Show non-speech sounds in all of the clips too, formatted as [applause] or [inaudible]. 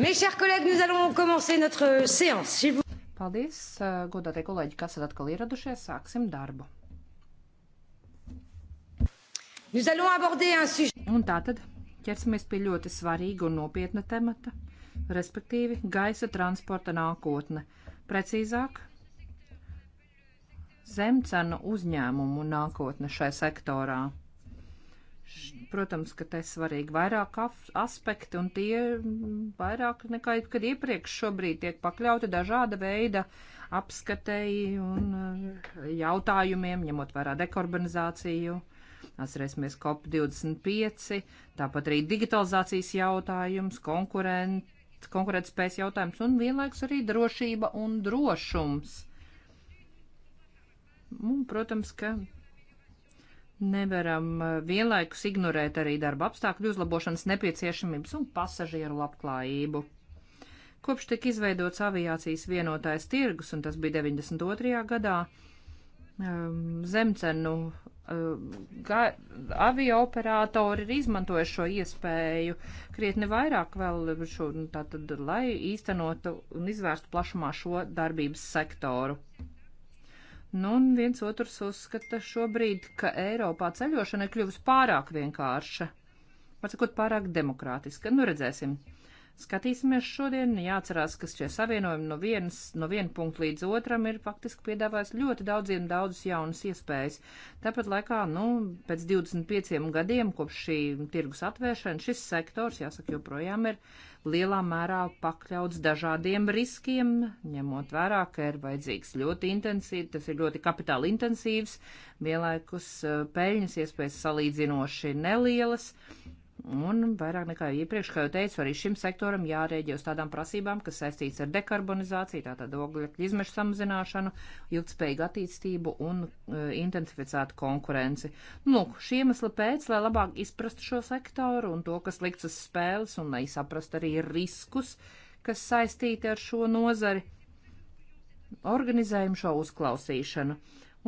Mes chers collègues, nous allons commencer notre euh, séance. Paldies, euh, godātie kolēģi, kas ir atkal ieradušies. Sāksim darbu. Nous allons aborder un sujet. Un tātad ķersimies pie ļoti svarīga un nopietna temata, respektīvi gaisa transporta nākotne. Precīzāk, zemcenu uzņēmumu nākotne šai sektorā Protams, ka te svarīgi vairāk aspekti, un tie vairāk nekā kad iepriekš šobrīd tiek pakļauti dažāda veida apskatēji un uh, jautājumiem, ņemot vērā dekarbonizāciju. Atcerēsimies COP25, tāpat arī digitalizācijas jautājums, konkurent, konkurētspējas jautājums un vienlaiks arī drošība un drošums. Un, protams, ka Nevaram eh, vienlaikus ignorēt arī darba apstākļu uzlabošanas nepieciešamības un pasažieru labklājību. Kopš tika izveidots aviācijas vienotais tirgus, un tas bija 92. gadā, ehm, zemcenu eh, avio operatori ir izmantojuši šo iespēju krietni vairāk vēl šo, nu, tātad, lai īstenotu un izvērstu plašumā šo darbības sektoru. Nu, un viens otrs uzskata šobrīd, ka Eiropā ceļošana ir kļuvusi pārāk vienkārša. Var sakot, pārāk demokrātiska. Nu, redzēsim. Skatīsimies šodien, jāatcerās, ka šie savienojumi no, vienas, no viena punkta līdz otram ir faktiski piedāvājis ļoti daudziem daudzas jaunas iespējas. Tāpat laikā, nu, pēc 25 gadiem kopš šī tirgus atvēršana, šis sektors, jāsaka, joprojām ir lielā mērā pakļauts dažādiem riskiem, ņemot vērā, ka ir vajadzīgs ļoti intensīvs, tas ir ļoti kapitāla intensīvs, vienlaikus eh, peļņas iespējas salīdzinoši nelielas Un vairāk nekā iepriekš, kā jau teicu, arī šim sektoram jārēģē uz tādām prasībām, kas saistīts ar dekarbonizāciju, tātad ogļu izmešu samazināšanu, ilgspējīgu attīstību un uh, intensificētu konkurenci. Nu, šī iemesla pēc, lai labāk izprastu šo sektoru un to, kas likts uz spēles, un lai saprastu arī riskus, kas saistīti ar šo nozari, organizējumu šo uzklausīšanu.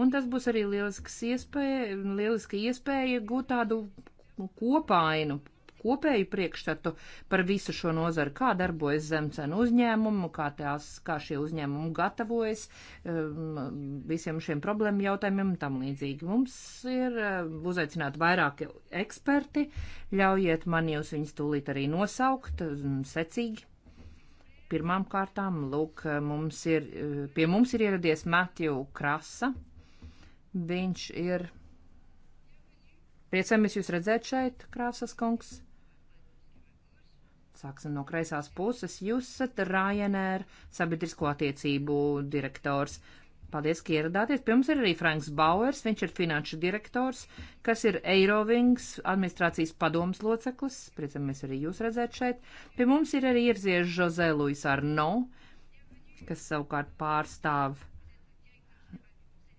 Un tas būs arī lielisks iespēja, lieliski iespēja gūt tādu kopainu, kopēju priekšstatu par visu šo nozaru, kā darbojas zemcenu uzņēmumu, kā, tās, kā šie uzņēmumi gatavojas um, visiem šiem problēmu jautājumiem un tam līdzīgi. Mums ir um, uzaicināti vairāki eksperti, ļaujiet man jūs viņus tūlīt arī nosaukt um, secīgi. Pirmām kārtām, lūk, mums ir, uh, pie mums ir ieradies Matiju Krasa. Viņš ir Priecājamies jūs redzēt šeit, krāsas kungs. Sāksim no kreisās puses. Jūs esat Ryanair sabiedrisko attiecību direktors. Paldies, ka ieradāties. Pie mums ir arī Franks Bauers, viņš ir finanšu direktors, kas ir Eirovings administrācijas padomas loceklis. Priecamies arī jūs redzēt šeit. Pie mums ir arī ierzies Jose Luis Arno, kas savukārt pārstāv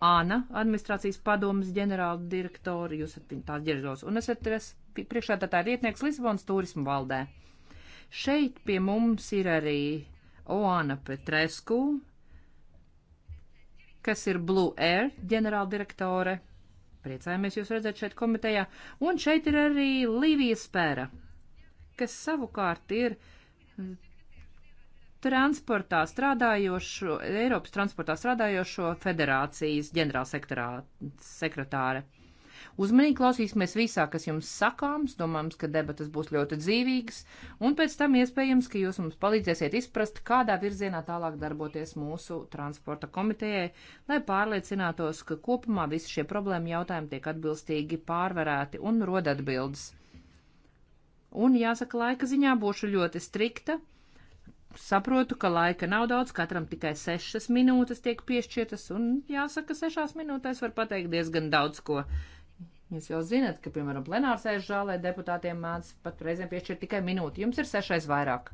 Āna, administrācijas padomas ģenerāla direktori, jūs esat tās ģeržos, un esat priekšādātāja vietnieks Lisbonas turismu valdē. Šeit pie mums ir arī Oana Petresku, kas ir Blue Air ģenerāla direktore. Priecājamies jūs redzēt šeit komitejā. Un šeit ir arī Līvija Spēra, kas savukārt ir transportā strādājošo, Eiropas transportā strādājošo federācijas ģenerālsekretāre. Uzmanīgi klausīsimies visā, kas jums sakāms, domājams, ka debatas būs ļoti dzīvīgas, un pēc tam iespējams, ka jūs mums palīdzēsiet izprast, kādā virzienā tālāk darboties mūsu transporta komitejai, lai pārliecinātos, ka kopumā visi šie problēma jautājumi tiek atbilstīgi pārvarēti un rod atbildes. Un jāsaka, laika ziņā būšu ļoti strikta. Saprotu, ka laika nav daudz, katram tikai sešas minūtes tiek piešķirtas, un jāsaka, sešās minūtēs var pateikt diezgan daudz ko. Jūs jau zinat, ka, piemēram, plenārsēžu žālē deputātiem māc pat reizēm piešķirt tikai minūti. Jums ir sešais vairāk.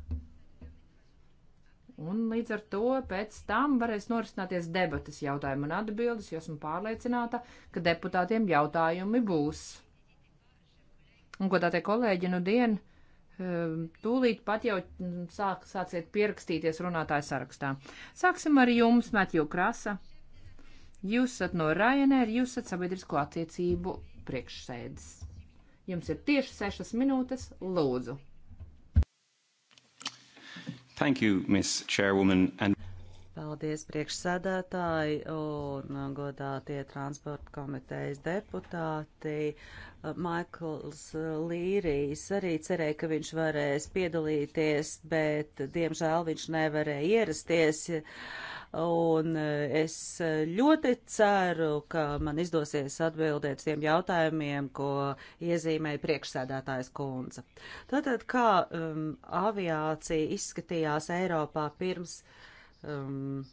Un līdz ar to pēc tam varēs norisināties debatas jautājumu un atbildes, jo esmu pārliecināta, ka deputātiem jautājumi būs. Un, godātie kolēģi, nu dienu Ehm, tūlīt pat jau mm, sāk, sāciet pierakstīties runātāju sarakstā. Sāksim ar jums, Matju Krasa. Jūs esat no Ryanair, jūs esat sabiedrisko attiecību priekšsēdis. Jums ir tieši sešas minūtes, lūdzu. Thank you, Miss Chairwoman. And... Paldies priekšsēdētāji un uh, godātie transporta komitejas deputāti. Uh, Maikls uh, Līrijs arī cerēja, ka viņš varēs piedalīties, bet diemžēl viņš nevarēja ierasties. Un es ļoti ceru, ka man izdosies atbildēt tiem jautājumiem, ko iezīmēja priekšsēdētājs kundze. Tātad, kā um, aviācija izskatījās Eiropā pirms uh, um,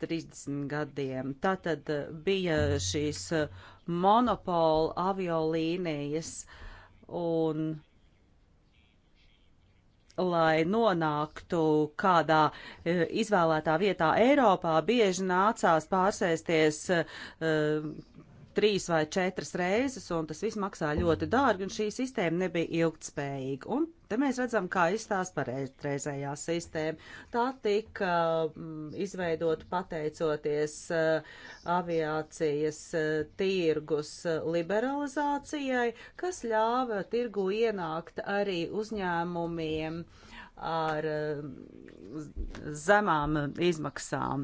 30 gadiem. Tātad uh, bija šīs uh, monopola aviolīnijas un lai nonāktu kādā uh, izvēlētā vietā Eiropā, bieži nācās pārsēsties uh, trīs vai četras reizes, un tas viss maksā ļoti dārgi, un šī sistēma nebija ilgtspējīga. Un Te mēs redzam, kā izstāst par reizējā sistēmu. Tā tika mm, izveidota pateicoties eh, aviācijas eh, tirgus eh, liberalizācijai, kas ļāva tirgu ienākt arī uzņēmumiem ar zemām izmaksām,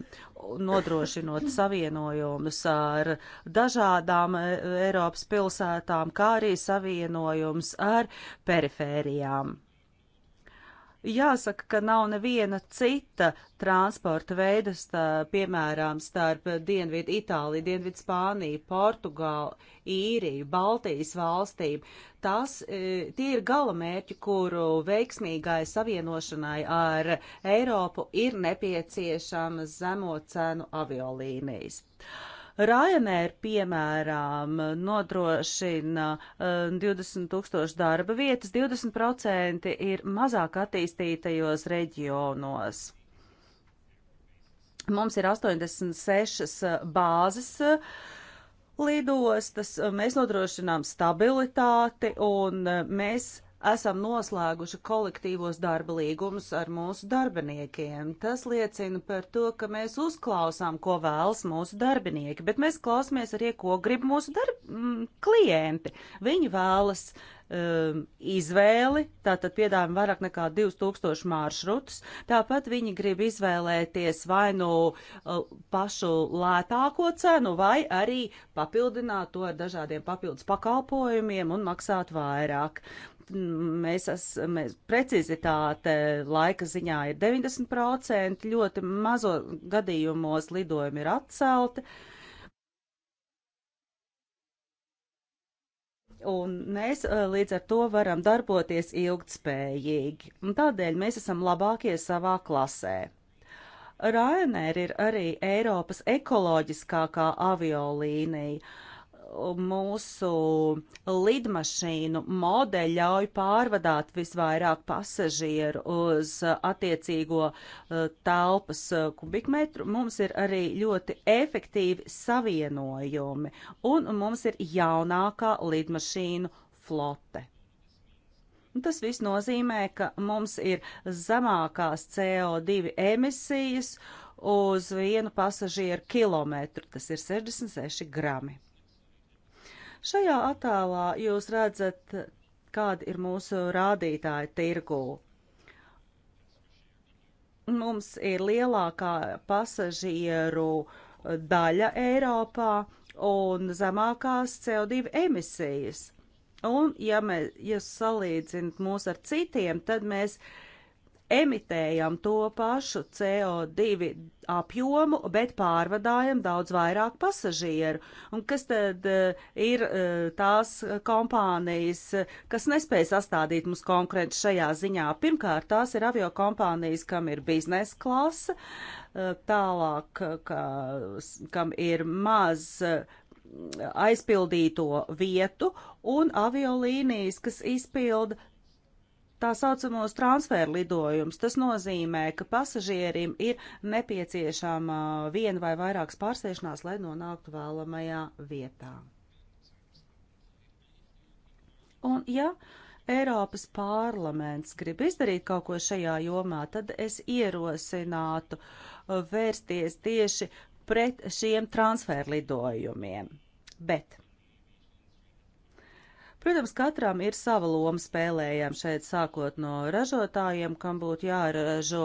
nodrošinot savienojumus ar dažādām Eiropas pilsētām, kā arī savienojums ar perifērijām. Jāsaka, ka nav neviena cita transporta veida, starp, piemēram, starp Dienvidu Itāliju, Dienvidu Spāniju, Portugālu, Īriju, Baltijas valstīm. Tās, e, tie ir gala mērķi, kuru veiksmīgai savienošanai ar Eiropu ir nepieciešamas zemo cenu aviolīnijas. Uh, Ryanair, piemēram, nodrošina 20 eh, tūkstoši darba vietas, 20% ir mazāk attīstītajos reģionos. Mums ir 86 eh, bāzes eh, lidostas, mēs nodrošinām stabilitāti un mēs esam noslēguši kolektīvos darba līgumus ar mūsu darbiniekiem. Tas liecina par to, ka mēs uzklausām, ko vēlas mūsu darbinieki, bet mēs klausāmies arī, ko grib mūsu darb... Mm, klienti. Viņi vēlas um, izvēli, tātad piedāvājam vairāk nekā 2000 maršrutus. Tāpat viņi grib izvēlēties vai nu uh, pašu lētāko cenu, vai arī papildināt to ar dažādiem papildus pakalpojumiem un maksāt vairāk mēs esam, precizitāte laika ziņā ir 90%, ļoti mazo gadījumos lidojumi ir atcelti. Un mēs eh, līdz ar to varam darboties ilgtspējīgi. Un tādēļ mēs esam labākie savā klasē. Ryanair ir arī Eiropas ekoloģiskākā aviolīnija mūsu lidmašīnu modeļi ļauj pārvadāt visvairāk pasažieru uz uh, attiecīgo uh, telpas uh, kubikmetru. Mums ir arī ļoti efektīvi savienojumi, un mums ir jaunākā lidmašīnu flote. Tas viss nozīmē, ka mums ir zemākās CO2 emisijas uz vienu pasažieru kilometru. Tas ir 66 grami. Šajā attēlā jūs redzat, kādi ir mūsu rādītāji tirgū. Mums ir lielākā pasažieru daļa Eiropā un zemākās CO2 emisijas. Un, ja mēs ja salīdzinām mūs ar citiem, tad mēs uh, emitējam to pašu CO2 apjomu, bet pārvadājam daudz vairāk pasažieru. Un kas tad eh, ir eh, tās kompānijas, kas nespēja sastādīt mums konkrēti šajā ziņā? Pirmkārt, tās ir avio kompānijas, kam ir biznesa klase, eh, tālāk, ka, kam ir maz aizpildīto vietu un aviolīnijas, kas izpilda tā saucamos transferu lidojumus. Tas nozīmē, ka pasažierim ir nepieciešama viena vai vairākas pārsēšanās, lai nonāktu vēlamajā vietā. Un, ja Eiropas parlaments grib izdarīt kaut ko šajā jomā, tad es ierosinātu vērsties tieši pret šiem transferlidojumiem. Bet Protams, katram ir sava loma spēlējama šeit, sākot no ražotājiem, kam būtu jāražo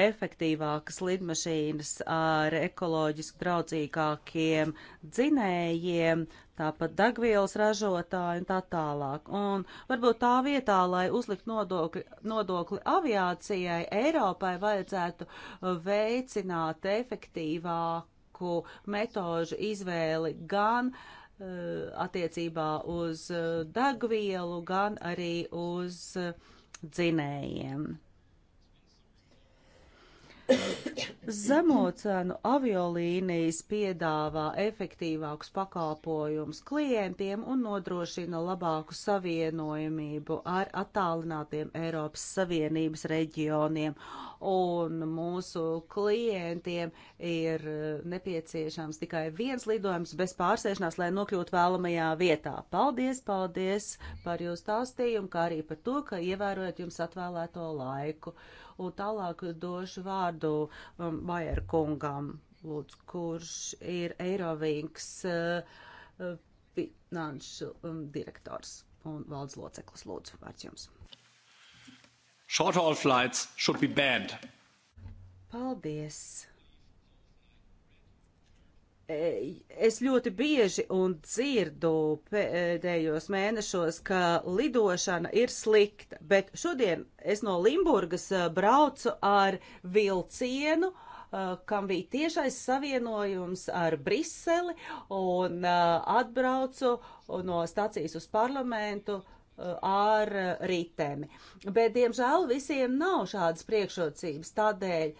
efektīvākas lidmašīnas ar ekoloģiski draudzīgākiem dzinējiem, tāpat degvielas ražotāji un tā tālāk. Un varbūt tā vietā, lai uzlikt nodokli, nodokli aviācijai, Eiropai vajadzētu veicināt efektīvāku metožu izvēli gan uh, Eh, attiecībā uz eh, degvielu, gan arī uz eh, dzinējiem. Zemo cenu aviolīnijas piedāvā efektīvākus pakalpojumus klientiem un nodrošina labāku savienojumību ar attālinātiem Eiropas Savienības reģioniem. Un mūsu klientiem ir nepieciešams tikai viens lidojums bez pārsēšanās, lai nokļūtu vēlamajā vietā. Paldies, paldies par jūsu stāstījumu, kā arī par to, ka ievērojat jums atvēlēto laiku un tālāk došu vārdu um, Bajer kungam, lūdzu, kurš ir Eirovīnks uh, finanšu um, direktors un valdes loceklis. Lūdzu, vārds jums. Short haul flights should be banned. Paldies. E, es ļoti bieži un dzirdu pēdējos mēnešos, ka lidošana ir slikta, bet šodien es no Limburgas e, braucu ar vilcienu, e, kam bija tiešais savienojums ar Briseli, un atbraucu no stacijas uz parlamentu ar ritemi. Bet, diemžēl, visiem nav šādas priekšrocības, tādēļ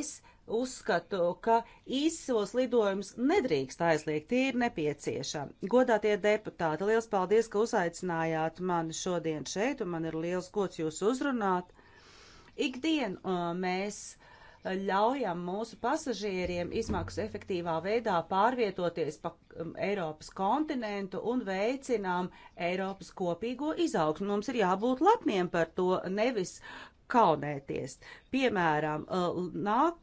es uzskatu, ka īsos lidojumus nedrīkst aizliegt, tie ir nepieciešami. Godātie deputāti, liels paldies, ka uzaicinājāt mani šodien šeit, un man ir liels gods jūs uzrunāt. Ikdien uh, mēs ļaujam mūsu pasažieriem izmaksu efektīvā veidā pārvietoties pa um, Eiropas kontinentu un veicinām Eiropas kopīgo izaugsmu. Mums ir jābūt lepniem par to, nevis kaunēties. Piemēram, uh, nāk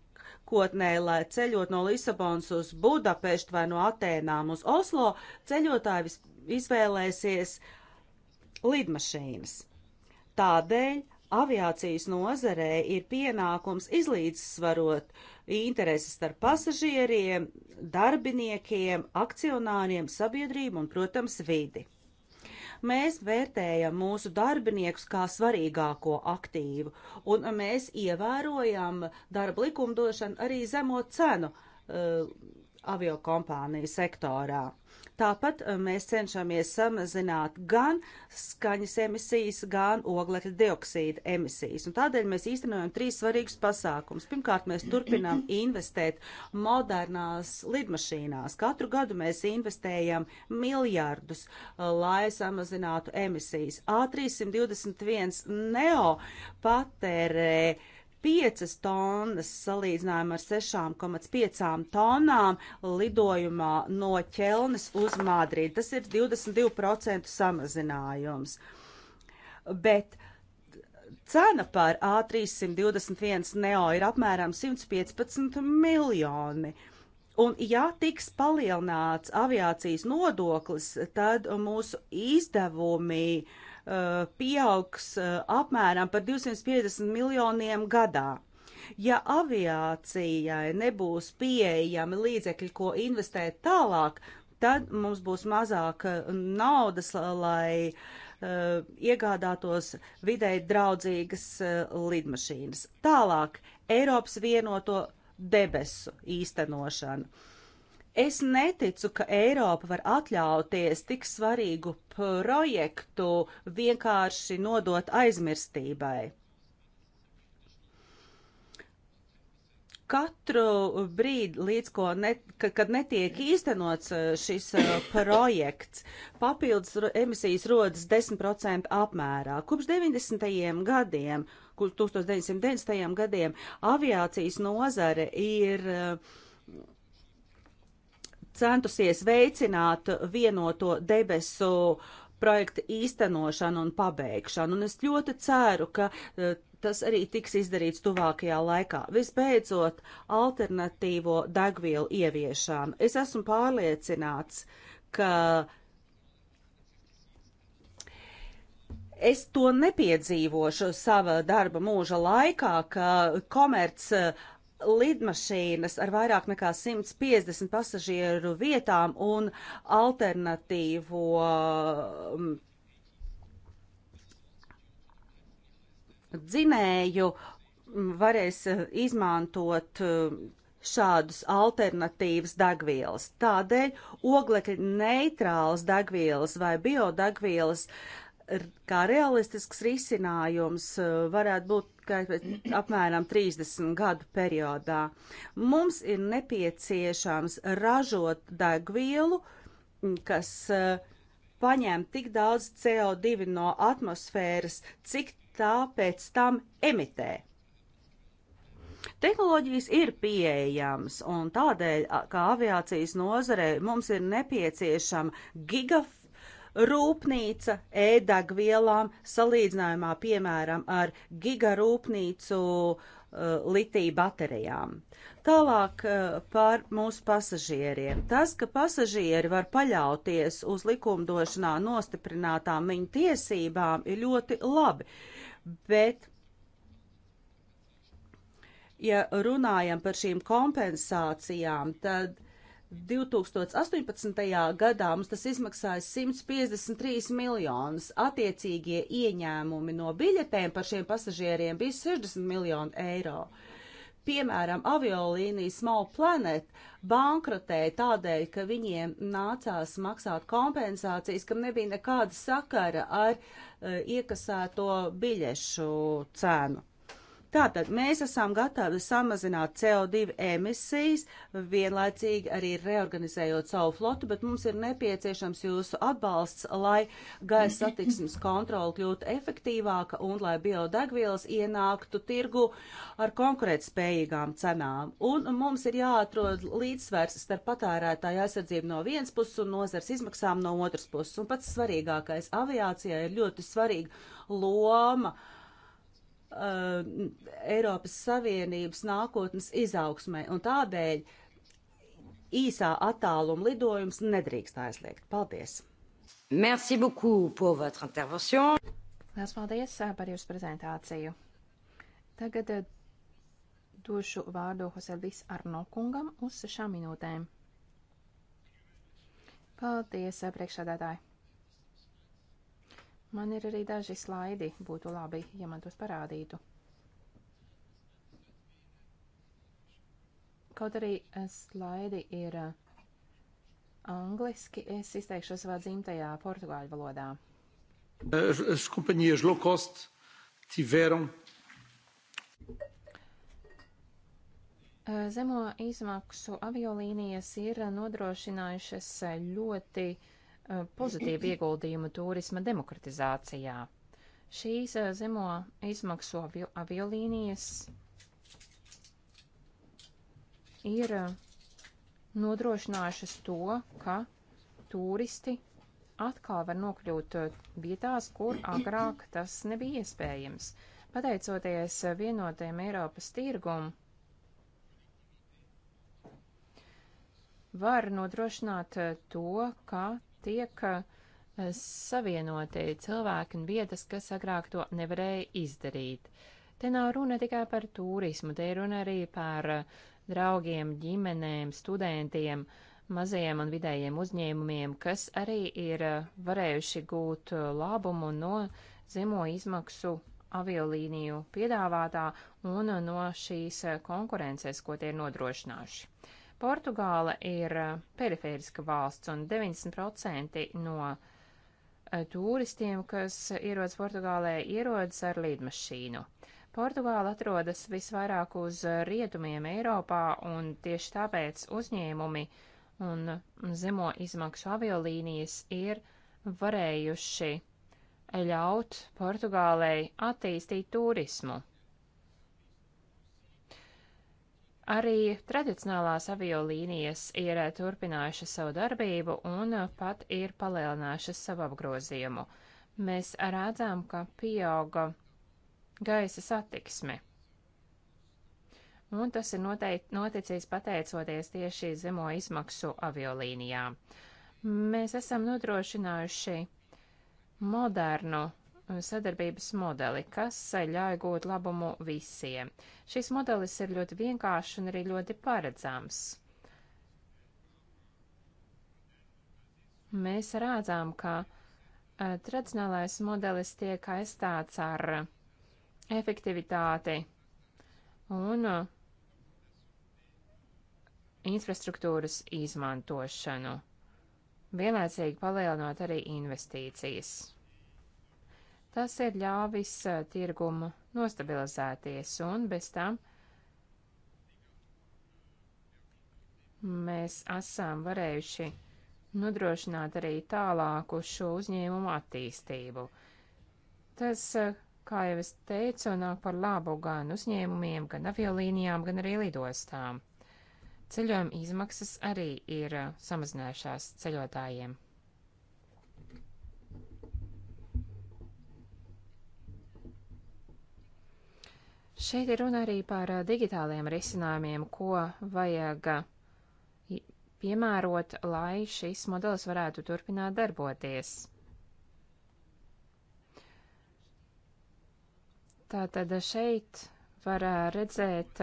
nākotnē, lai ceļot no Lisabonas uz Budapeštu vai no Atēnām uz Oslo, ceļotāji izvēlēsies lidmašīnas. Tādēļ aviācijas nozarē ir pienākums izlīdzsvarot intereses starp pasažieriem, darbiniekiem, akcionāriem, sabiedrību un, protams, vidi. Mēs vērtējam mūsu darbiniekus kā svarīgāko aktīvu, un mēs ievērojam darba likumdošanu arī zemo cenu. Uh, aviokompāniju sektorā. Tāpat eh, mēs cenšamies samazināt gan skaņas emisijas, gan oglekļa dioksīda emisijas. Un tādēļ mēs īstenojam trīs svarīgus pasākumus. Pirmkārt, mēs turpinām [clears throat] investēt modernās lidmašīnās. Katru gadu mēs investējam miljardus, eh, lai samazinātu emisijas. A321 Neo patērē 5 tonnas salīdzinājumā ar 6,5 tonnām lidojumā no ķelnes uz Madrīdu. Tas ir 22% samazinājums. Bet cena par A321 neo ir apmēram 115 miljoni. Un, ja tiks palielināts aviācijas nodoklis, tad mūsu izdevumi uh, Uh, pieaugs uh, apmēram par 250 miljoniem gadā. Ja aviācijai nebūs pieejami līdzekļi, ko investēt tālāk, tad mums būs mazāk naudas, lai uh, iegādātos vidēji draudzīgas uh, lidmašīnas. Tālāk Eiropas vienoto debesu īstenošana. Es neticu, ka Eiropa var atļauties tik svarīgu projektu vienkārši nodot aizmirstībai. Katru brīdi, līdz ko ne, kad netiek īstenots uh, šis uh, projekts, papildus emisijas rodas 10% apmērā. Kopš 90. gadiem, 1990. gadiem, aviācijas nozare ir uh, centusies veicināt vienoto debesu projekta īstenošanu un pabeigšanu, un es ļoti ceru, ka e, tas arī tiks izdarīts tuvākajā laikā. Visbeidzot, alternatīvo degvielu ieviešana. Es esmu pārliecināts, ka es to nepiedzīvošu sava darba mūža laikā, ka komerc uh, lidmašīnas ar vairāk nekā 150 pasažieru vietām un alternatīvo mm, dzinēju mm, varēs eh, izmantot mm, šādus alternatīvas degvielas. Tādēļ oglekļa neitrāls degvielas vai biodegvielas kā realistisks risinājums eh, varētu būt tikai apmēram 30 gadu periodā. Mums ir nepieciešams ražot degvielu, kas eh, paņem tik daudz CO2 no atmosfēras, cik tā pēc tam emitē. Tehnoloģijas ir pieejamas, un tādēļ, kā aviācijas nozarei, mums ir nepieciešama gigafona rūpnīca ēdagvielām salīdzinājumā, piemēram, ar gigarūpnīcu uh, litija baterijām. Tālāk uh, par mūsu pasažieriem. Tas, ka pasažieri var paļauties uz likumdošanā nostiprinātām viņu tiesībām, ir ļoti labi, bet ja runājam par šīm kompensācijām, tad uh, 2018. gadā mums tas izmaksāja 153 miljonus. Attiecīgie ieņēmumi no biļetēm par šiem pasažieriem bija 60 miljoni eiro. Piemēram, aviolīnija Small Planet bankrotēja tādēļ, ka viņiem nācās maksāt kompensācijas, kam nebija nekāda sakara ar uh, iekasēto biļešu cenu. Tātad mēs esam gatavi samazināt CO2 emisijas, vienlaicīgi arī reorganizējot savu flotu, bet mums ir nepieciešams jūsu atbalsts, lai gaisa satiksmes kontrola kļūtu efektīvāka un lai biodegvielas ienāktu tirgu ar konkurētspējīgām cenām. Un mums ir jāatrod līdzsvers starp patērētāju aizsardzību no vienas puses un nozars izmaksām no otras puses. Un pats svarīgākais aviācijai ir ļoti svarīga loma. Uh, uh, Eiropas Savienības nākotnes izaugsmai, un tādēļ īsā attāluma lidojums nedrīkst aizliegt. Paldies! Merci beaucoup pour votre intervention. Lielas paldies uh, par jūsu prezentāciju. Tagad uh, došu vārdu Hoselvis Arno kungam uz sešām minūtēm. Paldies, uh, priekšsādātāji! Man ir arī daži slaidi, būtu labi, ja man tos parādītu. Kaut arī eh, slaidi ir eh, angliski, es izteikšos savā dzimtajā portugāļu valodā. As companhias low cost tiveram. Eh, zemo izmaksu aviolīnijas ir nodrošinājušas ļoti uh, Uh, pozitīvu ieguldījumu turisma demokratizācijā. Šīs uh, zemo izmaksu aviolīnijas ir uh, nodrošinājušas to, ka turisti atkal var nokļūt vietās, kur agrāk tas nebija iespējams. Pateicoties vienotajam Eiropas tirgumam, var nodrošināt to, ka tiek eh, savienoti cilvēki un vietas, kas agrāk to nevarēja izdarīt. Te nav runa tikai par turismu, te ir runa arī par eh, draugiem, ģimenēm, studentiem, mazajiem un vidējiem uzņēmumiem, kas arī ir eh, varējuši gūt labumu no zemo izmaksu aviolīniju piedāvātā un no šīs konkurences, ko tie ir nodrošinājuši. Portugāla ir eh, perifēriska valsts, un 90% no eh, turistiem, kas ierodas Portugālē, ierodas ar līdmašīnu. Portugāla atrodas visvairāk uz eh, rietumiem Eiropā, un tieši tāpēc uzņēmumi un zemo izmaksu aviolīnijas ir varējuši ļaut Portugālei attīstīt turismu. Arī tradicionālās aviolīnijas ir turpinājušas savu darbību un pat ir palielinājušas savu apgrozījumu. Mēs redzam, ka pieauga gaisa satiksme. Un tas ir noteic, noticis pateicoties tieši zemo izmaksu aviolīnijām. Mēs esam nodrošinājuši modernu sadarbības modeli, kas eh, ļauj gūt labumu visiem. Šis modelis ir ļoti vienkāršs un arī ļoti paredzams. Mēs rādzām, ka uh, tradicionālais modelis tiek aizstāts ar uh, efektivitāti un uh, infrastruktūras izmantošanu, vienlaicīgi palielinot arī investīcijas. Tas ir ļāvis eh, tirgumu nostabilizēties, un bez tam mēs esam varējuši nodrošināt arī tālāku šo uzņēmumu attīstību. Tas, eh, kā jau es teicu, nāk par labu gan uzņēmumiem, gan aviolīnijām, gan arī lidostām. Ceļojuma izmaksas arī ir eh, samazinājušās ceļotājiem. Šeit ir runa arī par digitāliem risinājumiem, ko vajag piemērot, lai šis modelis varētu turpināt darboties. Tātad šeit var redzēt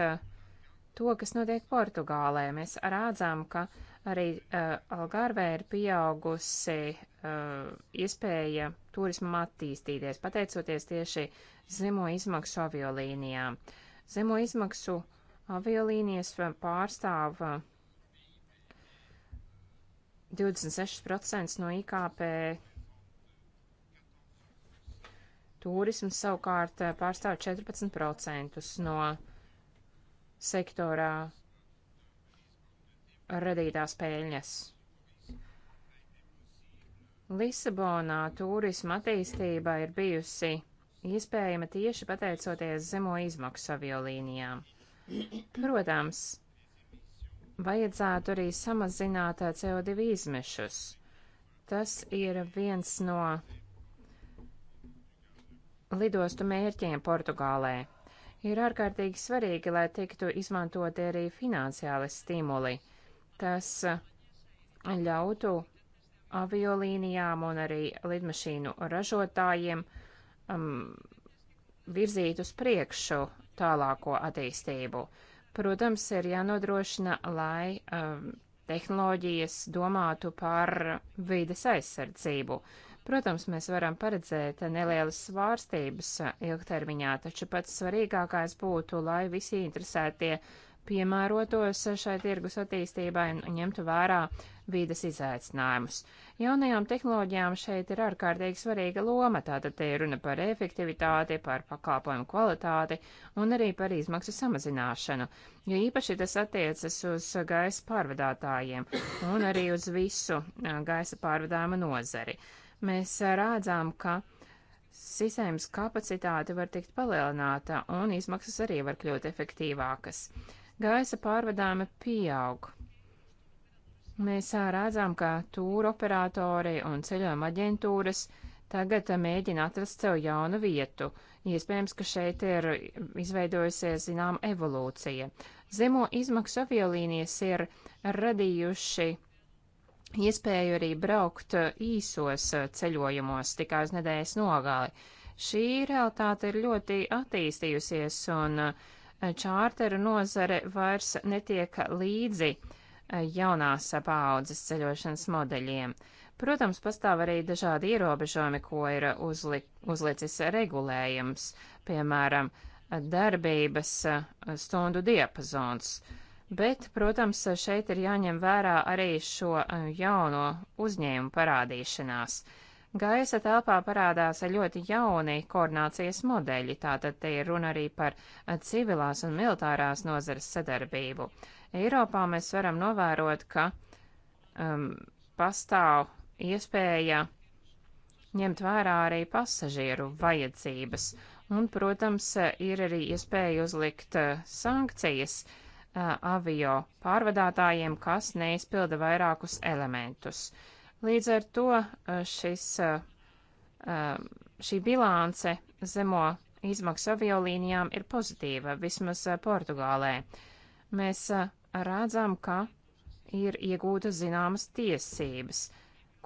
to, kas notiek Portugālē. Mēs rādzām, ka uh, Arī uh, eh, Algārvē ir pieaugusi uh, iespēja turismam attīstīties, pateicoties tieši zemo izmaksu aviolīnijām. Zemo izmaksu aviolīnijas eh, pārstāv uh, 26% no IKP Turisms savukārt pārstāv 14% no sektorā radītās peļņas. Lisabonā turisma attīstība ir bijusi iespējama tieši pateicoties zemo izmaksu aviolīnijām. Protams, vajadzētu arī samazināt CO2 izmešus. Tas ir viens no lidostu mērķiem Portugālē. Ir ārkārtīgi svarīgi, lai tiktu izmantoti arī finansiāli stimuli, Tas ļautu aviolīnijām un arī lidmašīnu ražotājiem um, virzīt uz priekšu tālāko attīstību. Protams, ir jānodrošina, lai um, tehnoloģijas domātu par vides aizsardzību. Protams, mēs varam paredzēt nelielas svārstības ilgtermiņā, taču pats svarīgākais būtu, lai visi interesētie piemērotos šai tirgus attīstībai un ņemtu vērā vīdas izaicinājumus. Jaunajām tehnoloģijām šeit ir ārkārtīgi svarīga loma, tātad te ir runa par efektivitāti, par pakāpojumu kvalitāti un arī par izmaksu samazināšanu, jo īpaši tas attiecas uz gaisa pārvadātājiem un arī uz visu gaisa pārvadājuma nozari. Mēs rādzām, ka sistēmas kapacitāte var tikt palielināta un izmaksas arī var kļūt efektīvākas gaisa pārvadāme pieaug. Mēs redzam, ka tūru operatori un ceļojuma aģentūras tagad mēģina atrast sev jaunu vietu. Iespējams, ka šeit ir izveidojusies zinām evolūcija. Zemo izmaksu aviolīnijas ir radījuši iespēju arī braukt īsos ceļojumos tikai uz nedēļas nogali. Šī realitāte ir ļoti attīstījusies un uh, čārteru nozare vairs netiek līdzi e, jaunās paaudzes ceļošanas modeļiem. Protams, pastāv arī dažādi ierobežojumi, ko ir uzli, uzlicis regulējums, piemēram, darbības e, stundu diapazons. Bet, protams, šeit ir jāņem vērā arī šo e, jauno uzņēmumu parādīšanās. Uh, Gaisa telpā parādās ļoti jauni koordinācijas modeļi, tātad te ir runa arī par civilās un militārās nozares sadarbību. Eiropā mēs varam novērot, ka um, pastāv iespēja ņemt vērā arī pasažieru vajadzības, un, protams, ir arī iespēja uzlikt uh, sankcijas uh, avio pārvadātājiem, kas neizpilda vairākus elementus. Uh, Līdz ar to eh, šis, eh, eh, šī bilance zemo izmaksu aviolīnijām ir pozitīva, vismaz Portugālē. Mēs redzam, ka ir iegūta zināmas tiesības,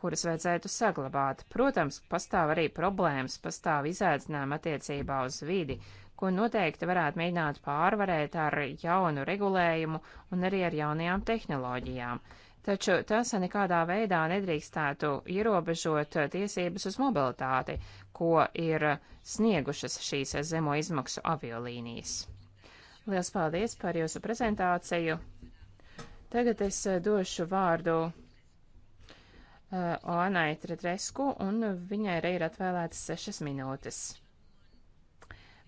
kuras vajadzētu saglabāt. Protams, pastāv arī problēmas, pastāv izaicinājumi attiecībā uz vidi, ko noteikti varētu mēģināt pārvarēt ar jaunu regulējumu un arī ar jaunajām tehnoloģijām taču tas nekādā veidā nedrīkstētu ierobežot tiesības uz mobilitāti, ko ir sniegušas šīs zemo izmaksu aviolīnijas. Lielas paldies par jūsu prezentāciju. Tagad es došu vārdu eh, Oanai Tredresku, un viņai arī ir atvēlētas sešas minūtes.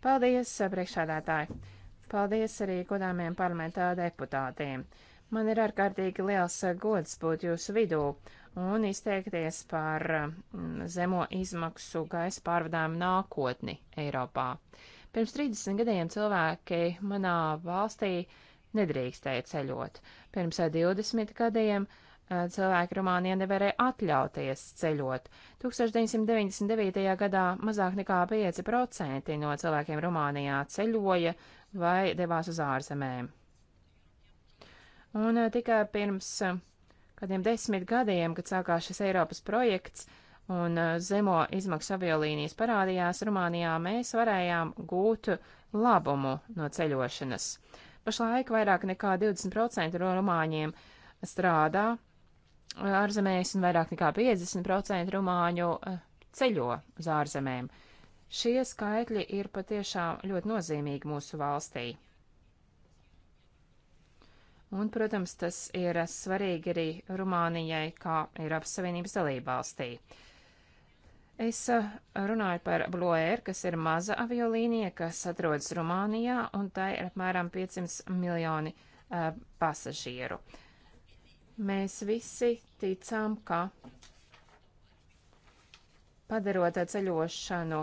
Paldies, priekšādātāji! Paldies arī godāmiem parlamentā deputātiem! Man ir ārkārtīgi liels eh, gods būt jūsu vidū un izteikties par mm, zemo izmaksu gaisa pārvadājumu nākotni Eiropā. Pirms 30 gadiem cilvēki manā valstī nedrīkstēja ceļot. Pirms 20 eh, gadiem eh, cilvēki Rumānijā nevarēja atļauties ceļot. 1999. gadā mazāk nekā 5% no cilvēkiem Rumānijā ceļoja vai devās uz ārzemēm. Un eh, tikai pirms eh, kādiem desmit gadiem, kad sākās šis Eiropas projekts un eh, zemo izmaksu aviolīnijas parādījās Rumānijā, mēs varējām gūt labumu no ceļošanas. Pašlaik vairāk nekā 20% no rumāņiem strādā ārzemēs un vairāk nekā 50% rumāņu ceļo uz ārzemēm. Šie skaitļi ir patiešām ļoti nozīmīgi mūsu valstī. Un, protams, tas ir svarīgi arī Rumānijai kā Eiropas Savienības dalībvalstī. Es eh, runāju par Bloēru, kas ir maza aviolīnija, kas atrodas Rumānijā, un tai ir apmēram 500 miljoni uh, pasažieru. Mēs visi ticām, ka Padarot ceļošanu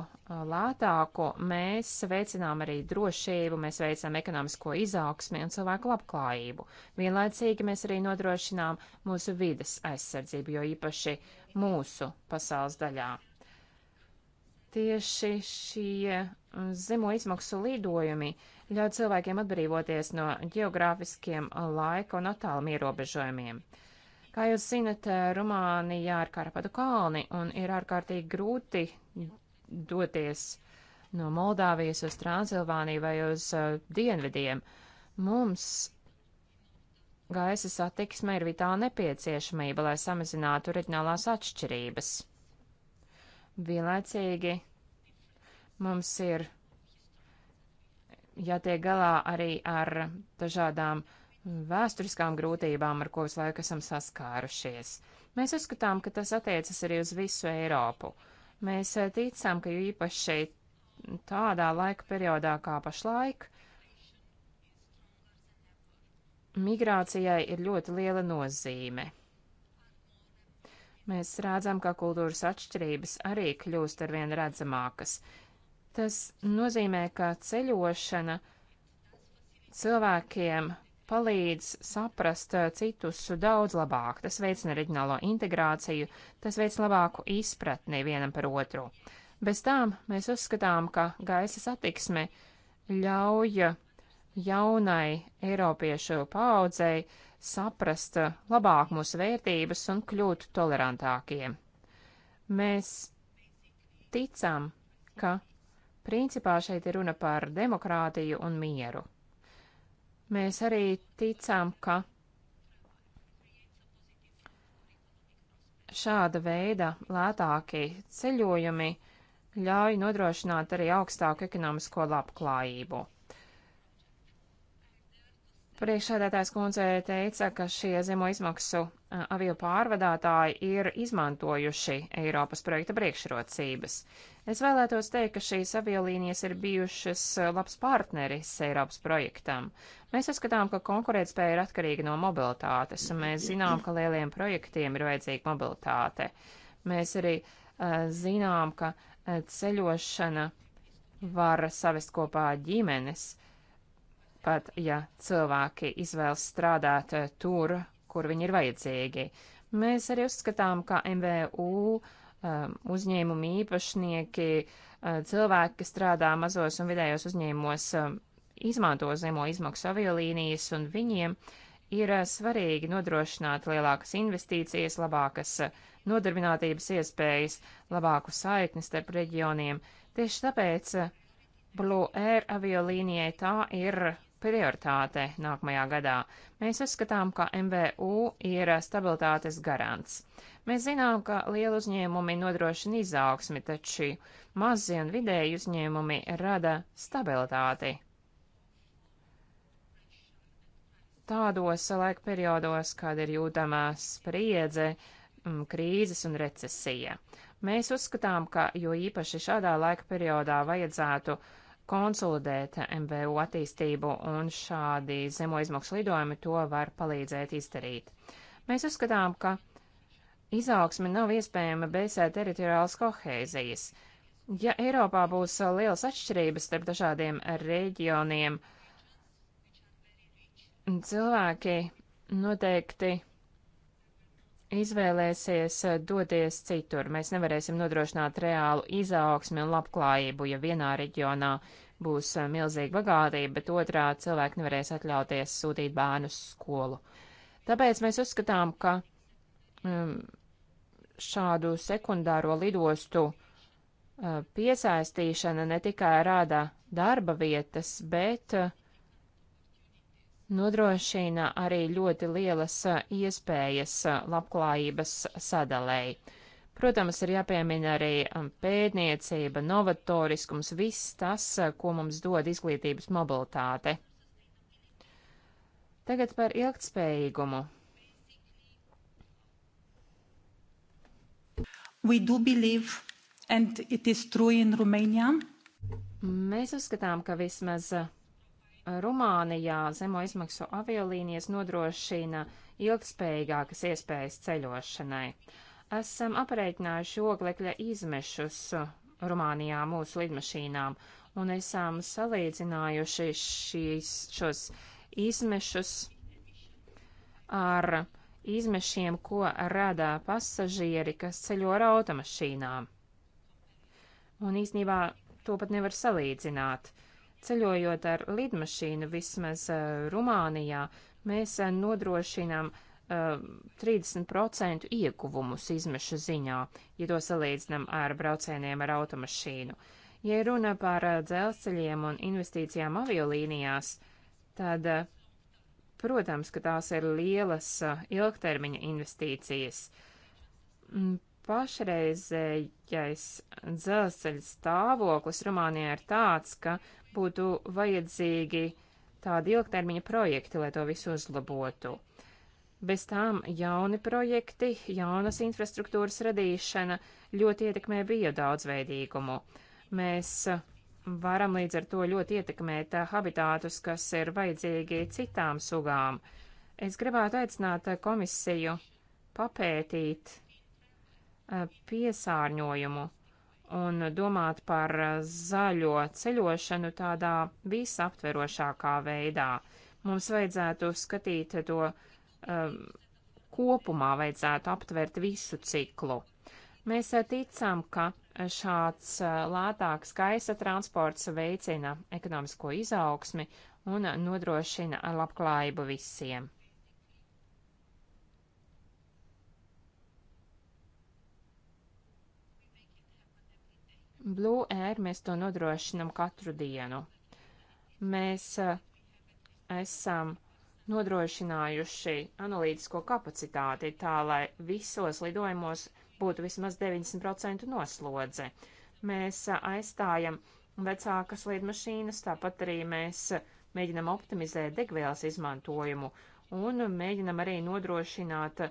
lētāku, mēs veicinām arī drošību, mēs veicinām ekonomisko izaugsmi un cilvēku labklājību. Vienlaicīgi mēs arī nodrošinām mūsu vides aizsardzību, jo īpaši mūsu pasaules daļā. Tieši šie zemo izmaksu lidojumi ļauj cilvēkiem atbrīvoties no geogrāfiskiem laika un attāluma ierobežojumiem. Uh, Kā jūs zinat, eh, Rumānijā ir Karapatu kalni un ir ārkārtīgi grūti doties no Moldāvijas uz Transilvāniju vai uz uh, dienvidiem. Mums gaisa satiksme ir vitāla nepieciešamība, lai samazinātu reģionālās atšķirības. Vienlaicīgi mums ir jātiek galā arī ar dažādām uh, vēsturiskām grūtībām, ar ko visu laiku esam saskārušies. Mēs uzskatām, ka tas attiecas arī uz visu Eiropu. Mēs eh, ticam, ka īpaši šeit tādā laika periodā kā pašlaik migrācijai ir ļoti liela nozīme. Mēs redzam, ka kultūras atšķirības arī kļūst arvien redzamākas. Tas nozīmē, ka ceļošana cilvēkiem palīdz saprast eh, citus daudz labāk, tas veicina reģionālo integrāciju, tas veic labāku izpratni vienam par otru. Bez tām mēs uzskatām, ka gaisa satiksme ļauj jaunai Eiropiešu paaudzei saprast labāk mūsu vērtības un kļūt tolerantākiem. Mēs ticam, ka principā šeit ir runa par demokrātiju un mieru. Mēs arī ticām, ka šāda veida lētāki ceļojumi ļauj nodrošināt arī augstāku ekonomisko labklājību. Priekšsēdētājs kundze teica, ka šie zemo izmaksu avio pārvadātāji ir izmantojuši Eiropas projekta priekšrocības. Es vēlētos teikt, ka šīs aviolīnijas ir bijušas labs partneris Eiropas projektam. Mēs uzskatām, ka konkurētspēja ir atkarīga no mobilitātes, un mēs zinām, ka lieliem projektiem ir vajadzīga mobilitāte. Mēs arī uh, zinām, ka ceļošana var savest kopā ģimenes pat ja cilvēki izvēlas strādāt eh, tur, kur viņi ir vajadzīgi. Mēs arī uzskatām, ka MVU eh, uzņēmumu īpašnieki, eh, cilvēki, kas strādā mazos un vidējos uzņēmumos, izmanto zemo izmaksu aviolīnijas, un viņiem ir svarīgi nodrošināt lielākas investīcijas, labākas nodarbinātības iespējas, labāku saikni starp reģioniem. Tieši tāpēc Blue Air aviolīnijai tā ir prioritāte nākamajā gadā. Mēs uzskatām, ka MVU ir stabilitātes garants. Mēs zinām, ka liela uzņēmumi nodrošina izaugsmi, taču mazi un vidēji uzņēmumi rada stabilitāti. Tādos laika periodos, kad ir jūtamā spriedze, mm, krīzes un recesija. Mēs uzskatām, ka jo īpaši šādā laika periodā vajadzētu uh, konsolidēt MVU attīstību, un šādi zemo izmaksu lidojumi to var palīdzēt izdarīt. Mēs uzskatām, ka izaugsme nav iespējama bez teritoriālas kohēzijas. Ja Eiropā būs lielas atšķirības starp dažādiem reģioniem, cilvēki noteikti izvēlēsies eh, doties citur. Mēs nevarēsim nodrošināt reālu izaugsmi un labklājību, ja vienā reģionā būs eh, milzīga bagātība, bet otrā cilvēki nevarēs atļauties sūtīt bērnu uz skolu. Tāpēc mēs uzskatām, ka um, šādu sekundāro lidostu uh, piesaistīšana ne tikai rada darba vietas, bet uh, nodrošina arī ļoti lielas iespējas labklājības sadalēji. Protams, ir jāpiemina arī pētniecība, novatoriskums, viss tas, ko mums dod izglītības mobilitāte. Tagad par ilgtspējīgumu. We do believe, and it is true in Romania. Mēs uzskatām, ka vismaz Rumānijā zemo izmaksu aviolīnijas nodrošina ilgspējīgākas iespējas ceļošanai. Esam aprēķinājuši oglekļa izmešus Rumānijā mūsu lidmašīnām un esam salīdzinājuši šīs, šos izmešus ar izmešiem, ko rada pasažieri, kas ceļo ar automašīnām. Un īsnībā to pat nevar salīdzināt. Uh, Ceļojot ar lidmašīnu vismaz uh, Rumānijā, mēs uh, nodrošinām uh, eh, 30% ieguvumus izmešu ziņā, ja to salīdzinām ar braucējiem ar automašīnu. Ja runa par uh, dzelzceļiem un investīcijām aviolīnijās, tad, uh, protams, ka tās ir lielas uh, ilgtermiņa investīcijas. Mm, pašreizējais dzelzceļa stāvoklis Rumānijā ir tāds, ka būtu vajadzīgi tādi ilgtermiņa projekti, lai to visu uzlabotu. Bez tām jauni projekti, jaunas infrastruktūras radīšana ļoti ietekmē biodaudzveidīgumu. Mēs varam līdz ar to ļoti ietekmēt habitātus, kas ir vajadzīgi citām sugām. Es gribētu aicināt komisiju papētīt eh, piesārņojumu un domāt par zaļo ceļošanu tādā visaptverošākā veidā. Mums vajadzētu skatīt to um, kopumā, vajadzētu aptvert visu ciklu. Mēs ticam, ka šāds uh, lētāks gaisa transports veicina ekonomisko izaugsmi un nodrošina labklājību visiem. Blue Air mēs to nodrošinam katru dienu. Mēs uh, esam nodrošinājuši analītisko kapacitāti tā, lai visos lidojumos būtu vismaz 90% noslodze. Mēs uh, aizstājam vecākas lidmašīnas, tāpat arī mēs uh, mēģinam optimizēt degvielas izmantojumu un mēģinam arī nodrošināt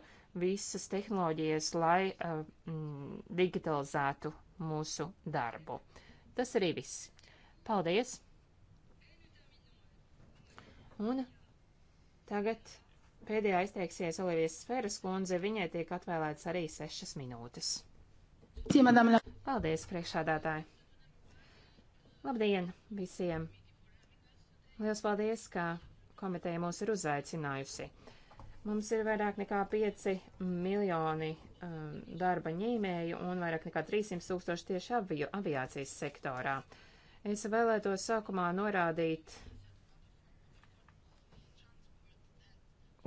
visas tehnoloģijas, lai uh, digitalizētu mūsu darbu. Tas arī viss. Paldies! Un tagad pēdējā izteiksies Olivijas Sfēras kundze, viņai tiek atvēlēts arī sešas minūtes. Paldies, priekšādātāji! Labdien visiem! Lielas paldies, ka komiteja mūs ir uzaicinājusi. Mums ir vairāk nekā 5 miljoni um, darba ņēmēju un vairāk nekā 300 tūkstoši tieši avio, aviācijas sektorā. Es vēlētos sākumā norādīt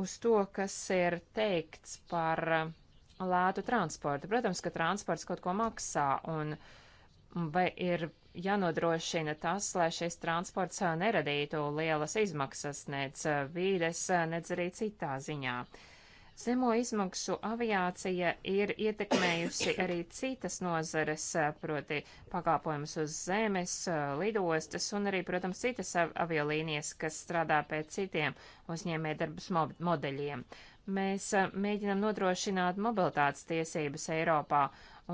uz to, kas ir teikts par uh, lētu transportu. Protams, ka transports kaut ko maksā un vai ir jānodrošina tas, lai šis transports uh, neradītu lielas izmaksas nec uh, vīdes, nec arī citā ziņā. Uh, Zemo izmaksu aviācija ir ietekmējusi arī citas nozares, proti pakāpojumus uz zemes, lidostas un arī, protams, citas aviolīnijas, kas strādā pēc citiem uzņēmējdarbas modeļiem. Mēs eh, mēģinam nodrošināt mobilitātes tiesības Eiropā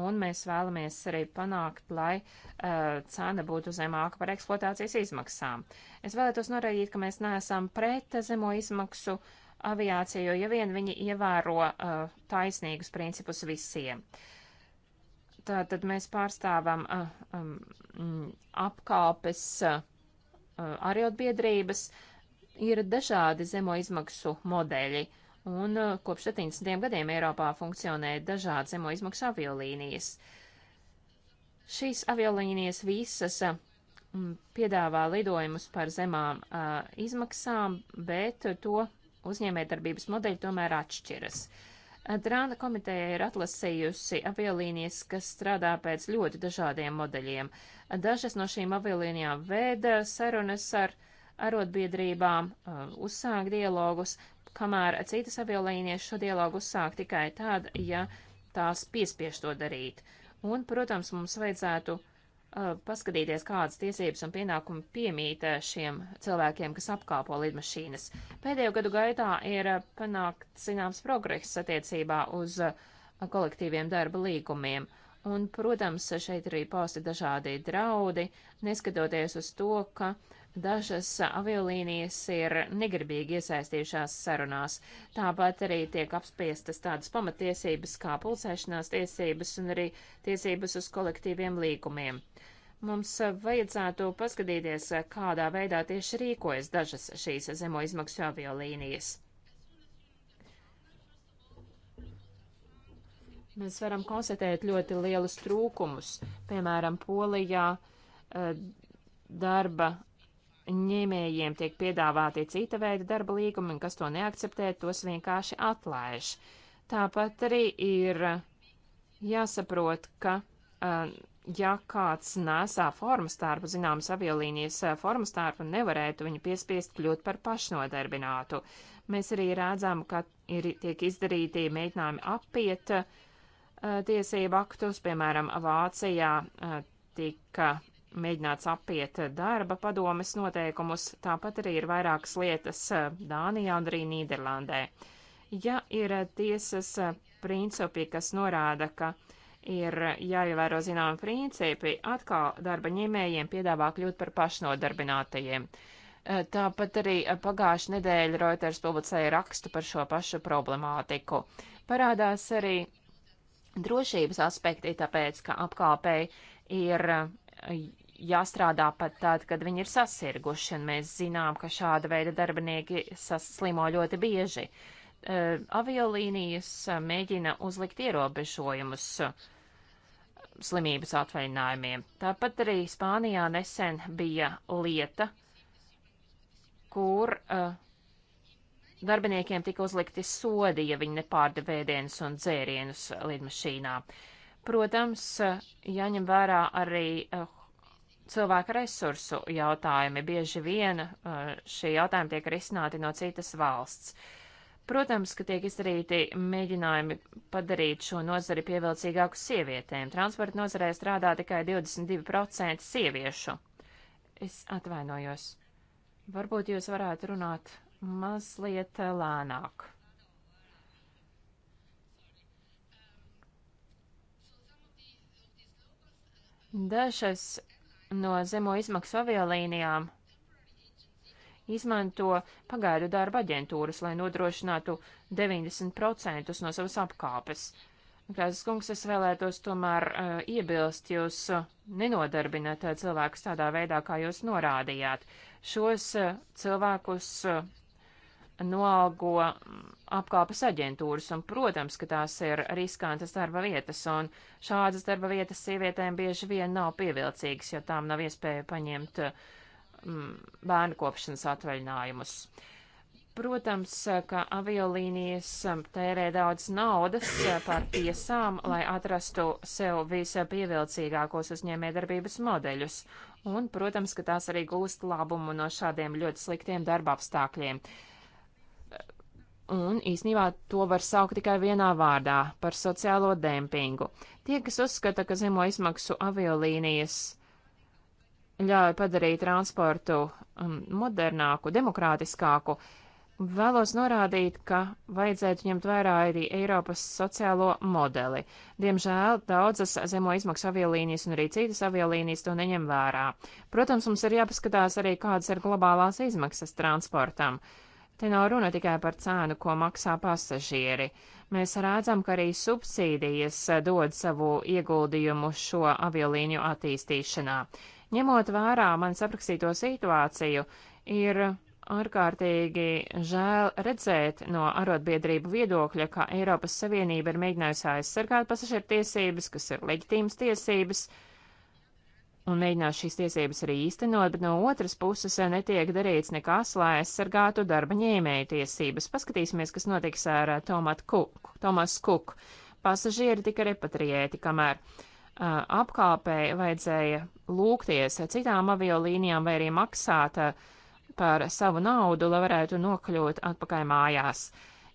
un mēs vēlamies arī panākt, lai uh, cena būtu zemāka par eksploatācijas izmaksām. Es vēlētos norādīt, ka mēs neesam pret zemo izmaksu aviācija, jo ja vien viņi ievēro uh, taisnīgus principus visiem. Tātad mēs pārstāvam uh, um, mm, apkalpes uh, uh arjotbiedrības. Ir dažādi zemo izmaksu modeļi, un uh, kopš 70. gadiem Eiropā funkcionē dažādi zemo izmaksu aviolīnijas. Šīs aviolīnijas visas uh, mm, piedāvā lidojumus par zemām uh, izmaksām, bet to uzņēmējdarbības modeļi tomēr atšķiras. Drāna komiteja ir atlasījusi aviolīnijas, kas strādā pēc ļoti dažādiem modeļiem. Dažas no šīm aviolīnijām vēda sarunas ar arotbiedrībām, uzsāk dialogus, kamēr citas aviolīnijas šo dialogu uzsāk tikai tad, ja tās piespiež to darīt. Un, protams, mums vajadzētu uh, Uh, paskatīties, kādas tiesības un pienākumi piemīt šiem cilvēkiem, kas apkalpo lidmašīnas. Pēdējo gadu gaitā ir uh, panākts zināms progress attiecībā uz uh, kolektīviem darba līgumiem. Un, protams, šeit arī pausti dažādi draudi, neskatoties uz to, ka uh, Dažas aviolīnijas ir negribīgi iesaistījušās sarunās, tāpat arī tiek apspiestas tādas pamatiesības kā pulcēšanās tiesības un arī tiesības uz kolektīviem līgumiem. Mums vajadzētu paskatīties, kādā veidā tieši rīkojas dažas šīs zemo izmaksu aviolīnijas. Mēs varam konstatēt ļoti lielus trūkumus, piemēram, Polijā eh, darba ņēmējiem tiek piedāvāti cita veida darba līgumi, un kas to neakceptē, tos vienkārši atlaiž. Tāpat arī ir jāsaprot, ka, ja kāds nesā formastārpu, zināmas aviolīnijas formastārpu, nevarētu viņu piespiest kļūt par pašnodarbinātu. Mēs arī redzam, ka ir, tiek izdarīti mēģinājumi apiet tiesību aktus, piemēram, Vācijā tika mēģināts apiet darba padomes noteikumus, tāpat arī ir vairākas lietas eh, Dānijā un arī Nīderlandē. Ja ir eh, tiesas eh, principi, kas norāda, ka ir jāievēro zināmi principi, atkal darba ņēmējiem piedāvā kļūt par pašnodarbinātajiem. Tāpat arī pagājušā nedēļa Reuters publicēja rakstu par šo pašu problemātiku. Parādās arī drošības aspekti, tāpēc, ka apkāpēji ir jāstrādā pat tad, kad viņi ir sasirguši, un mēs zinām, ka šāda veida darbinieki saslimo ļoti bieži. Uh, aviolīnijas mēģina uzlikt ierobežojumus slimības atvaļinājumiem. Tāpat arī Spānijā nesen bija lieta, kur uh, darbiniekiem tika uzlikti sodi, ja viņi nepārda vēdienus un dzērienus lidmašīnā. Protams, e, jāņem vērā arī cilvēka resursu jautājumi. Bieži vien uh, šie jautājumi tiek risināti no citas valsts. Protams, ka tiek izdarīti mēģinājumi padarīt šo nozari pievilcīgāku sievietēm. Transporta nozarē strādā tikai 22% sieviešu. Es atvainojos. Varbūt jūs varētu runāt mazliet uh, lēnāk. Dažas no zemo izmaksu aviolīnijām izmanto pagaidu darba aģentūras, lai nodrošinātu 90% no savas apkāpes. Krāsas kungs, es vēlētos tomēr uh, iebilst, jūs uh, eh, nenodarbināt uh, eh, cilvēkus tādā veidā, kā jūs norādījāt. Šos uh, cilvēkus uh, noalgo mm, apkalpes aģentūras, un, protams, ka tās ir riskantas darba vietas, un šādas darba vietas sievietēm bieži vien nav pievilcīgas, jo tām nav iespēja paņemt mm, bērnu kopšanas atvaļinājumus. Protams, ka aviolīnijas mm, tērē daudz naudas mm, par tiesām, lai atrastu sev visapievilcīgākos uzņēmējdarbības modeļus, un, protams, ka tās arī gūst labumu no šādiem ļoti sliktiem darba apstākļiem. Uh, un īsnībā to var saukt tikai vienā vārdā - par sociālo dempingu. Tie, kas uzskata, ka zemo izmaksu aviolīnijas ļauj padarīt transportu um, modernāku, demokrātiskāku, vēlos norādīt, ka vajadzētu ņemt vērā arī Eiropas sociālo modeli. Diemžēl daudzas zemo izmaksu aviolīnijas un arī citas aviolīnijas to neņem vērā. Protams, mums ir jāpaskatās arī, kādas ir globālās izmaksas transportam. Uh, Te nav runa tikai par cēnu, ko maksā pasažieri. Mēs redzam, ka arī subsīdijas dod savu ieguldījumu šo aviolīniju attīstīšanā. Ņemot vērā man saprakstīto situāciju, ir ārkārtīgi žēl redzēt no arotbiedrību viedokļa, ka Eiropas Savienība ir mēģinājusi aizsargāt pasažieru tiesības, kas ir leģitīmas tiesības, uh, un mēģinās šīs tiesības arī īstenot, bet no otras puses eh, netiek darīts nekas, lai aizsargātu darba ņēmēju tiesības. Paskatīsimies, kas notiks ar eh, Tomatu Kuku. Tomas Kuku. Pasažieri tika repatriēti, kamēr uh, eh, apkalpēji vajadzēja lūgties citām aviolīnijām vai arī maksāt uh, par savu naudu, lai varētu nokļūt atpakaļ mājās.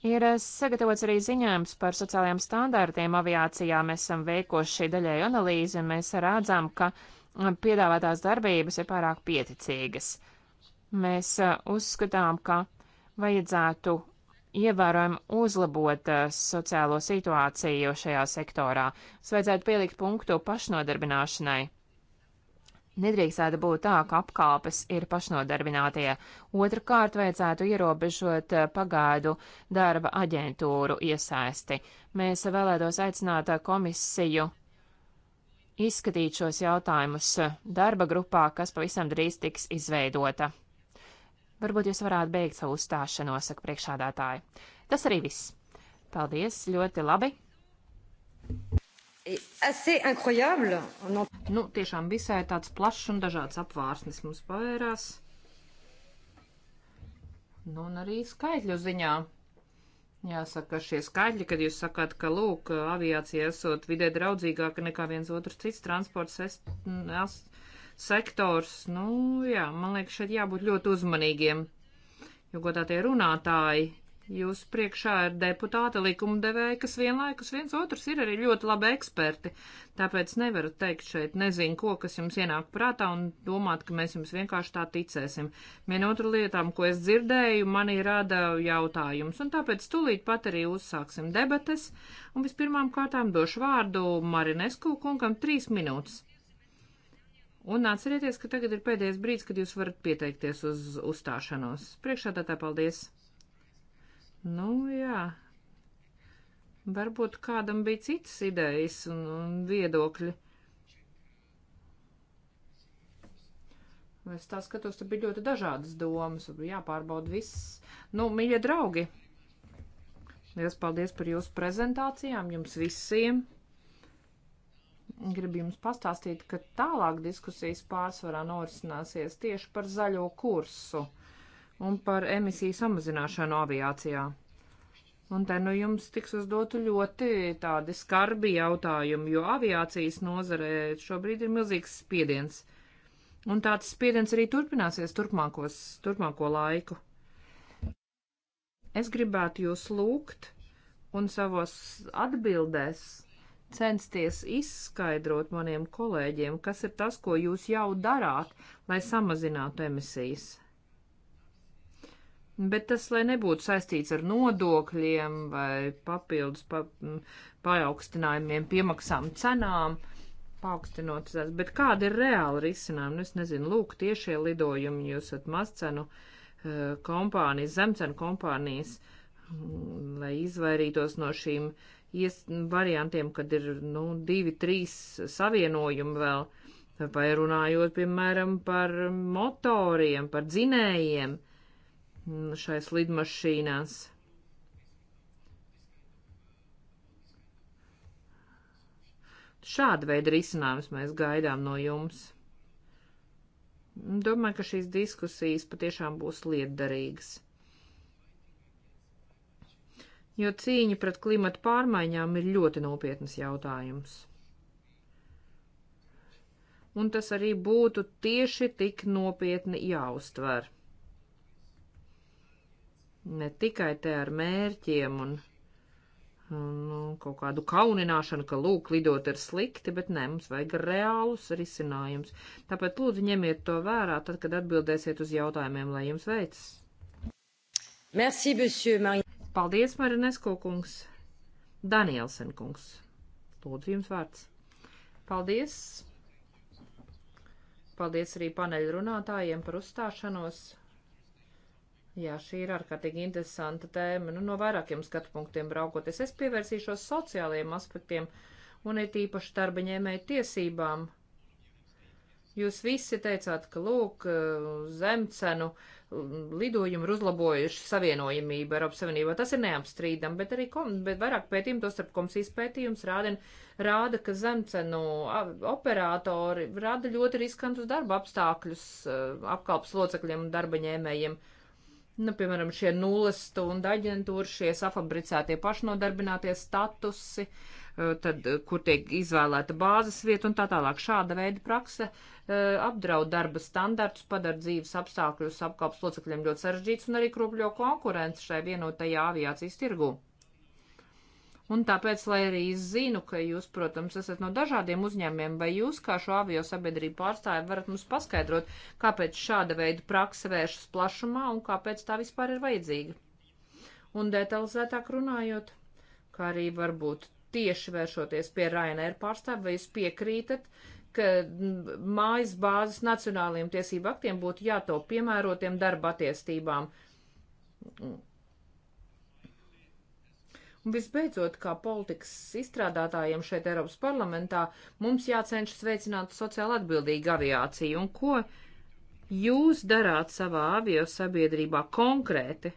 Ir sagatavots arī ziņojums par sociālajiem standārtiem aviācijā. Mēs esam veikoši daļēju analīzi un mēs redzam, ka uh, piedāvātās darbības ir pārāk pieticīgas. Mēs uzskatām, ka vajadzētu ievērojami uzlabot sociālo situāciju šajā sektorā. Mums vajadzētu pielikt punktu pašnodarbināšanai. Nedrīkstētu būt tā, ka apkalpes ir pašnodarbinātie. Otrakārt, vajadzētu ierobežot pagaidu darba aģentūru iesaisti. Mēs vēlētos aicināt komisiju izskatīt šos jautājumus eh, darba grupā, kas pavisam drīz tiks izveidota. Varbūt jūs varētu beigt savu uzstāšanos, saka priekšādātāji. Tas arī viss. Paldies, ļoti labi. Nu, tiešām visai tāds plašs un dažāds apvārsnis mums pavērās. Nu, un arī skaitļu ziņā Jāsaka, šie skaidri, kad jūs sakāt, ka, lūk, aviācija esot vidē draudzīgāka nekā viens otrs cits transports sektors, nu, jā, man liekas, šeit jābūt ļoti uzmanīgiem, jo godātie runātāji Jūs priekšā ir deputāti, likumdevēji, kas vienlaikus viens otrs ir arī ļoti labi eksperti. Tāpēc nevaru teikt šeit nezinu, ko, kas jums ienāk prātā un domāt, ka mēs jums vienkārši tā ticēsim. Vienotru lietām, ko es dzirdēju, manī rada jautājums, un tāpēc tūlīt pat arī uzsāksim debates, un vispirmām kārtām došu vārdu Marinesku kungam trīs minūtes. Un atcerieties, ka tagad ir pēdējais brīdis, kad jūs varat pieteikties uz uzstāšanos. Priekšā tā tā paldies! Nu, jā. Varbūt kādam bija citas idejas un, un viedokļi. Es tā skatos, tur bija ļoti dažādas domas, jāpārbauda viss. Nu, mīļie draugi, liels paldies par jūsu prezentācijām, jums visiem. Gribu jums pastāstīt, ka tālāk diskusijas pārsvarā norisināsies tieši par zaļo kursu. Uh, un par emisiju samazināšanu aviācijā. Un te nu jums tiks uzdoti ļoti tādi skarbi jautājumi, jo aviācijas nozarē šobrīd ir milzīgs spiediens. Un tāds spiediens arī turpināsies turpmākos, turpmāko laiku. Es gribētu jūs lūgt un savos atbildēs censties izskaidrot maniem kolēģiem, kas ir tas, ko jūs jau darāt, lai samazinātu emisijas. Bet tas, lai nebūtu saistīts ar nodokļiem vai papildus pa, paaugstinājumiem, piemaksām cenām, paaugstinot tās, bet kāda ir reāla risinājuma? Nu, es nezinu, lūk, tiešie lidojumi, jūs esat mazcenu eh, kompānijas, zemcenu kompānijas, mm, lai izvairītos no šīm ies, variantiem, kad ir, nu, divi, trīs savienojumi vēl, vai runājot, piemēram, par motoriem, par dzinējiem šais lidmašīnās. Šāda veida risinājums mēs gaidām no jums. Domāju, ka šīs diskusijas patiešām būs lietderīgas. Jo cīņa pret klimatu pārmaiņām ir ļoti nopietnas jautājums. Un tas arī būtu tieši tik nopietni jāuztver ne tikai te ar mērķiem un nu, kaut kādu kaunināšanu, ka lūk, lidot ir slikti, bet nē, mums vajag reālus risinājumus. Tāpēc lūdzu ņemiet to vērā, tad, kad atbildēsiet uz jautājumiem, lai jums veicas. Merci, monsieur Marin. Paldies, Marinesko kungs. Danielsen kungs. Lūdzu, jums vārds. Paldies. Paldies arī paneļrunātājiem par uzstāšanos. Jā, šī ir ārkārtīgi interesanta tēma, nu, no vairākiem skatu punktiem raugoties. Es pievērsīšos sociālajiem aspektiem un it īpaši darbaņēmēju tiesībām. Jūs visi teicāt, ka, lūk, zemcenu lidojumi ir uzlabojuši savienojamību Eiropas Savienībā. Tas ir neapstrīdam, bet arī kom, bet vairāk pētījumu, to starp komisijas pētījums rādina, rāda, ka zemcenu operatori rada ļoti riskantus darba apstākļus apkalpas locekļiem un darbaņēmējiem. ņēmējiem Nu, piemēram, šie nulles stunda aģentūra, šie safabricētie pašnodarbinātie statusi, e, tad, e, kur tiek izvēlēta bāzes vieta un tā tālāk. Šāda veida prakse e, apdraud darba standartus, padara dzīves apstākļus apkalpes locekļiem ļoti sarežģīts un arī kropļo konkurence šai vienotajā aviācijas tirgū. Un tāpēc, lai arī zinu, ka jūs, protams, esat no dažādiem uzņēmiem, vai jūs, kā šo avio sabiedrību pārstāvi, varat mums paskaidrot, kāpēc šāda veida praksa vēršas plašumā un kāpēc tā vispār ir vajadzīga. Un detalizētāk runājot, kā arī varbūt tieši vēršoties pie Rainēra pārstāvi, vai jūs piekrītat, ka mājas bāzes nacionālajiem tiesību aktiem būtu jātop piemērotiem darba attiestībām Un visbeidzot, kā politikas izstrādātājiem šeit Eiropas parlamentā, mums jācenšas veicināt sociāli atbildīgu aviāciju. Un ko jūs darāt savā avio sabiedrībā konkrēti,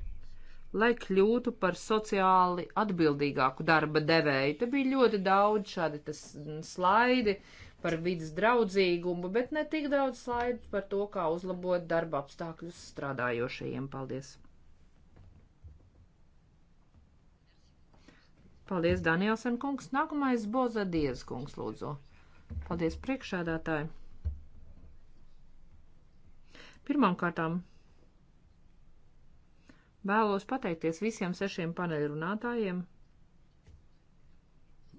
lai kļūtu par sociāli atbildīgāku darba devēju? Te bija ļoti daudz šādi tas mm, slaidi par vidas draudzīgumu, bet ne tik daudz slaidu par to, kā uzlabot darba apstākļus strādājošajiem. Paldies! Paldies, Danielsen kungs. Nākamais Boza Diez kungs, lūdzu. Paldies, priekšādātāji. Pirmām kārtām vēlos pateikties visiem sešiem paneļrunātājiem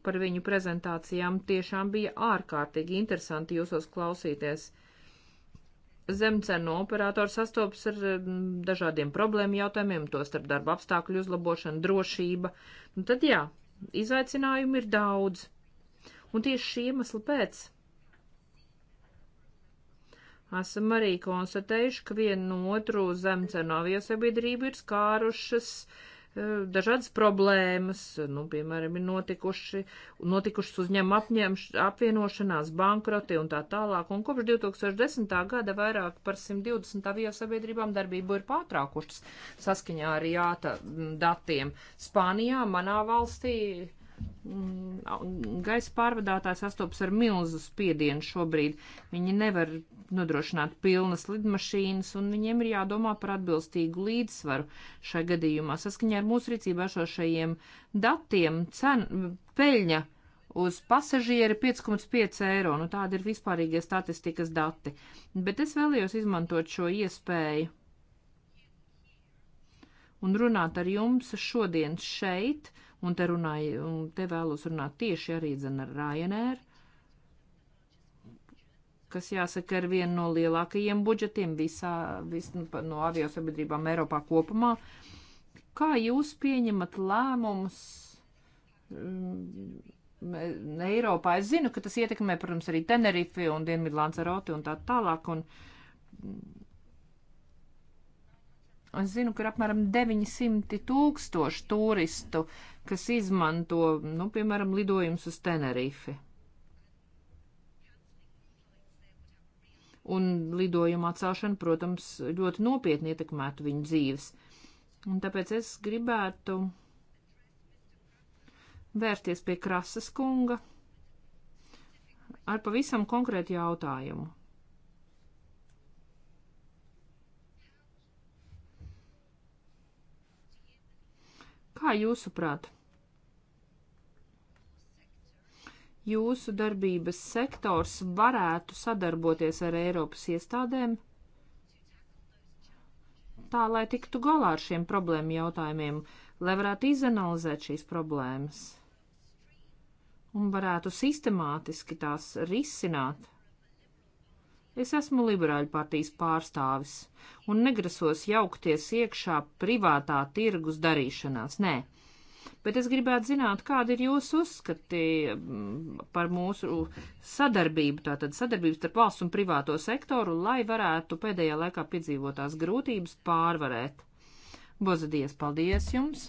par viņu prezentācijām. Tiešām bija ārkārtīgi interesanti jūsos klausīties. Zemcenu operators sastopas ar dažādiem problēmu jautājumiem, tostarp darba apstākļu uzlabošana, drošība. Un nu tad jā, Izaicinājumu ir daudz. Un tieši šī iemesla pēc esam arī konstatējuši, ka vienu no otru zemcenu aviosabiedrību ir skārušas uh, Eh, dažādas problēmas, nu, piemēram, ir notikuši, notikušas uzņēmuma apņemš, apvienošanās, bankroti un tā tālāk, un kopš 2010. gada vairāk par 120 aviosabiedrībām darbību ir pārtraukušas saskaņā ar jāta datiem. Spānijā, manā valstī, Mm, gaisa pārvadātāji sastopas ar milzu spiedienu šobrīd. Viņi nevar nodrošināt pilnas lidmašīnas, un viņiem ir jādomā par atbilstīgu līdzsvaru šai gadījumā. Saskaņā ar mūsu rīcībā esošajiem datiem cen, peļņa uz pasažieri 5,5 eiro. Nu, tādi ir vispārīgie statistikas dati. Bet es vēlējos izmantot šo iespēju un runāt ar jums šodien šeit un te, runāju, un te vēlos runāt tieši arī dzen ar Ryanair, kas jāsaka ir viena no lielākajiem budžetiem visā, vis, nu, no aviosabiedrībām Eiropā kopumā. Kā jūs pieņemat lēmumus? Mm, e, Eiropā. Es zinu, ka tas ietekmē, protams, arī Tenerifi un Dienvidlanceroti un tā tālāk. Un mm, es zinu, ka ir apmēram 900 tūkstoši turistu kas izmanto, nu, piemēram, lidojums uz Tenerifi. Un lidojuma atcelšana, protams, ļoti nopietni ietekmētu viņu dzīves. Un tāpēc es gribētu vērsties pie Krasas kunga ar pavisam konkrētu jautājumu. Kā jūsuprāt? Jūsu darbības sektors varētu sadarboties ar Eiropas iestādēm, tā lai tiktu galā ar šiem problēmu jautājumiem, lai varētu izanalizēt šīs problēmas un varētu sistemātiski tās risināt. Es esmu liberāļu partijas pārstāvis un negrasos jaukties iekšā privātā tirgus darīšanās, nē. Bet es gribētu zināt, kāda ir jūsu uzskati mm, par mūsu sadarbību, tātad sadarbību starp valsts un privāto sektoru, lai varētu pēdējā laikā piedzīvotās grūtības pārvarēt. Bozadies, paldies jums!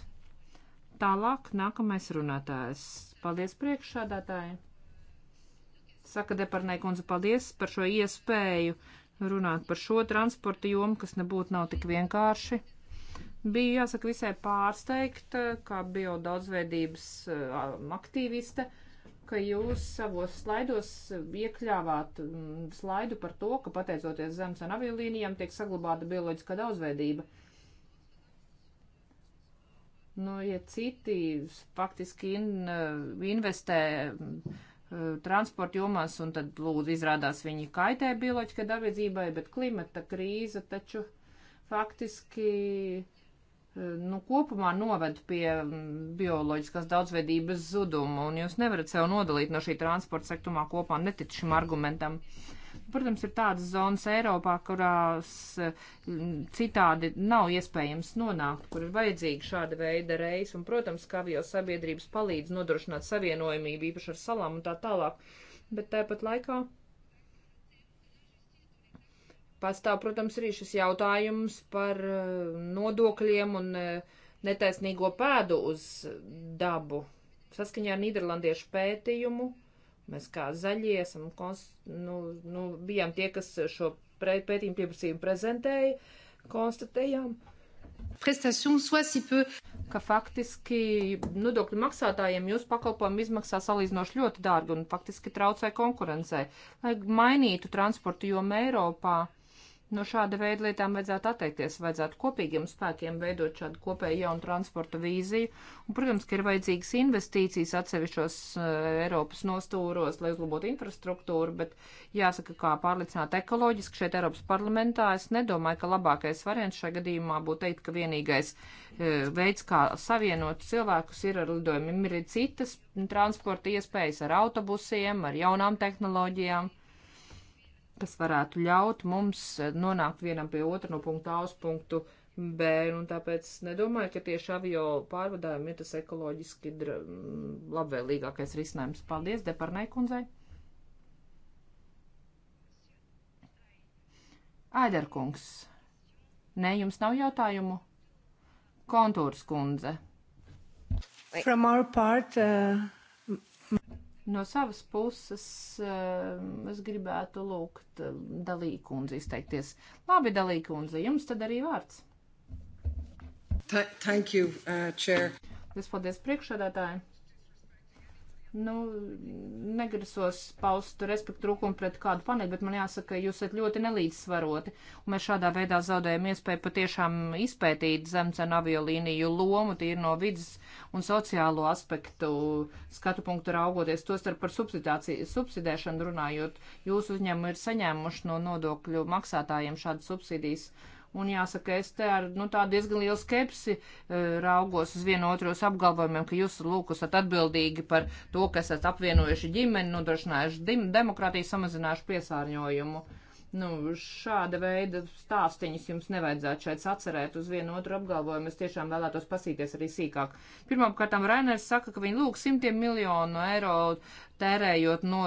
Tālāk nākamais runātājs. Paldies priekšsādātājai! Saka Deparnē kundze, paldies par šo iespēju runāt par šo transporta jomu, kas nebūtu nav tik vienkārši. Bija jāsaka visai pārsteigta, kā bio daudzveidības aktīviste, ka jūs savos slaidos iekļāvāt slaidu par to, ka pateicoties zemes un aviolīnijām tiek saglabāta bioloģiskā daudzveidība. Nu, ja citi faktiski in, investē uh, Eh, transporta jomās, un tad, lūdzu, izrādās viņi kaitē bioloģiskai dabiedzībai, bet klimata krīze taču faktiski eh, nu, kopumā noved pie mm, bioloģiskās daudzveidības zuduma, un jūs nevarat sev nodalīt no šī transporta sektumā kopā netic šim argumentam. Uh, Protams, ir tādas zonas Eiropā, kurās eh, citādi nav iespējams nonākt, kur ir vajadzīga šāda veida reisa, un, protams, kā jau sabiedrības palīdz nodrošināt savienojumību īpaši ar salām un tā tālāk, bet tāpat laikā pastāv, protams, arī šis jautājums par eh, nodokļiem un eh, netaisnīgo pēdu uz dabu. Saskaņā ar Nīderlandiešu pētījumu Mēs kā zaļie esam, nu, nu, bijām tie, kas šo pētījumu pieprasījumu prezentēja, konstatējām. Si ka faktiski nodokļu maksātājiem jūsu pakalpojumu izmaksā salīdzinoši ļoti dārgi un faktiski traucē konkurencei. Lai mainītu transportu jomu Eiropā, uh, No šāda veida lietām vajadzētu atteikties, vajadzētu kopīgiem spēkiem veidot šādu kopēju jaunu transporta vīziju. Un, protams, ka ir vajadzīgas investīcijas atsevišķos uh, Eiropas nostūros, lai uzlabotu infrastruktūru, bet jāsaka, kā pārliecināt ekoloģiski šeit Eiropas parlamentā, es nedomāju, ka labākais variants šajā gadījumā būtu teikt, ka vienīgais uh, veids, kā savienot cilvēkus, ir ar lidojumiem. Ir citas transporta iespējas ar autobusiem, ar jaunām tehnoloģijām kas varētu ļaut mums eh, nonākt vienam pie otra no punkta A uz punktu B, nu, un tāpēc nedomāju, ka tieši avio pārvadājumi ir tas ekoloģiski mm, labvēlīgākais risinājums. Paldies, Deparnai kundzei! Aiderkungs, nē, jums nav jautājumu? Kontūrs kundze. From our part, uh... No savas puses ehm, es gribētu lūgt ehm, dalīkundzi izteikties. Labi, dalīkundze, jums tad arī vārds. T Thank you, uh, chair. Es paldies priekšsēdētājiem nu, negrasos paust respektu trūkumu pret kādu planētu, bet man jāsaka, jūs esat ļoti nelīdzsvaroti. Un mēs šādā veidā zaudējam iespēju patiešām izpētīt zemcenu aviolīniju lomu tīri no vidas un sociālo aspektu skatu punktu raugoties, to starp par subsidēšanu runājot. Jūsu uzņēmumi ir saņēmuši no nodokļu maksātājiem šādas subsidijas. Uh, Un jāsaka, es te ar nu, tādu diezgan lielu skepsi e, raugos uz vienu otros apgalvojumiem, ka jūs, lūk, esat atbildīgi par to, ka esat apvienojuši ģimeni, nodrošinājuši demokrātiju, samazinājuši piesārņojumu. Uh, Nu, šāda veida stāstīņus jums nevajadzētu šeit atcerēt uz vienu otru apgalvojumu. Es tiešām vēlētos pasīties arī sīkāk. Pirmkārt, Rainers saka, ka viņi lūg simtiem miljonu eiro tērējot no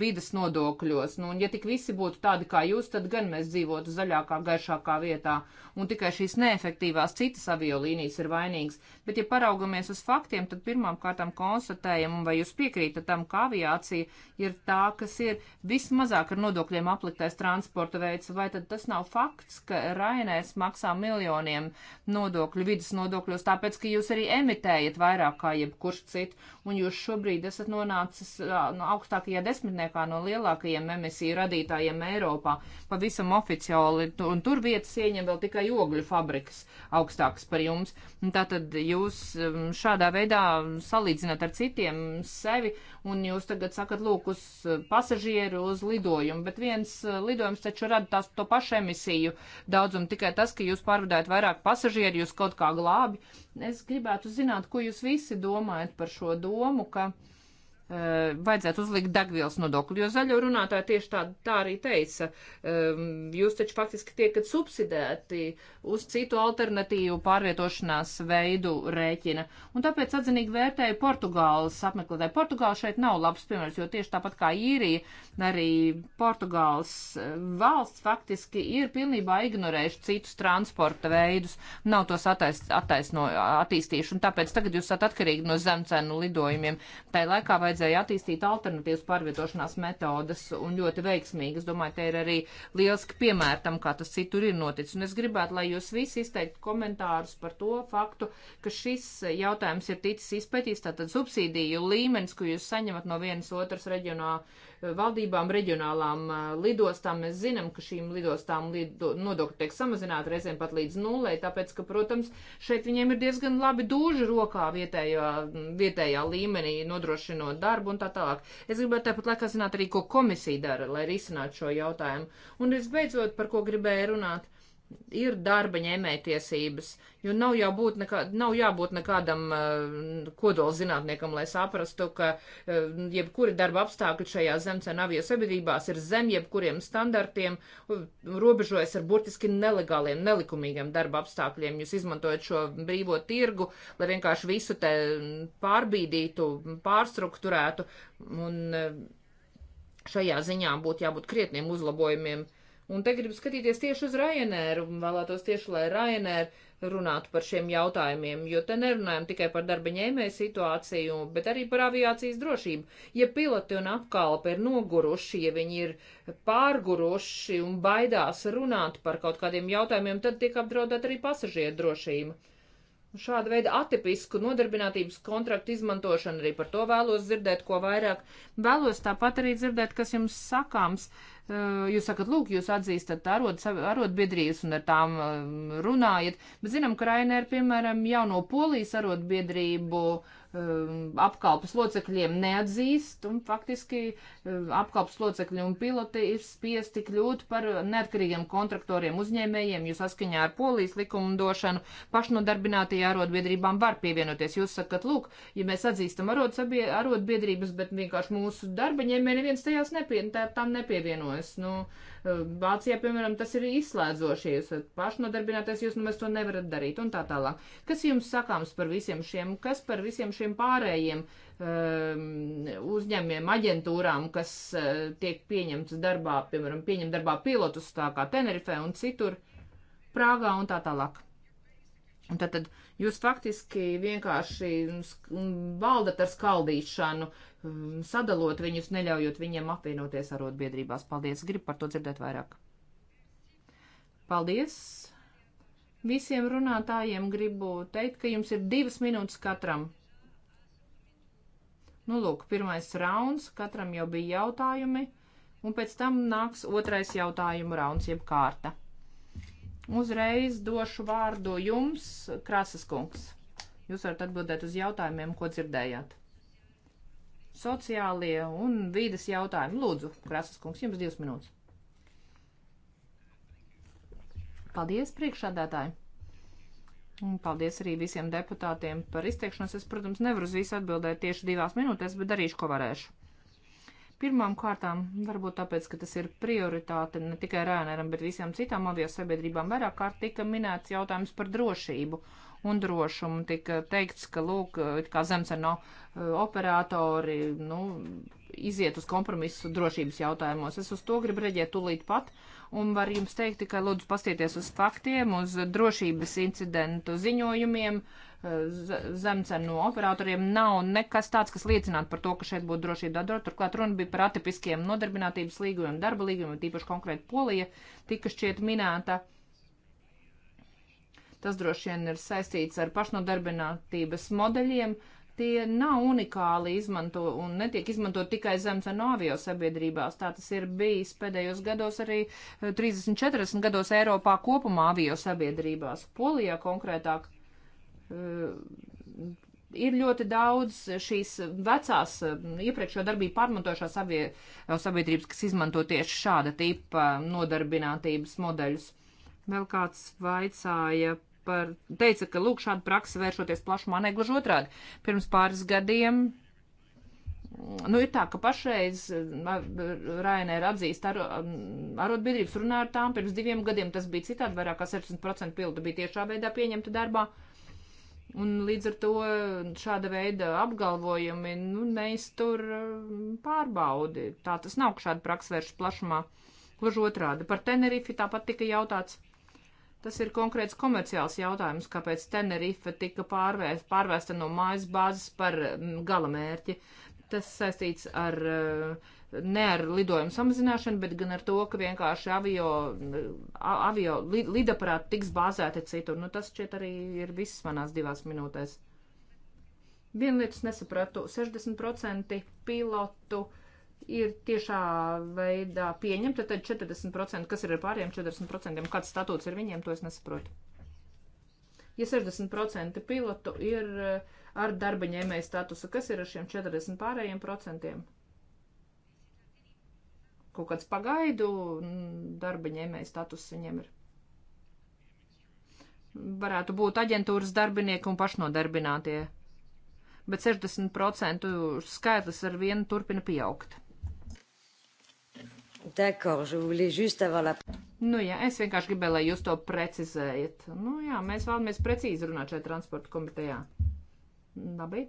vidas nodokļos. Nu, un ja tik visi būtu tādi kā jūs, tad gan mēs dzīvotu zaļākā, gaišākā vietā. Un tikai šīs neefektīvās citas aviolīnijas ir vainīgas. Bet, ja paraugamies uz faktiem, tad pirmām kārtām konstatējam, vai jūs piekrītat tam, ka aviācija ir tā, kas ir vismazāk ar nodokļiem apliktais transports transporta veids, vai tad tas nav fakts, ka Rainēs maksā miljoniem nodokļu, vidas nodokļos, tāpēc, ka jūs arī emitējat vairāk kā jebkurš cits, un jūs šobrīd esat nonācis no augstākajā desmitniekā no lielākajiem emisiju radītājiem Eiropā, pavisam oficiāli, un tur vietas ieņem vēl tikai ogļu fabrikas augstākas par jums. Tātad jūs šādā veidā salīdzināt ar citiem sevi, un jūs tagad sakat, lūk, uz pasažieru, uz lidojumu, bet viens lidojums jums taču rada tās, to pašu emisiju daudzumu, tikai tas, ka jūs pārvadājat vairāk pasažieru, jūs kaut kā glābi. Es gribētu zināt, ko jūs visi domājat par šo domu, ka. Uh, Eh, vajadzētu uzlikt degvielas nodokli, jo zaļo runātāji tieši tā, tā arī teica. Jūs taču faktiski tiekat subsidēti uz citu alternatīvu pārvietošanās veidu rēķina. Un tāpēc atzinīgi vērtēju Portugāles apmeklētāju. Portugāla šeit nav labs piemērs, jo tieši tāpat kā īrija, arī Portugāles eh, valsts faktiski ir pilnībā ignorējuši citus transporta veidus, nav tos attais, attaisno, attīstījuši. Un tāpēc tagad jūs esat atkarīgi no zemcenu lidojumiem. Tā laikā vajadzētu vajadzēja attīstīt alternatīvas pārvietošanās metodas un ļoti veiksmīgi. Es domāju, te ir arī lieliski piemēri tam, kā tas citur ir noticis. Un es gribētu, lai jūs visi izteiktu komentārus par to faktu, ka šis jautājums ir ticis izpētīts, tātad subsīdiju līmenis, ko jūs saņemat no vienas otras reģionā valdībām, reģionālām lidostām. Mēs zinām, ka šīm lidostām lido, nodokļi tiek samazināti reizēm pat līdz nulē, tāpēc, ka, protams, šeit viņiem ir diezgan labi dūži rokā vietējā, vietējā līmenī nodrošinot darbu un tā tālāk. Es gribētu tāpat laikā zināt arī, ko komisija dara, lai risinātu šo jautājumu. Un visbeidzot, par ko gribēju runāt ir darba ņēmēja tiesības, jo nav, jābūt nekā, nav jābūt nekādam uh, kodolzinātniekam, lai saprastu, ka uh, jebkuri darba apstākļi šajā zemcēna avio sabiedrībās ir zem jebkuriem standartiem, uh, robežojas ar burtiski nelegāliem, nelikumīgiem darba apstākļiem. Jūs izmantojat šo brīvo tirgu, lai vienkārši visu te pārbīdītu, pārstrukturētu, un uh, šajā ziņā būtu jābūt krietniem uzlabojumiem. Uh, Un te gribu skatīties tieši uz Ryanair un vēlētos tieši, lai Ryanair runātu par šiem jautājumiem, jo te nerunājam tikai par darba ņēmēju situāciju, bet arī par aviācijas drošību. Ja piloti un apkalpe ir noguruši, ja viņi ir pārguruši un baidās runāt par kaut kādiem jautājumiem, tad tiek apdraudēta arī pasažieru drošība. Šāda veida atipisku nodarbinātības kontraktu izmantošanu arī par to vēlos dzirdēt, ko vairāk vēlos tāpat arī dzirdēt, kas jums sakāms. Uh, Eh, jūs sakat, lūk, jūs atzīstat arot, arotbiedrijas un ar tām eh, runājat, bet zinām, ka Rainer, piemēram, jauno polijas arotbiedrību eh, apkalpas locekļiem neatzīst, un faktiski apkalpas locekļi un piloti ir spiesti kļūt par neatkarīgiem kontraktoriem uzņēmējiem, jo saskaņā ar polijas likumdošanu pašnodarbinātajā arotbiedrībām var pievienoties. Jūs sakat, lūk, ja mēs atzīstam arotbiedrības, bet vienkārši mūsu darba ņēmēji neviens tajās nepie, tā, tām nepievienojas uzņēmumos. Nu, eh, Vācijā, piemēram, tas ir izslēdzoši. Jūs esat pašnodarbinātais, jūs nemaz to nevarat darīt un tā tālāk. Kas jums sakāms par visiem šiem, kas par visiem šiem pārējiem um, uzņēmiem, aģentūrām, kas uh, tiek pieņemtas darbā, piemēram, pieņem darbā pilotus tā kā Tenerifē un citur, Prāgā un tā tālāk? Un tad, tad jūs faktiski vienkārši valdat ar skaldīšanu, Mm, sadalot viņus, neļaujot viņiem apvienoties arotbiedrībās. Paldies, gribu par to dzirdēt vairāk. Paldies! Visiem runātājiem gribu teikt, ka jums ir divas minūtes katram. Nu, lūk, pirmais rauns, katram jau bija jautājumi, un pēc tam nāks otrais jautājumu rauns, jeb kārta. Uzreiz došu vārdu jums, Krasas kungs. Jūs varat atbildēt uz jautājumiem, ko dzirdējāt sociālie un vīdes jautājumi. Lūdzu, Krasas kungs, jums divas minūtes. Paldies, priekšādātāji! Un paldies arī visiem deputātiem par izteikšanos. Es, protams, nevaru uz visu atbildēt tieši divās minūtēs, bet darīšu, ko varēšu. Pirmām kārtām, varbūt tāpēc, ka tas ir prioritāte ne tikai Rēneram, bet visām citām aviosabiedrībām, vairāk kārt tika minēts jautājums par drošību. Uh, un drošumu. Tika teikts, ka, lūk, kā zemseno eh, operatori, nu, iziet uz kompromisu drošības jautājumos. Es uz to gribu reģēt tūlīt pat un var jums teikt, ka lūdzu pastieties uz faktiem, uz drošības incidentu ziņojumiem. Zemcenu operatoriem nav nekas tāds, kas liecinātu par to, ka šeit būtu drošība dodot. Turklāt runa bija par atipiskiem nodarbinātības līgumiem, darba līgumiem, tīpaši konkrēti Polija tika šķiet minēta. Uh, Tas droši vien ir saistīts ar pašnodarbinātības modeļiem. Tie nav unikāli izmanto un netiek izmantot tikai zemes un avio sabiedrībās. Tā tas ir bijis pēdējos gados arī 30-40 eh, gados Eiropā kopumā avio sabiedrībās. Polijā konkrētāk eh, ir ļoti daudz šīs vecās, eh, iepriekšējo darbību pārmantojušās sabiedrības, kas izmanto tieši šāda tipa nodarbinātības modeļus. Vēl kāds vaicāja par, teica, ka lūk šāda praksa vēršoties plašumā negluži otrādi. Pirms pāris gadiem, nu ir tā, ka pašreiz Rainēra atzīst ar, arotbiedrības runā ar tām, pirms diviem gadiem tas bija citādi, vairāk kā 70% pildu bija tiešā veidā pieņemta darbā. Un līdz ar to šāda veida apgalvojumi nu, neiztur pārbaudi. Tā tas nav, ka šāda praksa vērš plašumā. Gluži otrādi. Par Tenerifi tāpat tika jautāts. Tas ir konkrēts komerciāls jautājums, kāpēc Tenerife tika pārvēst, pārvēsta no mājas bāzes par mm, galamērķi. Tas saistīts ar eh, ne ar lidojumu samazināšanu, bet gan ar to, ka vienkārši avio, mm, avio lidaparāti tiks bāzēti citur. Nu, tas šķiet arī ir viss manās divās minūtēs. Vienu lietu nesapratu - 60% pilotu uh, ir tiešā veidā pieņemta, tad 40%, kas ir ar pārējiem 40%, kāds statūts ir viņiem, to es nesaprotu. Ja 60% pilotu ir eh, ar darba ņēmēja statusu, kas ir ar šiem 40 pārējiem procentiem? Kaut kāds pagaidu mm, darba ņēmēja status viņiem ir. Varētu būt aģentūras darbinieki un pašnodarbinātie bet 60% skaitlis ar vienu turpina pieaugt. Nu, jā, es vienkārši gribēju, lai jūs to precizējat. Nu, jā, mēs vēlamies precīzi runāt šajā transporta komitejā. Labi.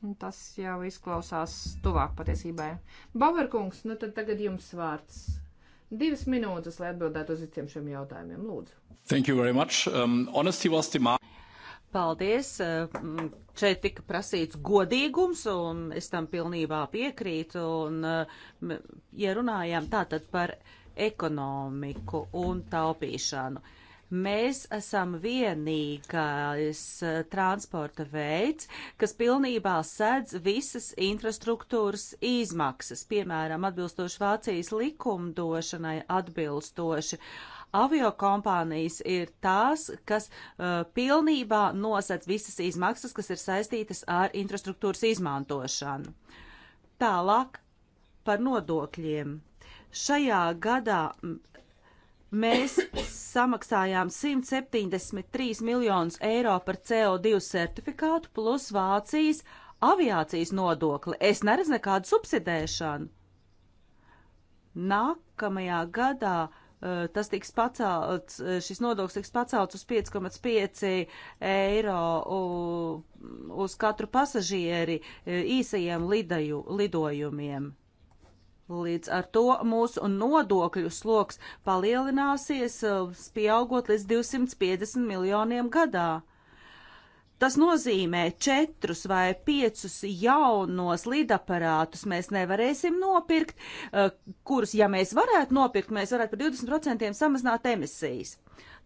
Un tas jau izklausās tuvāk patiesībai. Bavarkungs, nu tad tagad jums vārds. Divas minūtes, lai atbildētu uz visiem šiem jautājumiem, lūdzu. Thank you very much. Um, honesty was demand. The... Paldies! Mm, šeit tika prasīts godīgums, un es tam pilnībā piekrītu. Un, mm, ja runājām tātad par ekonomiku un taupīšanu, mēs esam vienīgais eh, transporta veids, kas pilnībā sedz visas infrastruktūras izmaksas, piemēram, atbilstoši Vācijas likumdošanai, atbilstoši uh, Aviokompānijas ir tās, kas uh, pilnībā nosec visas izmaksas, kas ir saistītas ar infrastruktūras izmantošanu. Tālāk par nodokļiem. Šajā gadā mēs samaksājām 173 miljonus eiro par CO2 certifikātu plus Vācijas aviācijas nodokli. Es neredzu nekādu subsidēšanu. Nākamajā gadā Eh, tas tiks pacelts, eh, šis nodoklis tiks pacelts uz 5,5 eiro uz katru pasažieri eh, īsajiem lidaju, lidojumiem. Līdz ar to mūsu nodokļu sloks palielināsies, pieaugot līdz 250 miljoniem gadā. Tas nozīmē, četrus vai piecus jaunos lidaparātus mēs nevarēsim nopirkt, eh, kurus, ja mēs varētu nopirkt, mēs varētu par 20% samazināt emisijas.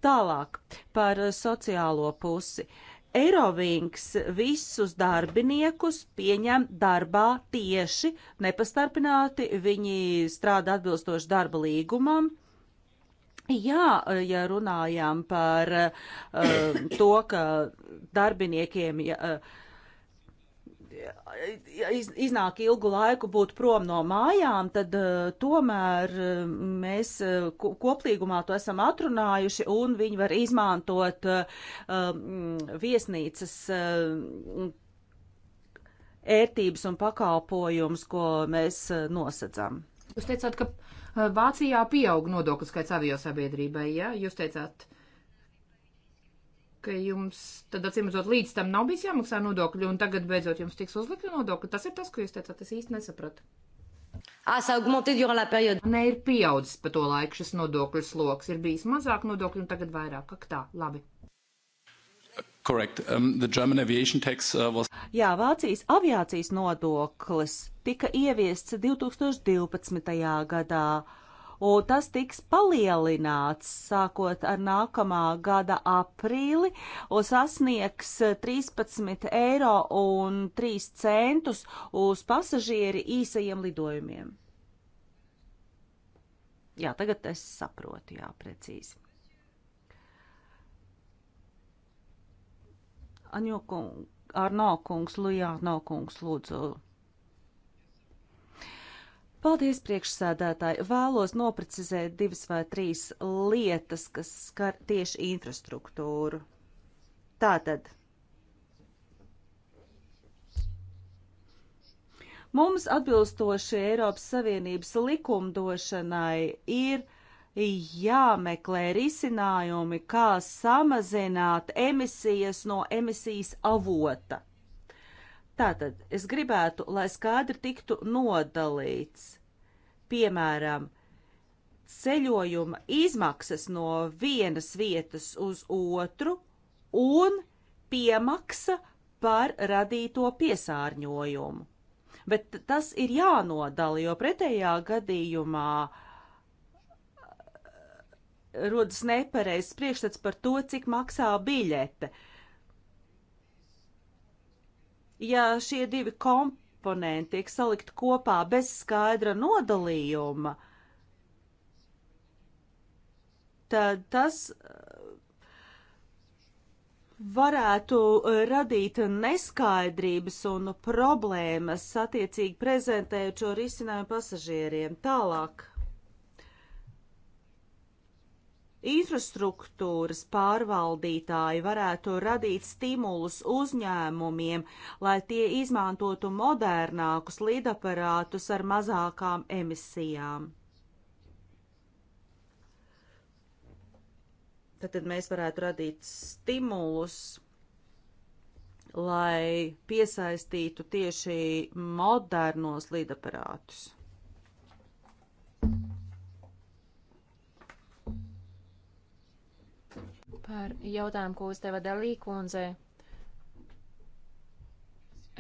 Tālāk par eh, sociālo pusi. Eirovings visus darbiniekus pieņem darbā tieši, nepastarpināti, viņi strādā atbilstoši darba līgumam, Jā, ja runājām par uh, to, ka darbiniekiem ja, ja eh, iznāk ilgu laiku būt prom no mājām, tad uh, tomēr uh, mēs uh, koplīgumā to esam atrunājuši un viņi var izmantot uh, viesnīcas. Uh, ērtības un pakalpojumus, ko mēs nosacām. Jūs teicāt, ka Eh, Vācijā pieaug nodokļu skaits avio sabiedrībai, ja? Jūs teicāt, ka jums tad atsimredzot līdz tam nav bijis jāmaksā nodokļu, un tagad beidzot jums tiks uzlikta nodokļa. Tas ir tas, ko jūs teicāt, es īsti nesapratu. Ah, ça a augmenté durant la période. Nē, ir pieaudzis pa to laiku šis nodokļu sloks. Ir bijis mazāk nodokļu un tagad vairāk. Kā tā? Labi. Correct. Um, the German aviation tax uh, was. Jā, Vācijas aviācijas nodoklis tika ieviests 2012. gadā, un tas tiks palielināts sākot ar nākamā gada aprīli un sasniegs 13 eiro un 3 centus uz pasažieri īsajiem lidojumiem. Jā, tagad es saprotu, jā, precīzi. Aņokungs, Arnokungs, Lujā Arnokungs, lūdzu. Paldies, priekšsēdētāji. Vēlos noprecizēt divas vai trīs lietas, kas skar tieši infrastruktūru. Tātad. Mums atbilstoši Eiropas Savienības likumdošanai ir jāmeklē risinājumi, kā samazināt emisijas no emisijas avota. Tātad es gribētu, lai skaidri tiktu nodalīts, piemēram, ceļojuma izmaksas no vienas vietas uz otru un piemaksa par radīto piesārņojumu. Bet tas ir jānodala, jo pretējā gadījumā uh, rodas nepareizs priekšstats par to, cik maksā biļete. Ja šie divi komponenti tiek salikt kopā bez skaidra nodalījuma, tad tas uh, varētu uh, radīt neskaidrības un problēmas, attiecīgi prezentējot šo risinājumu pasažieriem. Tālāk infrastruktūras pārvaldītāji varētu radīt stimulus uzņēmumiem, lai tie izmantotu modernākus lidaparātus ar mazākām emisijām. Tad, tad mēs varētu radīt stimulus, lai piesaistītu tieši modernos lidaparātus. par jautājumu, ko uzdeva Dalī kundze.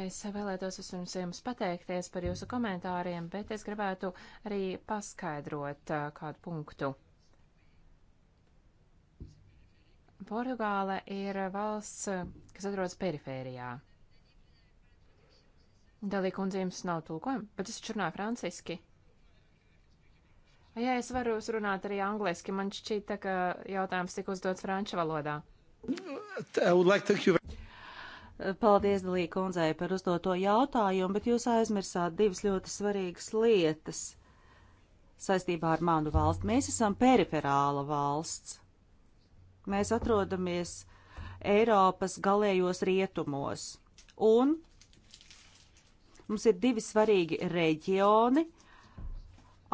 Es vēlētos vispirms jums pateikties par jūsu komentāriem, bet es gribētu arī paskaidrot kādu punktu. Portugāla ir valsts, kas atrodas perifērijā. Dalīkundze jums nav tulkojuma, bet es runāju franciski. Ja es varu runāt arī angliski, man šķita, ka jautājums tika uzdots franču valodā. Paldies, Dalī kundzei, par uzdoto jautājumu, bet jūs aizmirsāt divas ļoti svarīgas lietas saistībā ar manu valsti. Mēs esam periferāla valsts. Mēs atrodamies Eiropas galējos rietumos. Un mums ir divi svarīgi reģioni,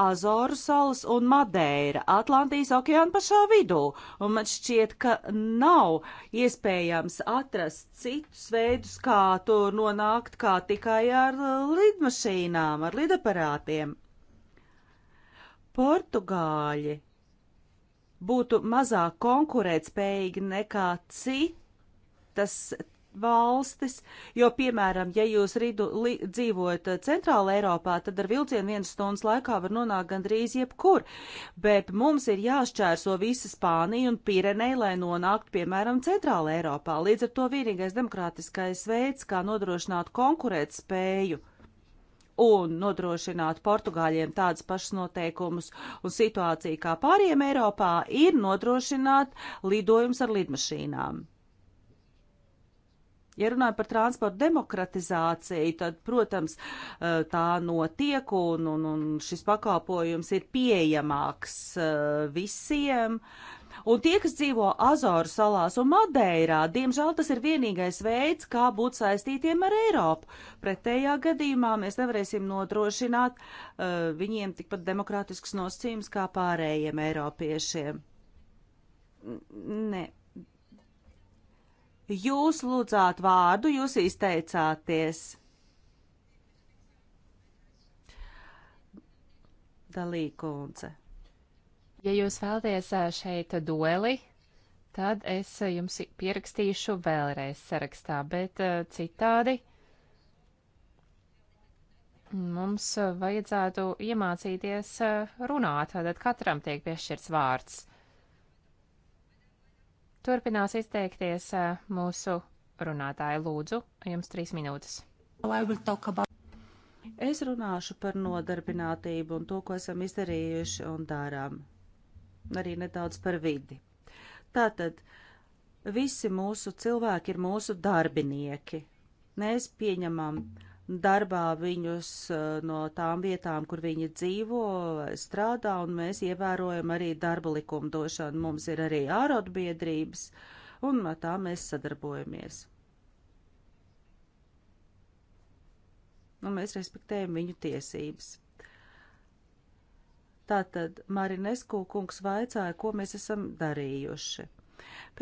Azoru salas un Madeira Atlantijas okeāna pašā vidū, un man šķiet, ka nav iespējams atrast citus veidus, kā tur nonākt, kā tikai ar uh, lidmašīnām, ar lidaparātiem. Portugāļi būtu mazāk konkurētspējīgi nekā citas valstis, jo, piemēram, ja jūs ridu, li, dzīvojat eh, centrāla Eiropā, tad ar vilcienu vienas stundas laikā var nonākt gandrīz jebkur, bet mums ir jāšķērso visa Spānija un Pirenei, lai nonāktu, piemēram, centrāla Eiropā. Līdz ar to vienīgais demokrātiskais veids, kā nodrošināt konkurēt spēju un nodrošināt Portugāļiem tādas pašas noteikumus un situāciju kā pāriem Eiropā, ir nodrošināt lidojums ar lidmašīnām. Ja runājam par transportu demokratizāciju, tad, protams, eh, tā notiek un, un, un šis pakalpojums ir pieejamāks eh, visiem. Un tie, kas dzīvo Azoru salās un Madeirā, diemžēl tas ir vienīgais veids, kā būt saistītiem ar Eiropu. Pretējā gadījumā mēs nevarēsim nodrošināt uh, viņiem tikpat demokrātisks nosacījums kā pārējiem eiropiešiem. Nē, Jūs lūdzāt vārdu, jūs izteicāties. Dalīkundze. Ja jūs vēlaties šeit dueli, tad es jums pierakstīšu vēlreiz sarakstā, bet citādi mums vajadzētu iemācīties runāt, tad katram tiek piešķirts vārds. Turpinās izteikties mūsu runātāja lūdzu, jums trīs minūtes. Es runāšu par nodarbinātību un to, ko esam izdarījuši un dārām. Arī nedaudz par vidi. Tātad, visi mūsu cilvēki ir mūsu darbinieki. Mēs pieņemam uh, darbā viņus eh, no tām vietām, kur viņi dzīvo, eh, strādā, un mēs ievērojam arī darba likumdošanu. Mums ir arī ārotbiedrības, un no tā mēs sadarbojamies. Un nu, mēs respektējam viņu tiesības. Tātad Marinesku kungs vaicāja, ko mēs esam darījuši.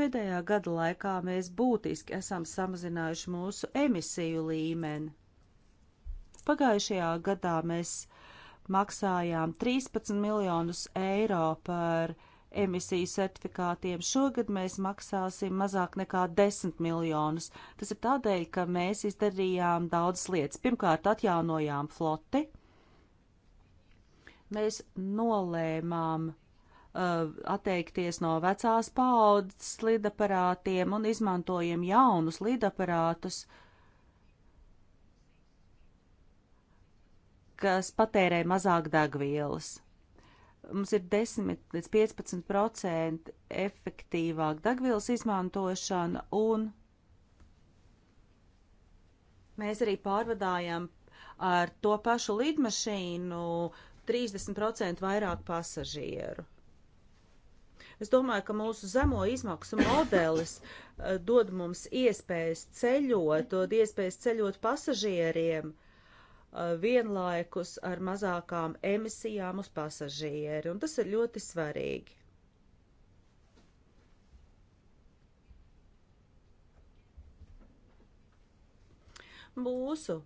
Pēdējā gada laikā mēs būtiski esam samazinājuši mūsu emisiju līmeni Pagājušajā gadā mēs maksājām 13 miljonus eiro par emisiju certifikātiem. Šogad mēs maksāsim mazāk nekā 10 miljonus. Tas ir tādēļ, ka mēs izdarījām daudzas lietas. Pirmkārt, atjaunojām floti. Mēs nolēmām uh, atteikties no vecās paaudzes lidaparātiem un izmantojam jaunus lidaparātus, uh, kas patērē mazāk degvielas. Mums ir 10 līdz 15 procenti efektīvāk degvielas izmantošana un mēs arī pārvadājam ar to pašu lidmašīnu 30% vairāk pasažieru. Es domāju, ka mūsu zemo izmaksu modelis eh, dod mums iespējas ceļot, dod iespējas ceļot pasažieriem. Uh, Uh, vienlaikus ar mazākām emisijām uz pasažieri, un tas ir ļoti svarīgi. Mūsu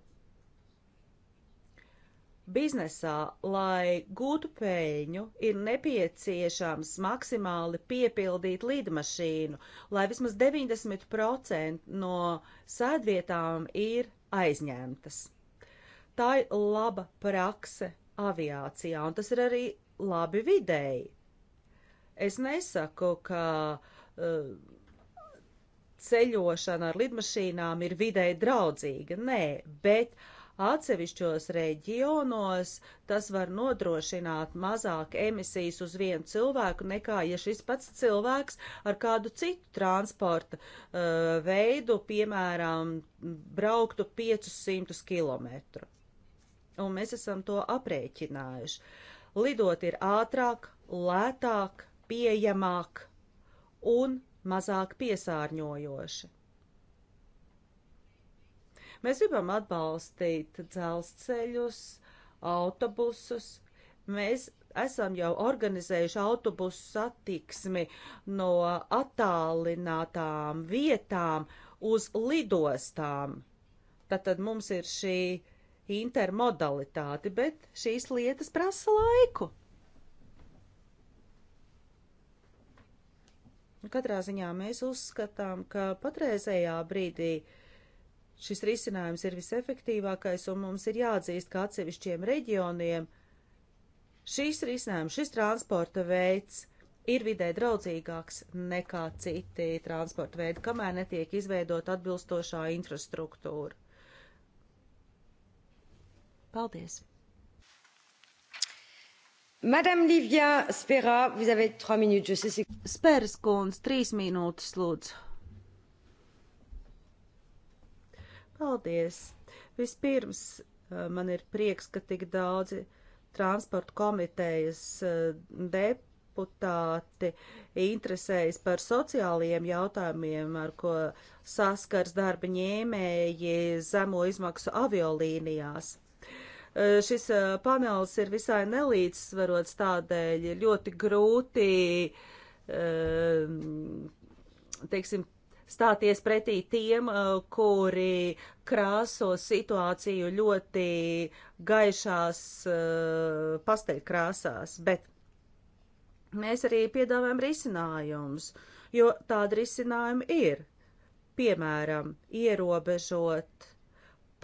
biznesā, lai gūtu peļņu, ir nepieciešams maksimāli piepildīt lidmašīnu, lai vismaz 90% no sēdvietām ir aizņemtas. Tā ir laba prakse aviācijā, un tas ir arī labi vidēji. Es nesaku, ka uh, ceļošana ar lidmašīnām ir vidēji draudzīga, nē, bet atsevišķos reģionos tas var nodrošināt mazāk emisijas uz vienu cilvēku nekā, ja šis pats cilvēks ar kādu citu transporta uh, veidu, piemēram, brauktu 500 kilometrus un mēs esam to aprēķinājuši. Lidot ir ātrāk, lētāk, pieejamāk un mazāk piesārņojoši. Mēs gribam atbalstīt dzelzceļus, autobusus. Mēs esam jau organizējuši autobusu satiksmi no attālinātām vietām uz lidostām. Tātad mums ir šī intermodalitāti, bet šīs lietas prasa laiku. Katrā ziņā mēs uzskatām, ka patreizējā brīdī šis risinājums ir visefektīvākais, un mums ir jāatzīst, ka atsevišķiem reģioniem šīs risinājums, šis transporta veids ir vidē draudzīgāks nekā citi transporta veidi, kamēr netiek izveidot atbilstošā infrastruktūra. Paldies! Madame Livia Spera, vous avez trois minutes, je sais c'est... Speras kundz, trīs minūtes, lūdzu. Paldies! Vispirms eh, man ir prieks, ka tik daudzi transporta komitejas eh, deputāti interesējas par sociālajiem jautājumiem, ar ko saskars darba ņēmēji zemo izmaksu aviolīnijās. Eh, šis eh, panels ir visai nelīdzsvarots tādēļ ļoti grūti, eh, teiksim, stāties pretī tiem, kuri krāso situāciju ļoti gaišās pasteļkrāsās, bet mēs arī piedāvājam risinājumus, jo tādi risinājumi ir. Piemēram, ierobežot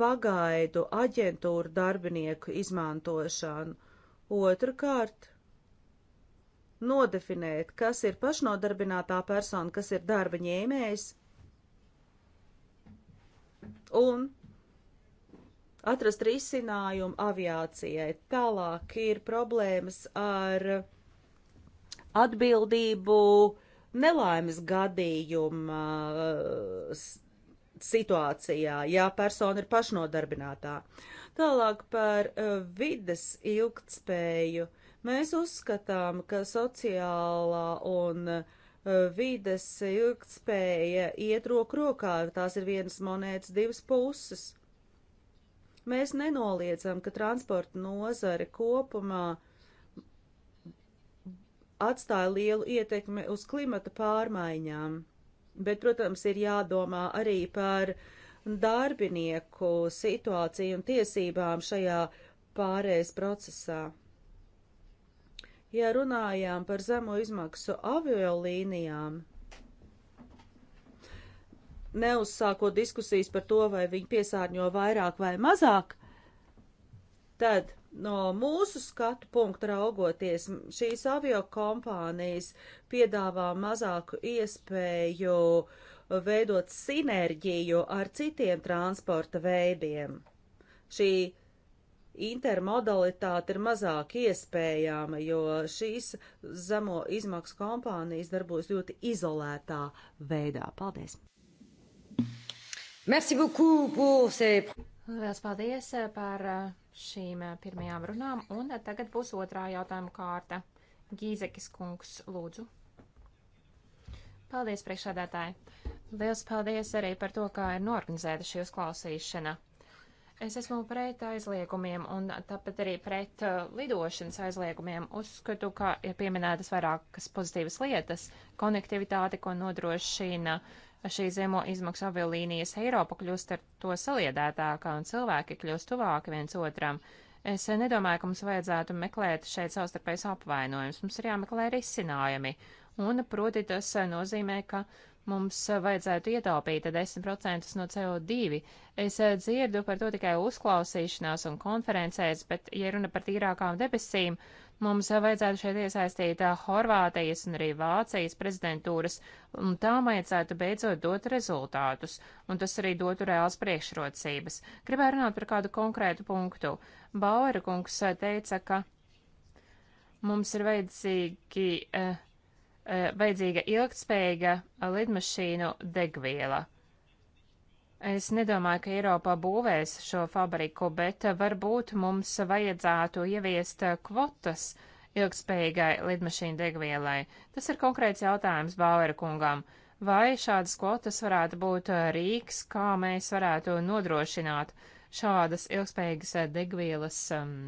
pagaidu aģentūru darbinieku izmantošanu. Otrakārt, nodefinēt, kas ir pašnodarbinātā persona, kas ir darba ņēmējs, un atrast risinājumu aviācijai. Tālāk ir problēmas ar atbildību nelaimes gadījuma situācijā, ja persona ir pašnodarbinātā. Tālāk par e, vides ilgtspēju. Mēs uzskatām, ka sociālā un e, vides ilgtspēja iet roku rokā, tās ir vienas monētas divas puses. Mēs nenoliedzam, ka transporta nozare kopumā atstāja lielu ietekmi uz klimata pārmaiņām. Bet, protams, ir jādomā arī par darbinieku situāciju un tiesībām šajā pārējais procesā. Ja runājām par zemo izmaksu aviolīnijām, neuzsākot diskusijas par to, vai viņi piesārņo vairāk vai mazāk, Tad no mūsu skatu punktu raugoties, šīs avio kompānijas piedāvā mazāku iespēju veidot sinerģiju ar citiem transporta veidiem. Šī intermodalitāte ir mazāk iespējama, jo šīs zemo izmaksu kompānijas darbos ļoti izolētā veidā. Paldies! Merci beaucoup pour ces... Lielas paldies eh, par eh, šīm eh, pirmajām runām, un tagad būs otrā jautājuma kārta. Gīzekis kungs, lūdzu. Paldies, priekšādātāji. Lielas paldies arī par to, kā ir norganizēta šī uzklausīšana. Es esmu pret aizliegumiem un tāpat arī pret uh, lidošanas aizliegumiem. Uzskatu, ka ir pieminētas vairākas pozitīvas lietas - konektivitāte, ko nodrošina uh, šī zemo izmaksu aviolīnijas Eiropa kļūst ar to saliedētākā un cilvēki kļūst tuvāki viens otram. Es nedomāju, ka mums vajadzētu meklēt šeit savstarpējs apvainojums. Mums ir jāmeklē risinājumi. Un proti tas nozīmē, ka mums vajadzētu ietaupīt 10% no CO2. Es dzirdu par to tikai uzklausīšanās un konferencēs, bet, ja runa par tīrākām debesīm, uh, Mums vajadzētu šeit iesaistīt Horvātijas un arī Vācijas prezidentūras, un tām vajadzētu beidzot dot rezultātus, un tas arī dotu reāls priekšrocības. Gribēju runāt par kādu konkrētu punktu. Bauera kungs teica, ka mums ir vajadzīgi, eh, eh, vajadzīga ilgtspējīga lidmašīnu degviela. Es nedomāju, ka Eiropā būvēs šo fabriku, bet varbūt mums vajadzētu ieviest kvotas ilgspējīgai lidmašīnu degvielai. Tas ir konkrēts jautājums Bauer kungam. Vai šādas kvotas varētu būt rīks, kā mēs varētu nodrošināt šādas ilgspējīgas degvielas um,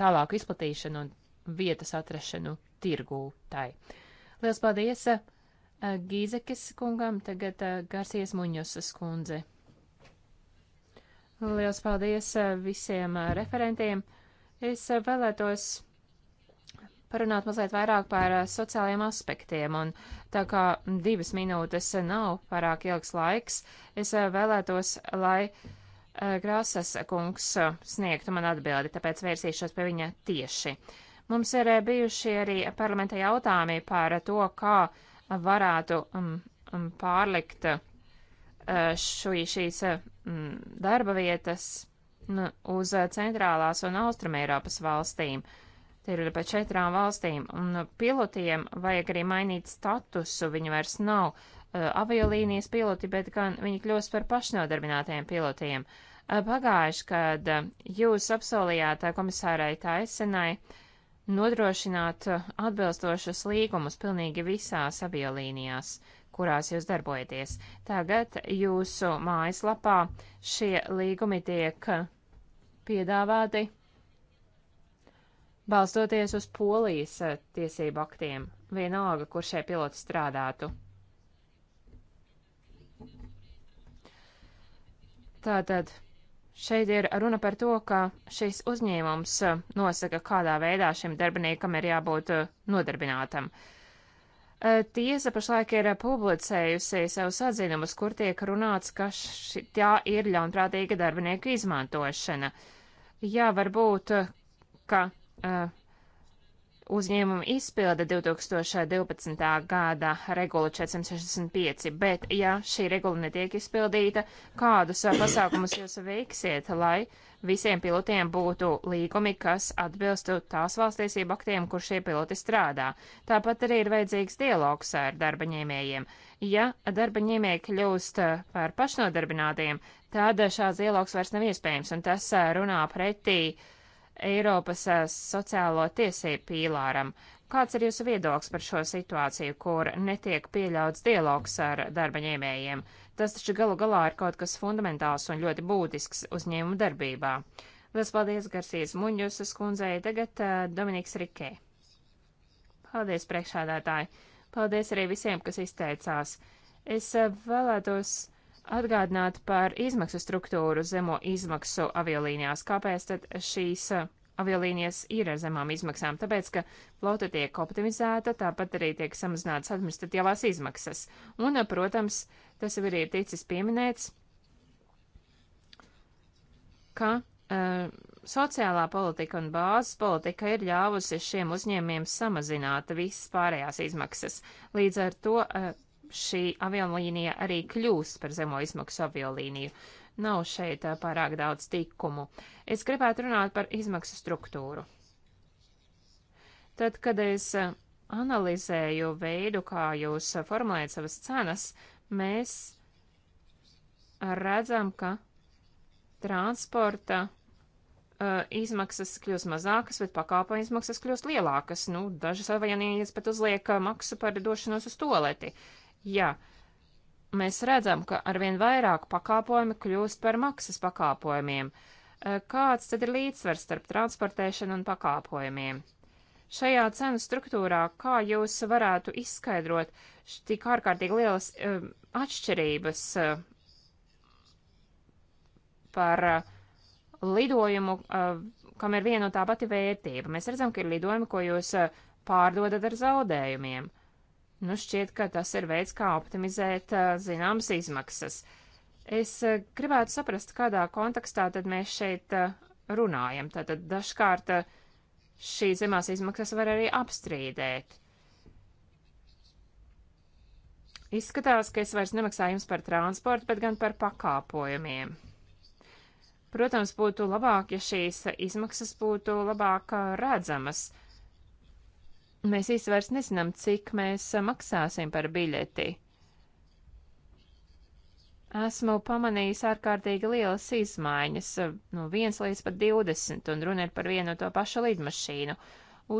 tālāku izplatīšanu un vietas atrašanu tirgū tai? Lielas paldies! Eh, Gīzekes kungam, tagad eh, Garsies Muņosas kundze. Liels paldies eh, visiem referentiem. Es vēlētos parunāt mazliet vairāk par sociālajiem aspektiem, un tā kā divas minūtes nav pārāk ilgs laiks, es vēlētos, lai Grāsas kungs sniegtu man atbildi, tāpēc vērsīšos pie viņa tieši. Mums ir bijuši arī parlamenta jautājumi par to, kā varētu um, um, pārlikt uh, šī, šīs um, darba vietas nu, uz uh, centrālās un austrumēropas valstīm. Tie ir pa četrām valstīm, un pilotiem vajag arī mainīt statusu. Viņi vairs nav uh, aviolīnijas piloti, bet gan viņi kļūst par pašnodarbinātajiem pilotiem. Uh, Pagājuši, kad uh, jūs apsolījāt uh, komisārai Taisenai, uh, nodrošināt eh, atbilstošus līgumus pilnīgi visās aviolīnijās, kurās jūs darbojaties. Tagad jūsu mājaslapā šie līgumi tiek piedāvāti balstoties uz polijas eh, tiesību aktiem, vienalga, kur šie piloti strādātu. Tātad Šeit ir runa par to, ka šis uzņēmums uh, nosaka, kādā veidā šim darbiniekam ir jābūt uh, nodarbinātam. Uh, tiesa pašlaik ir publicējusi savus atzinumus, kur tiek runāts, ka ši, tā ir ļaunprātīga darbinieku izmantošana. Jā, varbūt, ka uh, uzņēmumi izpilda 2012. gada regulu 465, bet ja šī regula netiek izpildīta, kādus pasākumus jūs veiksiet, lai visiem pilotiem būtu līgumi, kas atbilstu tās valstiesību aktiem, kur šie piloti strādā? Tāpat arī ir vajadzīgs dialogs ar darbaņēmējiem. Ja darbaņēmēji kļūst par pašnodarbinātiem, tad šāds dialogs vairs nav iespējams, un tas runā pretī uh, Eiropas eh, sociālo tiesību pīlāram. Kāds ir jūsu viedoklis par šo situāciju, kur netiek pieļauts dialogs ar darba ņēmējiem? Tas taču galu galā ir kaut kas fundamentāls un ļoti būtisks uzņēmumu darbībā. Lielas paldies Garcijas Muņusas kundzei, tagad uh, Dominiks Rikē. Paldies, priekšādātāji! Paldies arī visiem, kas izteicās. Es uh, vēlētos atgādināt par izmaksu struktūru zemo izmaksu aviolīnijās. Kāpēc tad šīs uh, aviolīnijas ir ar zemām izmaksām? Tāpēc, ka flota tiek optimizēta, tāpat arī tiek samazināts administratīvās izmaksas. Un, uh, protams, tas jau ir ticis pieminēts, ka uh, sociālā politika un bāzes politika ir ļāvusi šiem uzņēmiem samazināt visas pārējās izmaksas. Līdz ar to uh, šī aviolīnija arī kļūs par zemo izmaksu aviolīniju. Nav šeit pārāk daudz tikumu. Es gribētu runāt par izmaksu struktūru. Tad, kad es analizēju veidu, kā jūs formulējat savas cenas, mēs redzam, ka transporta uh, izmaksas kļūst mazākas, bet pakāpojuma izmaksas kļūst lielākas. Nu, dažas aviānijas pat uzliek maksu par došanos uz toleti. Uh, Jā, mēs redzam, ka arvien vairāk pakāpojumi kļūst par maksas pakāpojumiem. Eh, kāds tad ir līdzsvars starp transportēšanu un pakāpojumiem? Šajā cenu struktūrā, kā jūs varētu izskaidrot tik ārkārtīgi lielas uh, atšķirības uh, par uh, lidojumu, kam ir viena un tā pati vērtība? Mēs redzam, ka ir lidojumi, ko jūs pārdodat ar zaudējumiem. Nu, šķiet, ka tas ir veids, kā optimizēt zināmas izmaksas. Es gribētu saprast, kādā kontekstā tad mēs šeit runājam. Tātad dažkārt šīs zemās izmaksas var arī apstrīdēt. Izskatās, ka es vairs nemaksāju jums par transportu, bet gan par pakāpojumiem. Protams, būtu labāk, ja šīs izmaksas būtu labāk redzamas. Mēs īsti vairs nezinām, cik mēs maksāsim par biļeti. Esmu pamanījis ārkārtīgi lielas izmaiņas, no 1 līdz pat 20, un runa ir par vienu to pašu lidmašīnu.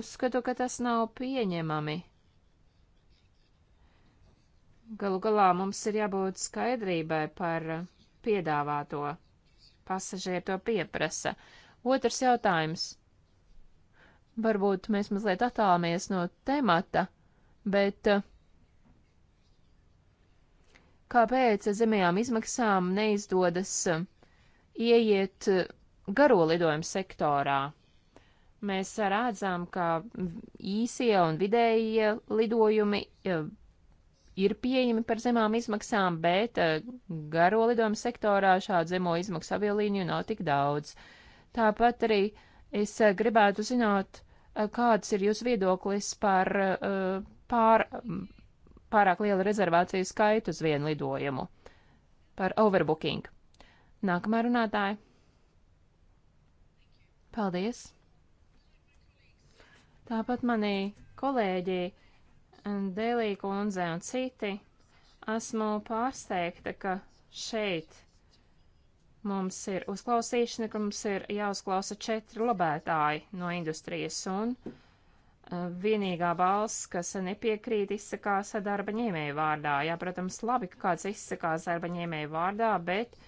Uzskatu, ka tas nav pieņemami. Galu galā mums ir jābūt skaidrībai par piedāvāto. Pasažieri to pieprasa. Otrs jautājums. Varbūt mēs mazliet attālamies no temata, bet eh, kāpēc zemajām izmaksām neizdodas eh, ieiet eh, garo lidojumu sektorā? Mēs redzam, ka īsie un vidējie lidojumi ir pieejami par zemām izmaksām, bet garo lidojumu sektorā šādu zemo izmaksu aviolīniju nav tik daudz. Tāpat arī uh, Es eh, gribētu zināt, eh, kāds ir jūsu viedoklis par eh, pār, pārāk lielu rezervāciju skaitu uz vienu lidojumu, par overbooking. Nākamā runātāja. Paldies! Tāpat manī kolēģi Dēlī kundze un citi esmu pārsteigta, ka šeit Mums ir uzklausīšana, kur mums ir jāuzklausa četri lobētāji no industrijas, un e, vienīgā balss, kas nepiekrīt, izsakās darba ņēmēju vārdā. Jā, protams, labi, ka kāds izsakās darba ņēmēju vārdā, bet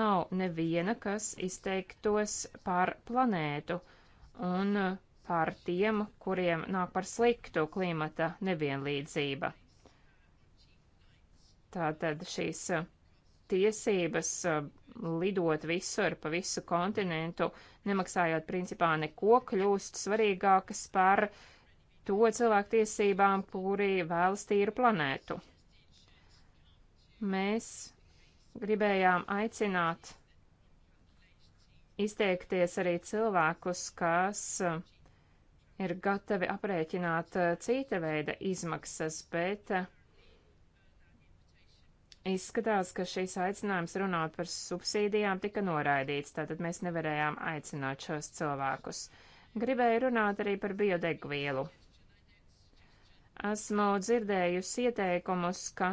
nav neviena, kas izteiktos par planētu un e, par tiem, kuriem nāk par sliktu klimata nevienlīdzība. Tātad šīs uh, tiesības eh, lidot visur pa visu kontinentu, nemaksājot principā neko, kļūst svarīgākas par to cilvēku tiesībām, kuri vēlas tīru planētu. Mēs gribējām aicināt izteikties arī cilvēkus, kas eh, ir gatavi aprēķināt eh, cita veida izmaksas, bet uh, Izskatās, ka šīs aicinājums runāt par subsīdijām tika noraidīts, tātad mēs nevarējām aicināt šos cilvēkus. Gribēju runāt arī par biodegvielu. Esmu dzirdējusi ieteikumus, ka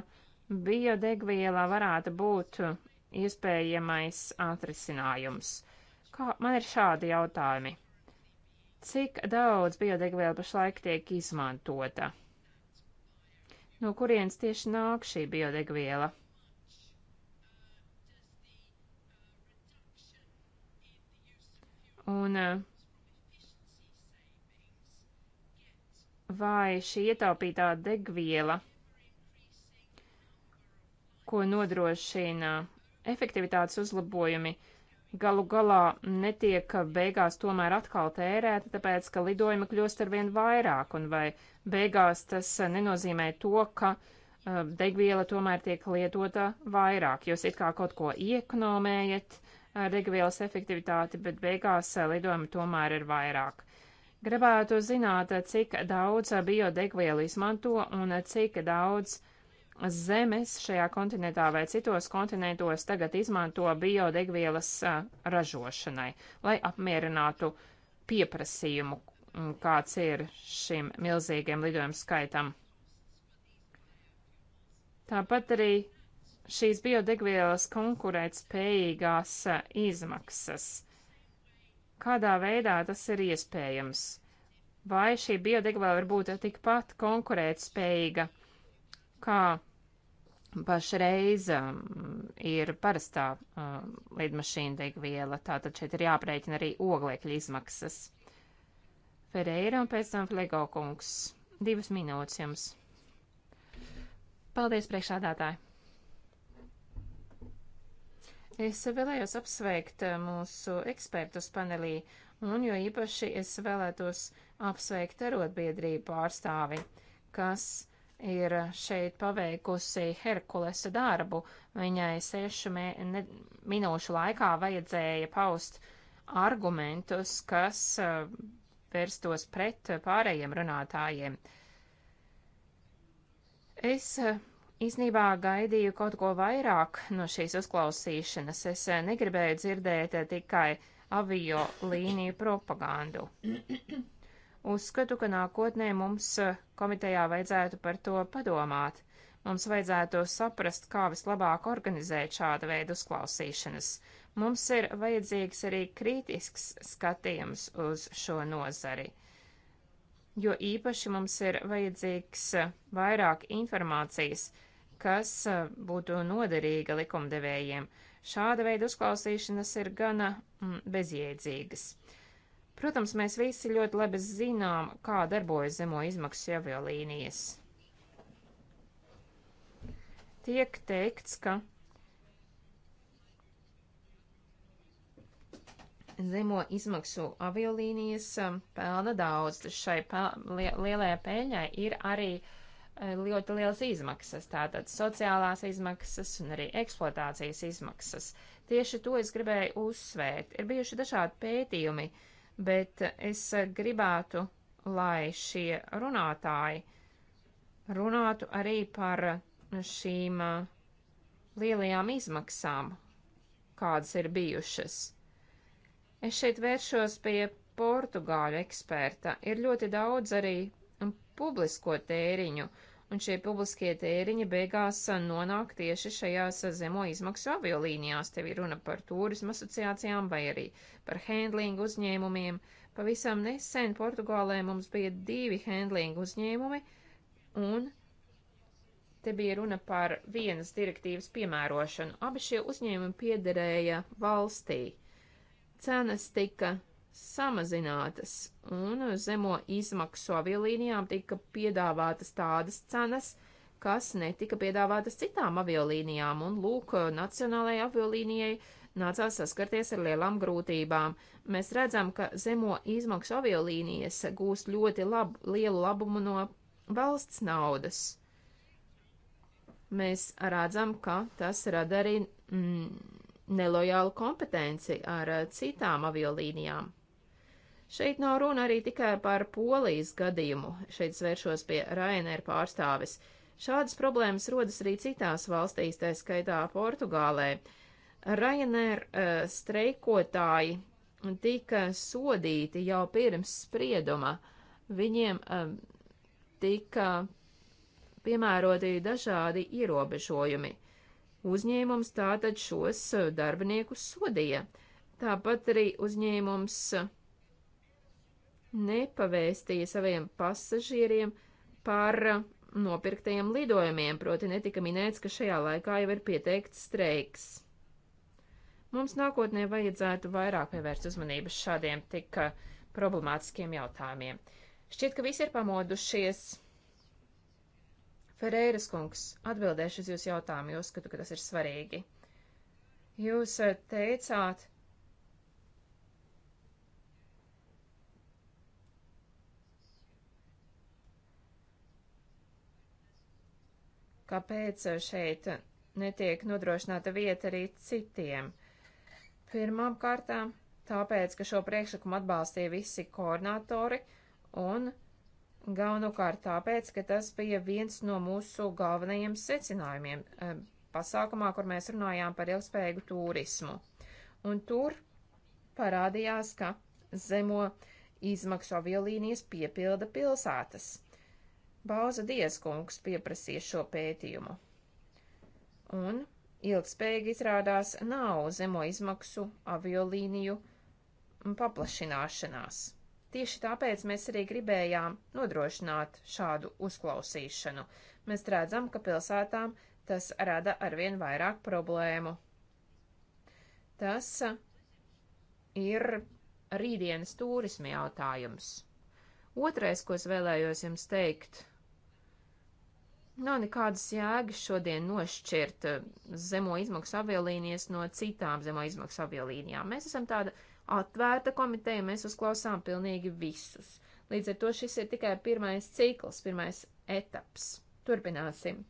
biodegvielā varētu būt iespējamais atrisinājums. Kā man ir šādi jautājumi? Cik daudz biodegviela pašlaik tiek izmantota? No kurienes tieši nāk šī biodegviela? Un eh, vai šī ietaupītā degviela, ko nodrošina efektivitātes uzlabojumi, galu galā netiek beigās tomēr atkal tērēta, tāpēc, ka lidojuma kļūst arvien vairāk, un vai beigās tas nenozīmē to, ka eh, degviela tomēr tiek lietota vairāk, jūs it kā kaut ko iekonomējat, uh, Eh, degvielas efektivitāti, bet beigās eh, lidojumi tomēr ir vairāk. Gribētu zināt, eh, cik daudz biodegvielu izmanto un cik daudz zemes šajā kontinentā vai citos kontinentos tagad izmanto biodegvielas ražošanai, lai apmierinātu pieprasījumu, mm, kāds ir šim milzīgiem lidojumu skaitam. Tāpat arī šīs biodegvielas konkurēt spējīgās eh, izmaksas. Kādā veidā tas ir iespējams? Vai šī biodegviela var būt tikpat konkurēt spējīga, kā pašreiz ehm, ir parastā uh, lidmašīna degviela, tātad šeit ir jāprēķina arī oglekļa izmaksas. Ferreira un pēc tam Flego kungs. Divas minūtes jums. Paldies, priekšādātāji! Es vēlējos apsveikt eh, mūsu ekspertus panelī, un jo īpaši es vēlētos apsveikt arotbiedrību pārstāvi, kas ir šeit paveikusi Herkulesa darbu. Viņai sešu mē, ne, minūšu laikā vajadzēja paust argumentus, kas uh, vērstos pret pārējiem runātājiem. Es uh, Īsnībā gaidīju kaut ko vairāk no šīs uzklausīšanas. Es eh, negribēju dzirdēt eh, tikai avio līniju propagandu. Uzskatu, ka nākotnē mums eh, komitejā vajadzētu par to padomāt. Mums vajadzētu saprast, kā vislabāk organizēt šāda veida uzklausīšanas. Mums ir vajadzīgs arī kritisks skatījums uz šo nozari. Jo īpaši mums ir vajadzīgs vairāk informācijas kas eh, būtu noderīga likumdevējiem. Šāda veida uzklausīšanas ir gana mm, bezjēdzīgas. Protams, mēs visi ļoti labi zinām, kā darbojas zemo izmaksu aviolīnijas. Tiek teikts, ka zemo izmaksu aviolīnijas eh, pelna daudz. Šai lielajai peļņai ir arī uh, Eh, ļoti liels izmaksas, tātad sociālās izmaksas un arī eksploatācijas izmaksas. Tieši to es gribēju uzsvērt. Ir bijuši dažādi pētījumi, bet es gribētu, lai šie runātāji runātu arī par šīm eh, lielajām izmaksām, kādas ir bijušas. Es šeit vēršos pie portugāļu eksperta. Ir ļoti daudz arī publisko tēriņu, un šie publiskie tēriņi beigās nonāk tieši šajās zemo izmaksu aviolīnijās. Tev ir runa par turismu asociācijām vai arī par handlingu uzņēmumiem. Pavisam nesen Portugālē mums bija divi handlingu uzņēmumi, un te bija runa par vienas direktīvas piemērošanu. Abi šie uzņēmumi piederēja valstī. Cenas tika samazinātas, un zemo izmaksu aviolīnijām tika piedāvātas tādas cenas, kas netika piedāvātas citām aviolīnijām, un lūk, nacionālajai aviolīnijai nācās saskarties ar lielām grūtībām. Mēs redzam, ka zemo izmaksu aviolīnijas gūst ļoti lab, lielu labumu no valsts naudas. Mēs redzam, ka tas rada arī mm, nelojālu kompetenci ar citām aviolīnijām. Šeit nav runa arī tikai par polijas gadījumu, šeit svēršos pie Rainer pārstāvis. Šādas problēmas rodas arī citās valstīs, tā skaitā Portugālē. Rainer uh, eh, streikotāji tika sodīti jau pirms sprieduma. Viņiem um, tika piemēroti dažādi ierobežojumi. Uzņēmums tātad šos eh, darbiniekus sodīja. Tāpat arī uzņēmums uh, nepavēstīja saviem pasažieriem par nopirktajiem lidojumiem, proti netika minēts, ka šajā laikā jau ir pieteikts streiks. Mums nākotnē vajadzētu vairāk pievērst uzmanību šādiem tik problemātiskiem jautājumiem. Šķiet, ka visi ir pamodušies. Ferēras kungs, atbildēšu uz jūsu jautājumu, jo uzskatu, ka tas ir svarīgi. Jūs teicāt, kāpēc šeit netiek nodrošināta vieta arī citiem. Pirmām kārtām tāpēc, ka šo priekšlikumu atbalstīja visi koordinatori un galvenokārt tāpēc, ka tas bija viens no mūsu galvenajiem secinājumiem eh, pasākumā, kur mēs runājām par ilgspējīgu turismu. Un tur parādījās, ka zemo izmaksu aviolīnijas piepilda pilsētas. Bauza Diezkungs pieprasīja šo pētījumu. Un ilgspējīgi izrādās nav zemo izmaksu aviolīniju paplašināšanās. Tieši tāpēc mēs arī gribējām nodrošināt šādu uzklausīšanu. Mēs redzam, ka pilsētām tas rada arvien vairāk problēmu. Tas ir rītdienas turisma jautājums. Otrais, ko es vēlējos jums teikt, Nav nekādas jēgas šodien nošķirt eh, zemo izmaksu aviolīnijas no citām zemo izmaksu aviolīnijām. Mēs esam tāda atvērta komiteja, mēs uzklausām pilnīgi visus. Līdz ar to šis ir tikai pirmais cikls, pirmais etaps. Turpināsim.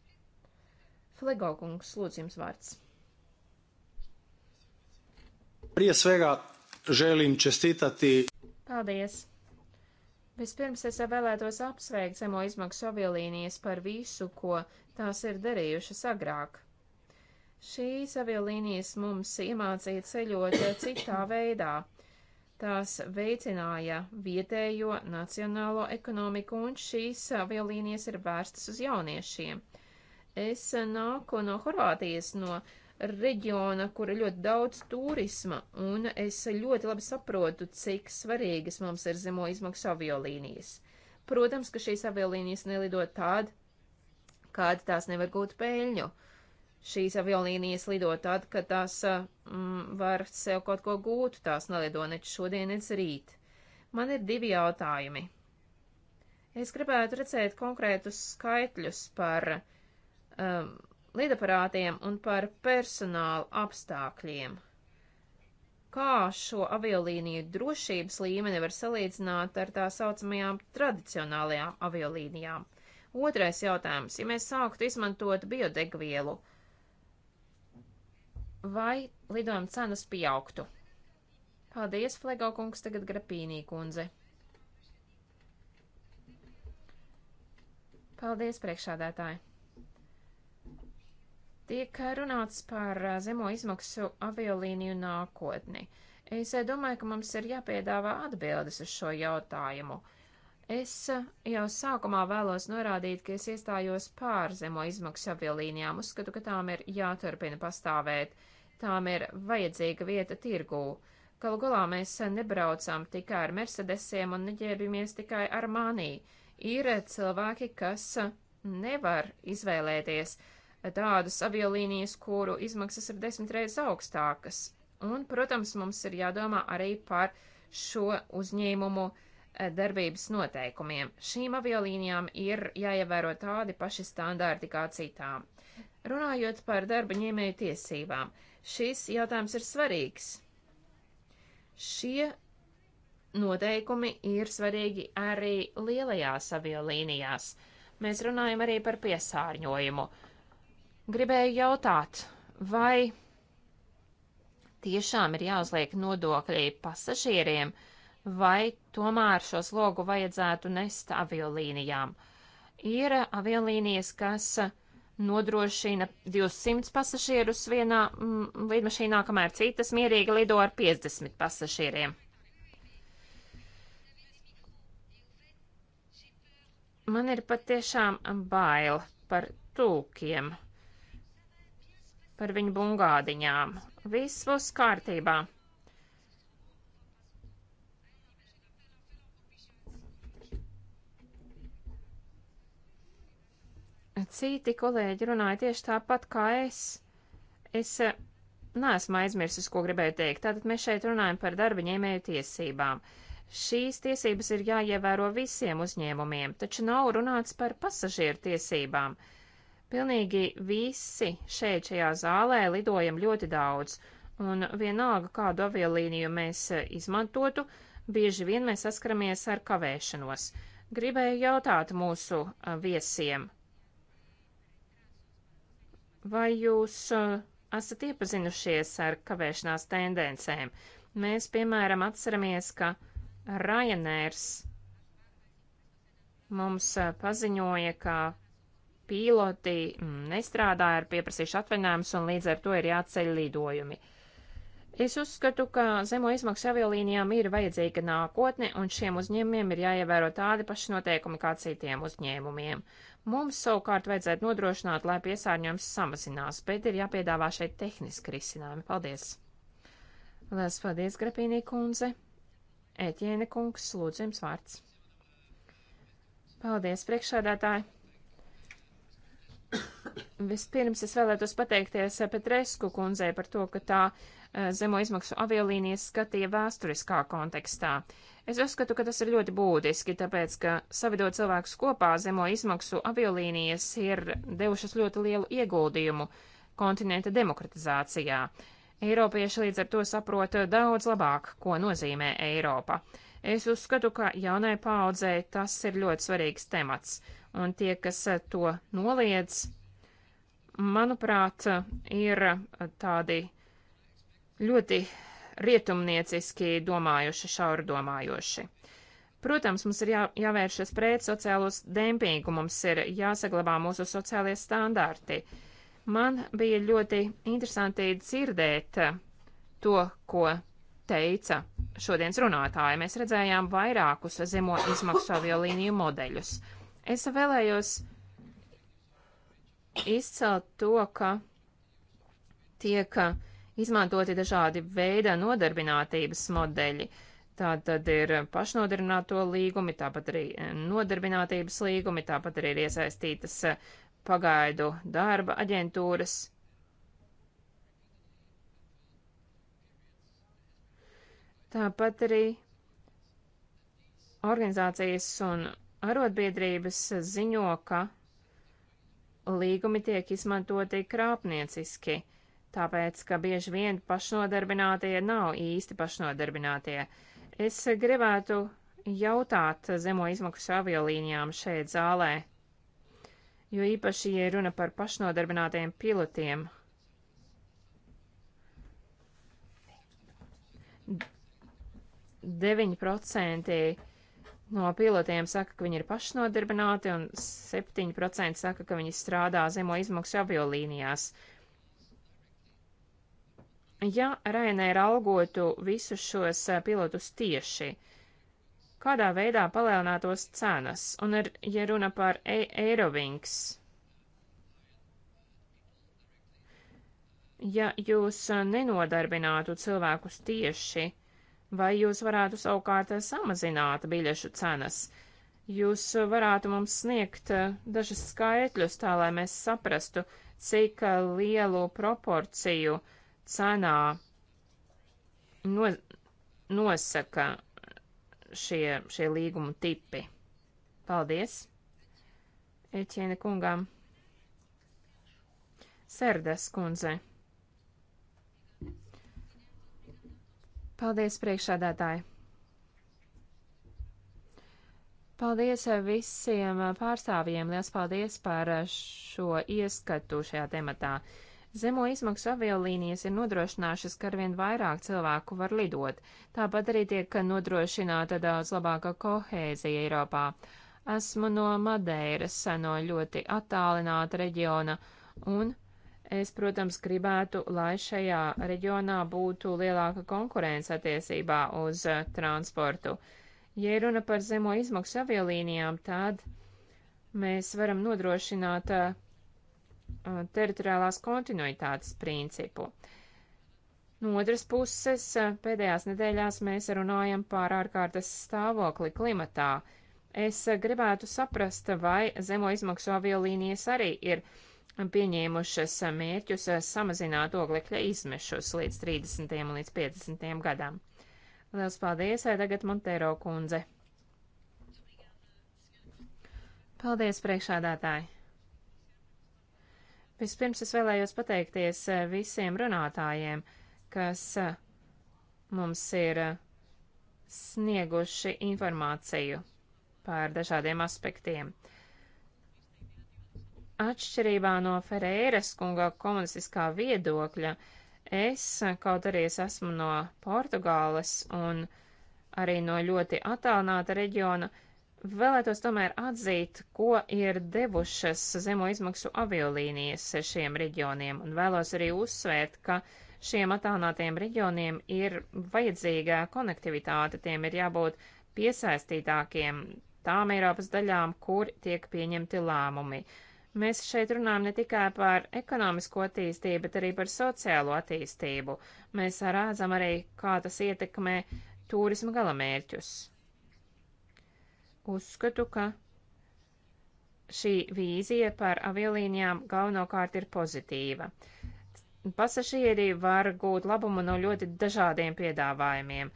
Flegokungs, lūdzu jums vārds. Prije svega želim čestitati. Paldies. Vispirms es vēlētos apsveikt zemo izmaksu aviolīnijas par visu, ko tās ir darījušas agrāk. Šīs aviolīnijas mums iemācīja ceļot citā veidā. Tās veicināja vietējo nacionālo ekonomiku, un šīs aviolīnijas ir vērstas uz jauniešiem. Es nāku no Horvātijas, no uh, reģiona, kur ir ļoti daudz turisma, un es ļoti labi saprotu, cik svarīgas mums ir zemo izmaksu aviolīnijas. Protams, ka šīs aviolīnijas nelido tād, kād tās nevar gūt peļņu. Šīs aviolīnijas lido tad, kad tās mm, var sev kaut ko gūt, tās nelido nec šodien, nec rīt. Man ir divi jautājumi. Es gribētu redzēt konkrētus skaitļus par um, lidaparātiem un par personāla apstākļiem. Kā šo aviolīniju drošības līmeni var salīdzināt ar tā saucamajām tradicionālajām aviolīnijām? Otrais jautājums. Ja mēs sāktu izmantot biodegvielu, vai lidojuma cenas pieaugtu? Paldies, Flego kungs, tagad Grapīnī kundze. Paldies, priekšādētāji! Tiek runāts par zemo izmaksu aviolīniju nākotni. Es domāju, ka mums ir jāpiedāvā atbildes uz šo jautājumu. Es jau sākumā vēlos norādīt, ka es iestājos pār zemo izmaksu aviolīnijām, uzskatu, ka tām ir jāturpina pastāvēt, tām ir vajadzīga vieta tirgū. Galu galā mēs nebraucām tikai ar Mercedesiem un neģērbjamies tikai ar manī. Ir cilvēki, kas nevar izvēlēties, uh, tādas aviolīnijas, kuru izmaksas ir desmit reizes augstākas. Un, protams, mums ir jādomā arī par šo uzņēmumu eh, darbības noteikumiem. Šīm aviolīnijām ir jāievēro tādi paši standārti kā citām. Runājot par darba ņēmēju tiesībām, šis jautājums ir svarīgs. Šie noteikumi ir svarīgi arī lielajās aviolīnijās. Mēs runājam arī par piesārņojumu. Uh, Gribēju jautāt, vai tiešām ir jāuzliek nodokļi pasažieriem, vai tomēr šo slogu vajadzētu nest aviolīnijām. Ir aviolīnijas, kas nodrošina 200 pasažierus vienā mm, lidmašīnā, kamēr citas mierīgi lido ar 50 pasažieriem. Man ir patiešām bail par tūkiem par viņu bungādiņām. Viss būs kārtībā. Citi kolēģi runāja tieši tāpat kā es. Es eh, neesmu aizmirsis, ko gribēju teikt. Tātad mēs šeit runājam par darba ņēmēju tiesībām. Šīs tiesības ir jāievēro visiem uzņēmumiem, taču nav runāts par pasažieru tiesībām. Uh, Pilnīgi visi šeit šajā zālē lidojam ļoti daudz, un vienalga, kādu aviolīniju mēs izmantotu, bieži vien mēs saskaramies ar kavēšanos. Gribēju jautāt mūsu viesiem, vai jūs esat iepazinušies ar kavēšanās tendencēm? Mēs, piemēram, atceramies, ka Ryanairs mums paziņoja, ka piloti mm, nestrādāja ar pieprasījušu atvaļinājumus un līdz ar to ir jāceļ lidojumi. Es uzskatu, ka zemo izmaksu aviolīnijām ir vajadzīga nākotne, un šiem uzņēmumiem ir jāievēro tādi paši noteikumi kā citiem uzņēmumiem. Mums savukārt vajadzētu nodrošināt, lai piesārņojums samazinās, bet ir jāpiedāvā šeit tehniski risinājumi. Paldies! Lielas paldies, Grapīnī kundze! Ētiene kungs, lūdzu jums vārds! Paldies, priekšsādātāji! Vispirms es vēlētos pateikties Petresku kundzei par to, ka tā eh, zemo izmaksu aviolīnijas skatīja vēsturiskā kontekstā. Es uzskatu, ka tas ir ļoti būtiski, tāpēc, ka savidot cilvēkus kopā zemo izmaksu aviolīnijas ir devušas ļoti lielu ieguldījumu kontinenta demokratizācijā. Eiropieši līdz ar to saprot daudz labāk, ko nozīmē Eiropa. Es uzskatu, ka jaunai paudzei tas ir ļoti svarīgs temats, un tie, kas to noliedz, manuprāt, ir tādi ļoti rietumnieciski domājuši, šauri domājoši. Protams, mums ir jā, jāvēršas pret sociālos dempingu, mums ir jāsaglabā mūsu sociālie standarti. Man bija ļoti interesanti dzirdēt to, ko teica šodienas runātāja. Mēs redzējām vairākus zemo izmaksu aviolīniju modeļus. Es vēlējos uh, izcelt to, ka tiek uh, izmantoti dažādi veida nodarbinātības modeļi. Tā tad ir pašnodarbināto līgumi, tāpat arī uh, nodarbinātības līgumi, tāpat arī ir iesaistītas uh, pagaidu darba aģentūras. Tāpat arī organizācijas un arotbiedrības ziņo, ka līgumi tiek izmantoti krāpnieciski, tāpēc, ka bieži vien pašnodarbinātie nav īsti pašnodarbinātie. Es gribētu jautāt zemo izmaksu aviolīnijām šeit zālē, jo īpaši, ja runa par pašnodarbinātajiem pilotiem. Deviņi procenti No pilotiem saka, ka viņi ir pašnodarbināti, un 7% saka, ka viņi strādā zemo izmaksu aviolīnijās. Ja Rainēra algotu visus šos eh, pilotus tieši, kādā veidā palielinātos cenas, un ar, ja runa par e Eirovings, ja jūs eh, nenodarbinātu cilvēkus tieši, Vai jūs varētu savukārt samazināt biļešu cenas? Jūs varētu mums sniegt eh, dažas skaitļus tā, lai mēs saprastu, cik eh, lielu proporciju cenā no, nosaka šie, šie līguma tipi. Paldies, Eķiene kungām. Serdes kundze. Paldies, priekšādātāji! Paldies visiem pārstāvjiem! Liels paldies par šo ieskatu šajā tematā. Zemo izmaksu aviolīnijas ir nodrošinājušas, ka arvien vairāk cilvēku var lidot. Tāpat arī tiek nodrošināta daudz labāka kohēzija Eiropā. Esmu no Madeiras, no ļoti attālināta reģiona, un Es, protams, gribētu, lai šajā reģionā būtu lielāka konkurence attiecībā uz uh, transportu. Ja runa par zemo izmaksu aviolīnijām, tad mēs varam nodrošināt uh, teritoriālās kontinuitātes principu. No otras puses, uh, pēdējās nedēļās mēs runājam par ārkārtas stāvokli klimatā. Es gribētu saprast, vai zemo izmaksu aviolīnijas arī ir uh, pieņēmušas mērķus eh, samazināt oglekļa izmešus līdz 30. un līdz 50. gadam. Lielas paldies, eh, tagad Montero kundze. Paldies, priekšādātāji. Vispirms es vēlējos pateikties eh, visiem runātājiem, kas mums ir snieguši informāciju par dažādiem aspektiem. Atšķirībā no Ferēras kunga komunistiskā viedokļa, es, kaut arī es esmu no Portugāles un arī no ļoti attālināta reģiona, vēlētos tomēr atzīt, ko ir devušas zemo izmaksu aviolīnijas šiem reģioniem, un vēlos arī uzsvērt, ka šiem attālinātiem reģioniem ir vajadzīgā konektivitāte, tiem ir jābūt piesaistītākiem tām Eiropas daļām, kur tiek pieņemti lēmumi. Mēs šeit runājam ne tikai par ekonomisko attīstību, bet arī par sociālo attīstību. Mēs rādzam arī, kā tas ietekmē turisma galamērķus. Uzskatu, ka šī vīzija par aviolīnijām galvenokārt ir pozitīva. Pasažieri var gūt labumu no ļoti dažādiem piedāvājumiem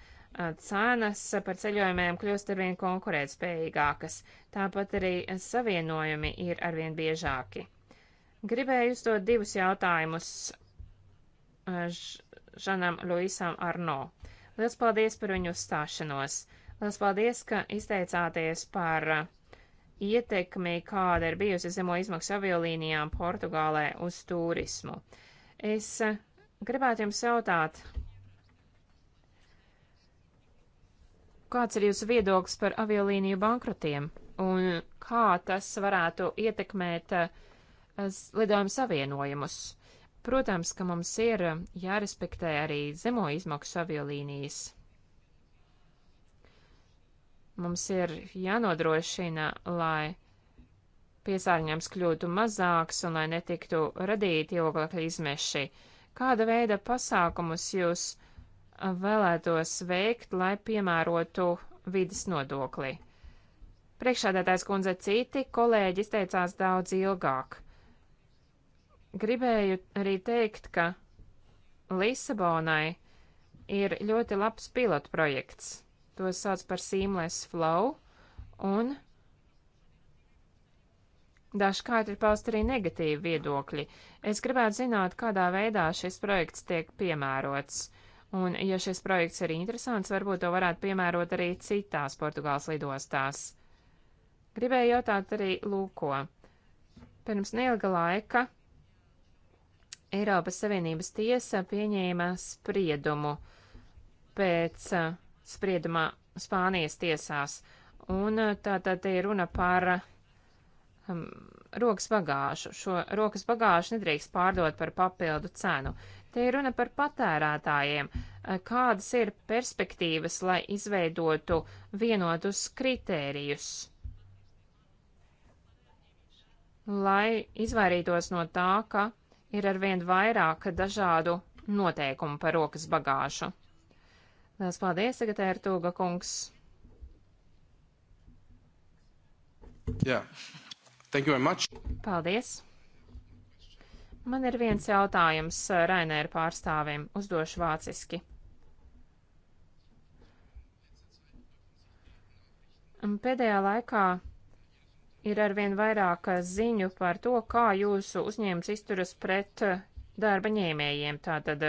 cenas par ceļojumiem kļūst arvien konkurētspējīgākas, tāpat arī savienojumi ir arvien biežāki. Gribēju uzdot divus jautājumus eh, Žanam Luisam Arno. Liels paldies par viņu uzstāšanos. Liels paldies, ka izteicāties par eh, ietekmi, kāda ir bijusi zemo izmaksu aviolīnijām Portugālē uz turismu. Es eh, gribētu jums jautāt, Kāds ir jūsu viedoklis par aviolīniju bankrotiem un kā tas varētu ietekmēt eh, lidojumu savienojumus? Protams, ka mums ir eh, jārespektē arī zemo izmaksu aviolīnijas. Mums ir jānodrošina, lai piesārņojums kļūtu mazāks un lai netiktu radīti oglekļa izmeši. Kāda veida pasākumus jūs vēlētos veikt, lai piemērotu vidas nodokli. Priekšādātājs kundze citi kolēģi izteicās daudz ilgāk. Gribēju arī teikt, ka Lisabonai ir ļoti labs pilotprojekts. To sauc par Seamless Flow, un Dažkārt ir paust arī negatīvi viedokļi. Es gribētu zināt, kādā veidā šis projekts tiek piemērots. Un, ja šis projekts ir interesants, varbūt to varētu piemērot arī citās Portugāles lidostās. Gribēju jautāt arī Lūko. Pirms neilga laika Eiropas Savienības tiesa pieņēma spriedumu pēc uh, spriedumā Spānijas tiesās, un uh, tātad te ir runa par um, rokas bagāžu. Šo rokas bagāžu nedrīkst pārdot par papildu cenu. Te ir runa par patērētājiem. Kādas ir perspektīvas, lai izveidotu vienotus kritērijus? Lai izvairītos no tā, ka ir arvien vairāk dažādu noteikumu par rokas bagāžu. Lielas paldies, sekretāra Tūga kungs. Jā, yeah. thank you very much. Paldies. Man ir viens jautājums eh, Rainēra pārstāvim, uzdošu vāciski. Mm, pēdējā laikā ir arvien vairāk eh, ziņu par to, kā jūsu uzņēmums izturas pret eh, darba ņēmējiem. Tātad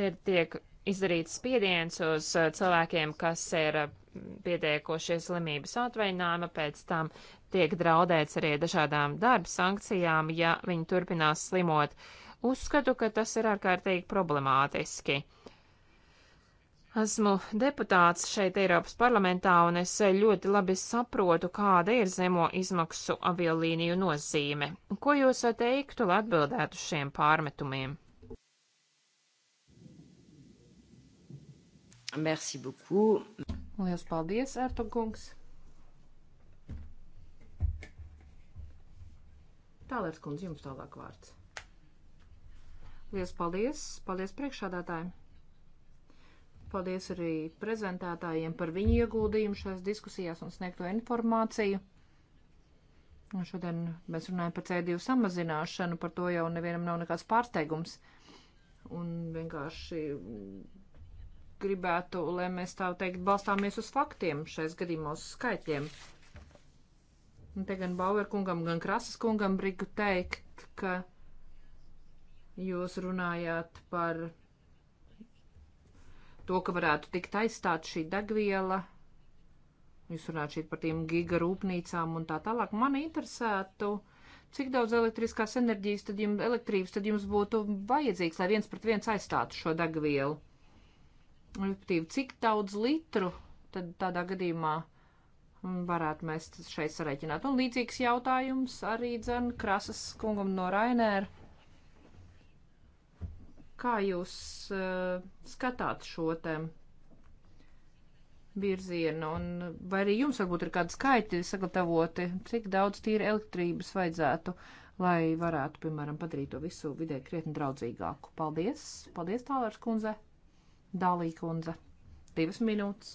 te tiek izdarīts spiediens uz cilvēkiem, kas ir pietiekošie slimības atvainājuma, pēc tam tiek draudēts arī dažādām darba sankcijām, ja viņi turpinās slimot. Uzskatu, ka tas ir ārkārtīgi problemātiski. Esmu deputāts šeit Eiropas parlamentā, un es ļoti labi saprotu, kāda ir zemo izmaksu aviolīniju nozīme. Ko jūs teiktu, lai atbildētu šiem pārmetumiem? Merci beaucoup. Lielas paldies, Ertugungs. Tālērs kundze, jums tālāk vārds. Lielas paldies! Paldies priekšādātājiem! Paldies arī prezentētājiem par viņu ieguldījumu šajās diskusijās un sniegto informāciju. Un šodien mēs runājam par C2 samazināšanu, par to jau nevienam nav nekāds pārsteigums. Un vienkārši gribētu, lai mēs tā teikt balstāmies uz faktiem šais gadījumos skaitļiem. Un nu, te gan Bauer kungam, gan Krasas kungam briku teikt, ka jūs runājāt par to, ka varētu tikt aizstāt šī degviela. Jūs runājat šeit par tiem gigarūpnīcām un tā tālāk. Man interesētu, cik daudz elektriskās enerģijas, tad jums, elektrības tad jums būtu vajadzīgs, lai viens pret viens aizstātu šo degvielu. Respektīvi, cik daudz litru tad tādā gadījumā varētu mēs šeit sareiķināt. Un līdzīgs jautājums arī dzen Krasas kungam no Rainēra. Kā jūs uh, skatāt šo tēmu? virzienu, un vai arī jums varbūt ir kādi skaitļi sagatavoti, cik daudz tīra elektrības vajadzētu, lai varētu, piemēram, padarīt to visu vidē krietni draudzīgāku. Paldies! Paldies, Tālērs kundze! Dālī kundze! Divas minūtes!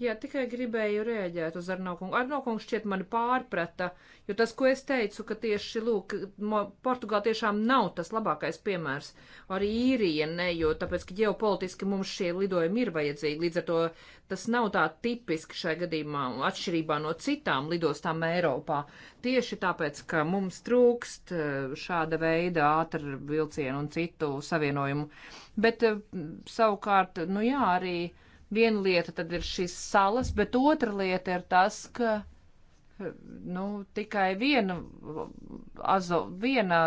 Jā, tikai gribēju rēģēt uz Arnokungu. Arnokungs šķiet mani pārprata, jo tas, ko es teicu, ka tieši, lūk, Portugāla tiešām nav tas labākais piemērs. Arī īrija ne, jo tāpēc, ka ģeopolitiski mums šie lidojumi ir vajadzīgi. Līdz ar to tas nav tā tipiski šai gadījumā, atšķirībā no citām lidostām Eiropā. Tieši tāpēc, ka mums trūkst eh, šāda veida ātru vilcienu un citu savienojumu. Bet eh, savukārt, nu jā, arī Viena lieta tad ir šīs salas, bet otra lieta ir tas, ka nu, tikai viena, azo, viena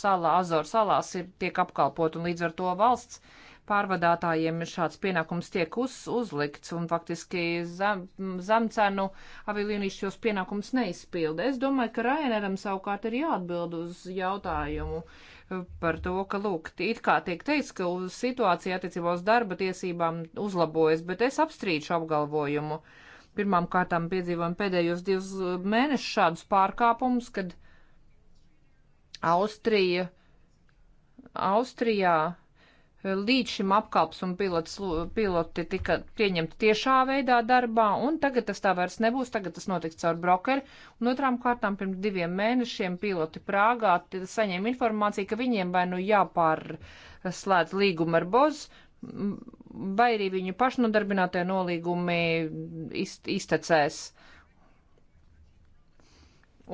sala Azoru salās ir tiek apkalpot, un līdz ar to valsts pārvadātājiem šāds pienākums tiek uz, uzlikts un faktiski zem, zemcenu avilīnijas šos pienākums neizpilda. Es domāju, ka Raineram savukārt ir jāatbild uz jautājumu par to, ka, lūk, it kā tiek teiks, ka situācija attiecībā uz darba tiesībām uzlabojas, bet es apstrīdu šo apgalvojumu. Pirmām kārtām piedzīvojam pēdējos divus mēnešus šādus pārkāpumus, kad Austrija, Austrijā Līdz šim apkalps un pilots, piloti tika pieņemti tiešā veidā darbā, un tagad tas tā vairs nebūs, tagad tas notiks caur brokeri. Un otrām kārtām pirms diviem mēnešiem piloti Prāgā saņēma informāciju, ka viņiem vai nu jāpārslēdz līguma ar Boz, vai arī viņu pašnodarbinātie nolīgumi izt, iztecēs.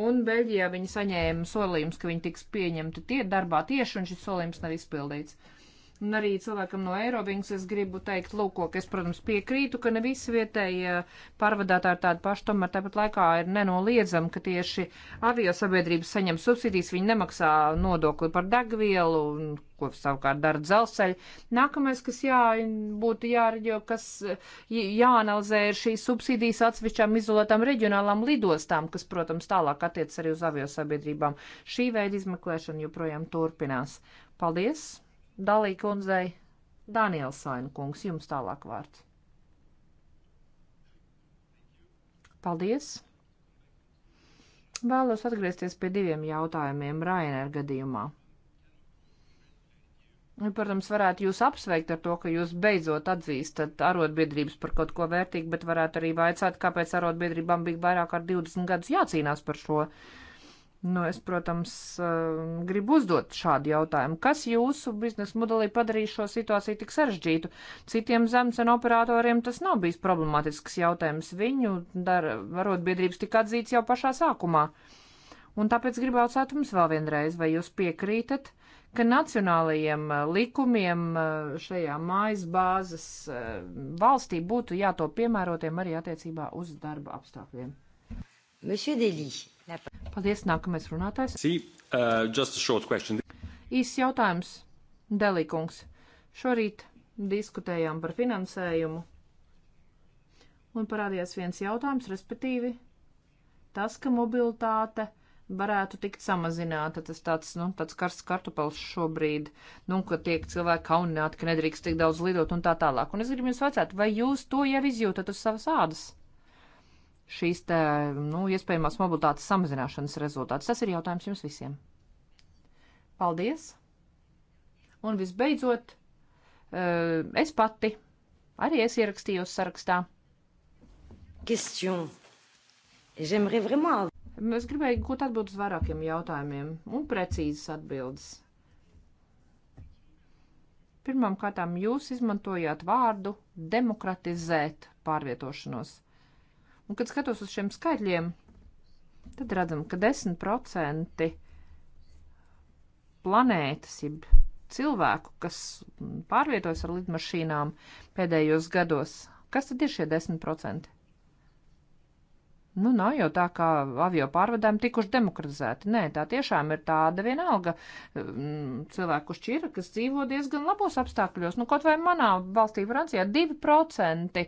Un Beļģijā viņi saņēma solījumus, ka viņi tiks pieņemti tie darbā tieši, un šis solījums nav izpildīts. Un arī cilvēkam no Eirovingas es gribu teikt, lūk, ka es, protams, piekrītu, ka ne visi vietējie pārvadātāji ir tādi paši, tomēr tāpat laikā ir nenoliedzami, ka tieši aviosabiedrības saņem subsīdijas, viņi nemaksā nodokli par degvielu, ko savukārt dara dzelzceļi. Nākamais, kas jā, būtu jāreģio, kas jāanalizē, ir šīs subsīdijas atsevišķām izolētām reģionālām lidostām, kas, protams, tālāk attiec arī uz aviosabiedrībām. Šī veida izmeklēšana joprojām turpinās. Paldies! Dalī kundzei. Daniels Sainu kungs, jums tālāk vārds. Paldies! Vēlos atgriezties pie diviem jautājumiem Rainer gadījumā. Nu, protams, varētu jūs apsveikt ar to, ka jūs beidzot atzīstat arotbiedrības par kaut ko vērtīgu, bet varētu arī vaicāt, kāpēc arotbiedrībām bija vairāk ar 20 gadus jācīnās par šo uh, Nu, es, protams, eh, gribu uzdot šādu jautājumu. Kas jūsu biznesa modelī padarīja šo situāciju tik sarežģītu? Citiem zemcenu operatoriem tas nav bijis problemātisks jautājums. Viņu dara varotbiedrības tika atzīts jau pašā sākumā. Un tāpēc gribu jautāt jums vēl vienreiz, vai jūs piekrītat, ka nacionālajiem eh, likumiem eh, šajā mājas bāzes valstī būtu jāto piemērotiem arī attiecībā uz darba apstākļiem? Monsieur Delī. Paldies, nākamais runātājs. See, uh, just a short question. Īsts jautājums, Delikungs. Šorīt diskutējām par finansējumu un parādījās viens jautājums, respektīvi tas, ka mobilitāte varētu tikt samazināta. Tas tāds, nu, tāds karsts kartupels šobrīd, nu, ka tiek cilvēki kaunināti, ka nedrīkst tik daudz lidot un tā tālāk. Un es gribu jums vecāt, vai jūs to jau izjūtat uz savas ādas? šīs te, nu, iespējamās mobilitātes samazināšanas rezultāts. Tas ir jautājums jums visiem. Paldies! Un visbeidzot, eh, es pati arī es ierakstījos sarakstā. Question. J'aimerais vraiment. Mm, es gribēju gūt atbildes uz vairākiem jautājumiem un precīzas atbildes. Pirmkārt, jūs izmantojāt vārdu demokratizēt pārvietošanos. Un, kad skatos uz šiem skaitļiem, tad redzam, ka 10% planētas, jeb cilvēku, kas pārvietojas ar lidmašīnām pēdējos gados, kas tad ir šie 10%? Nu, nav jau tā, ka avio pārvadājumi tikuši demokratizēti. Nē, tā tiešām ir tāda vienalga mm, cilvēku šķira, kas dzīvo diezgan labos apstākļos. Nu, kaut vai manā valstī, Francijā, 2%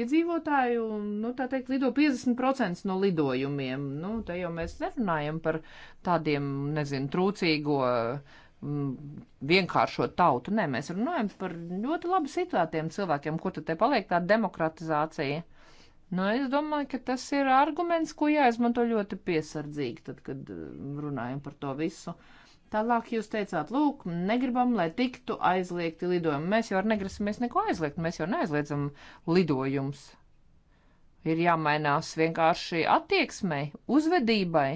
iedzīvotāju, nu, tā teikt, lido 50% no lidojumiem. Nu, te jau mēs nerunājam par tādiem, nezinu, trūcīgo mm, vienkāršo tautu. Nē, mēs runājam par ļoti labi situētiem cilvēkiem, kur tad te paliek tā demokratizācija. Nu, es domāju, ka tas ir arguments, ko jāizmanto ļoti piesardzīgi, tad, kad eh, runājam par to visu. Tālāk jūs teicāt, lūk, negribam, lai tiktu aizliegti lidojumi. Mēs jau negrasamies neko aizliegt, mēs jau neaizliedzam lidojumus. Ir jāmainās vienkārši attieksmei, uzvedībai.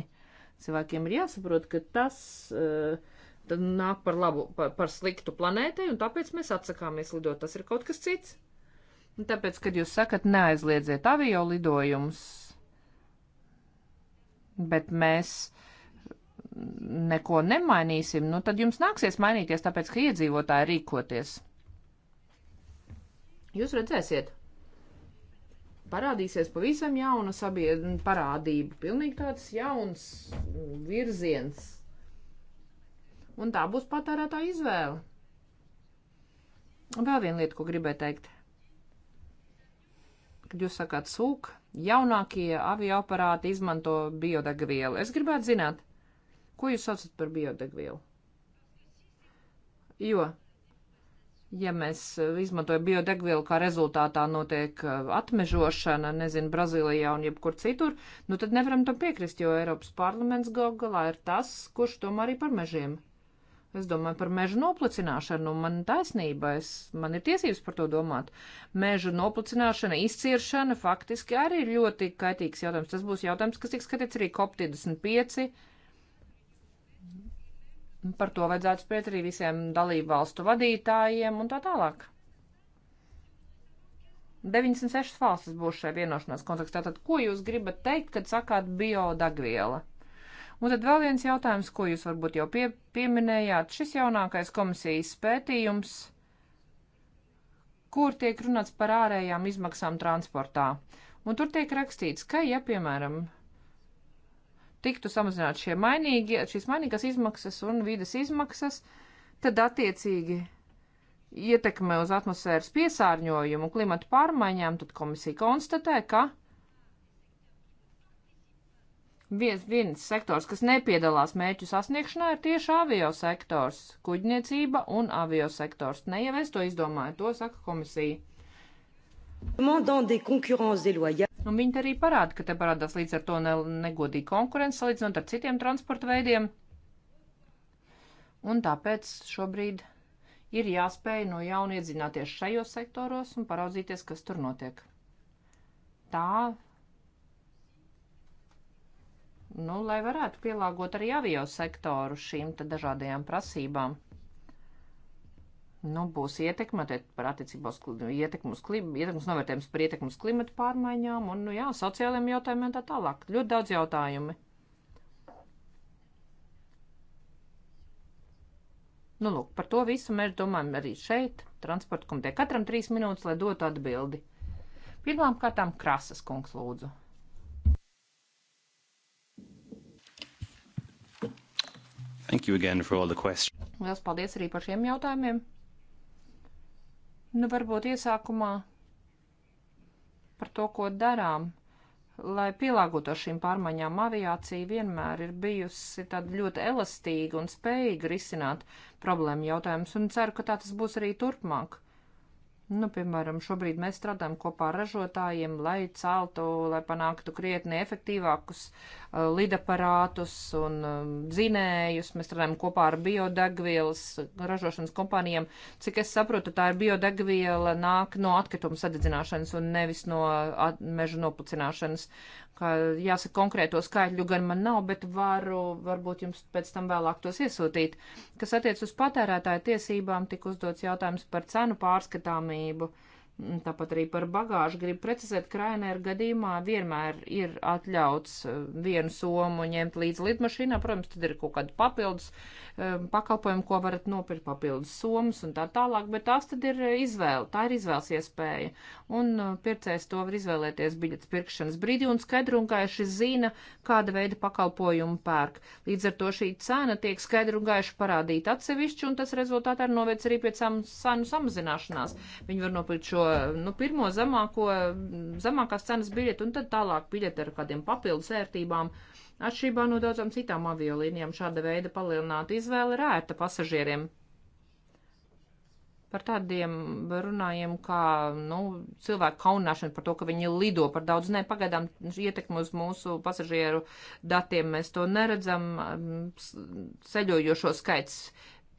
Cilvēkiem ir jāsaprot, ka tas uh, nāk par labu, par, par sliktu planētai, un tāpēc mēs atsakāmies lidot. Tas ir kaut kas cits. Un tāpēc, kad jūs sakat, neaizliedziet avio lidojumus, bet mēs neko nemainīsim, nu tad jums nāksies mainīties, tāpēc, ka iedzīvotāji rīkoties. Jūs redzēsiet, parādīsies pavisam jauna sabiedrība, parādība, pilnīgi tāds jauns virziens. Un tā būs patērētā izvēle. Un vēl viena lieta, ko gribēju teikt kad jūs sakāt sūk, jaunākie avioaparāti izmanto biodegvielu. Es gribētu zināt, ko jūs saucat par biodegvielu? Jo, ja mēs eh, izmantojam biodegvielu, kā rezultātā notiek eh, atmežošana, nezinu, Brazīlijā un jebkur citur, nu tad nevaram tam piekrist, jo Eiropas parlaments gal galā ir tas, kurš tomēr arī par mežiem Es domāju par mežu noplicināšanu, un man taisnība, es, man ir tiesības par to domāt. Mežu noplicināšana, izciršana faktiski arī ir ļoti kaitīgs jautājums. Tas būs jautājums, kas tiks skatīts arī COP25. Par to vajadzētu spēt arī visiem dalību valstu vadītājiem un tā tālāk. 96 valstis būs šai vienošanās kontekstā. Tad ko jūs gribat teikt, kad sakāt biodagviela? Un tad vēl viens jautājums, ko jūs varbūt jau pie, pieminējāt. Šis jaunākais komisijas pētījums, kur tiek runāts par ārējām izmaksām transportā. Un tur tiek rakstīts, ka, ja, piemēram, tiktu samazināt šie mainīgi, šīs mainīgās izmaksas un vides izmaksas, tad attiecīgi ietekme uz atmosfēras piesārņojumu un klimatu pārmaiņām, tad komisija konstatē, ka viens, viens sektors, kas nepiedalās mērķu sasniegšanā, ir tieši avio sektors, kuģniecība un avio sektors. Ne jau es to izdomāju, to saka komisija. Un nu, viņi arī parāda, ka te parādās līdz ar to ne, negodīga konkurence salīdzinot ar citiem transporta veidiem. Un tāpēc šobrīd ir jāspēj no nu, jauna iedzināties šajos sektoros un paraudzīties, kas tur notiek. Tā nu, lai varētu pielāgot arī avio sektoru šīm dažādajām prasībām. Nu, būs ietekme par attiecībā uz ietekmu uz klimatu, ietekmes novērtējums par ietekmu uz klimatu pārmaiņām un, nu jā, sociālajiem jautājumiem tā tālāk. Ļoti daudz jautājumi. Nu, lūk, par to visu mēs domājam arī šeit, transporta komitē. Katram trīs minūtes, lai dotu atbildi. Pirmām kārtām krasas kungs lūdzu. Thank you again for all the questions. Lielas paldies arī par šiem jautājumiem. Nu, varbūt iesākumā par to, ko darām, lai pielāgotos šīm pārmaiņām. Aviācija vienmēr ir bijusi tāda ļoti elastīga un spējīga risināt problēmu jautājumus, un ceru, ka tā tas būs arī turpmāk. Nu, piemēram, šobrīd mēs strādājam kopā ar ražotājiem, lai celtu, lai panāktu krietni efektīvākus uh, lidaparātus un uh, dzinējus. Mēs strādājam kopā ar biodegvielas ražošanas kompānijām. Cik es saprotu, tā ir biodegviela nāk no atkrituma sadedzināšanas un nevis no meža nopucināšanas kā jāsaka konkrēto skaitļu gan man nav, bet varu varbūt jums pēc tam vēlāk tos iesūtīt. Kas attiec uz patērētāju tiesībām, tik uzdots jautājums par cenu pārskatāmību. Uh, Tāpat arī par bagāžu gribu precizēt, ka Rainēra gadījumā vienmēr ir atļauts eh, vienu somu ņemt līdz lidmašīnā. Protams, tad ir kaut kāda papildus eh, pakalpojuma, ko varat nopirkt papildus somas un tā tālāk, bet tās tad ir eh, izvēle, tā ir izvēles iespēja. Un pircējs to var izvēlēties biļets pirkšanas brīdī un skaidru un gaiši zina, kāda veida pakalpojumu pērk. Līdz ar to šī cena tiek skaidru un gaiši parādīta atsevišķi un tas rezultātā ir novēc arī pie cenu samazināšanās. Viņi var nopirkt šo nu, pirmo zemāko, zemākās cenas biļeti un tad tālāk biļeti ar kādiem papildus ērtībām. Atšķirībā no daudzām citām aviolīnijām šāda veida palielināta izvēle ir ērta pasažieriem. Par tādiem runājiem, kā nu, cilvēku kaunāšana par to, ka viņi lido par daudz. Nē, pagaidām ietekmi uz mūsu pasažieru datiem mēs to neredzam. Ceļojošo skaits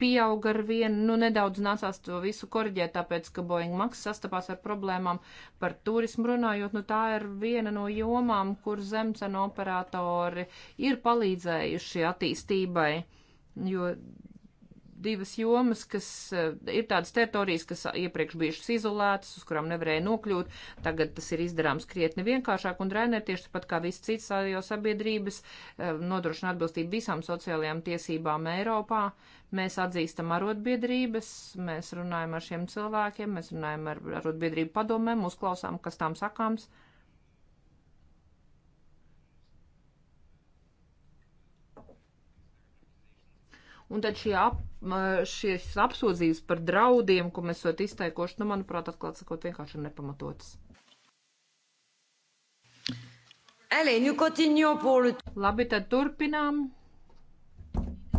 pieauga ar vienu, nu nedaudz nācās to visu korģēt, tāpēc, ka Boeing Max sastapās ar problēmām par turismu runājot, nu tā ir viena no jomām, kur zemcenu operatori ir palīdzējuši attīstībai, jo divas jomas, kas eh, ir tādas teritorijas, kas iepriekš bijušas izolētas, uz kurām nevarēja nokļūt. Tagad tas ir izdarāms krietni vienkāršāk, un Rainer tieši tāpat kā viss cits jau sabiedrības eh, nodrošina atbilstību visām sociālajām tiesībām Eiropā. Uh, Mēs atzīstam arotbiedrības, mēs runājam ar šiem cilvēkiem, mēs runājam ar arotbiedrību padomēm, uzklausām, kas tām sakāms. Un tad šie ap, šīs apsūdzības par draudiem, ko mēs esam izteikuši, nu, manuprāt, atklāt sakot, vienkārši ir nepamatotas. Allez, nous continuons pour le... Labi, tad turpinām.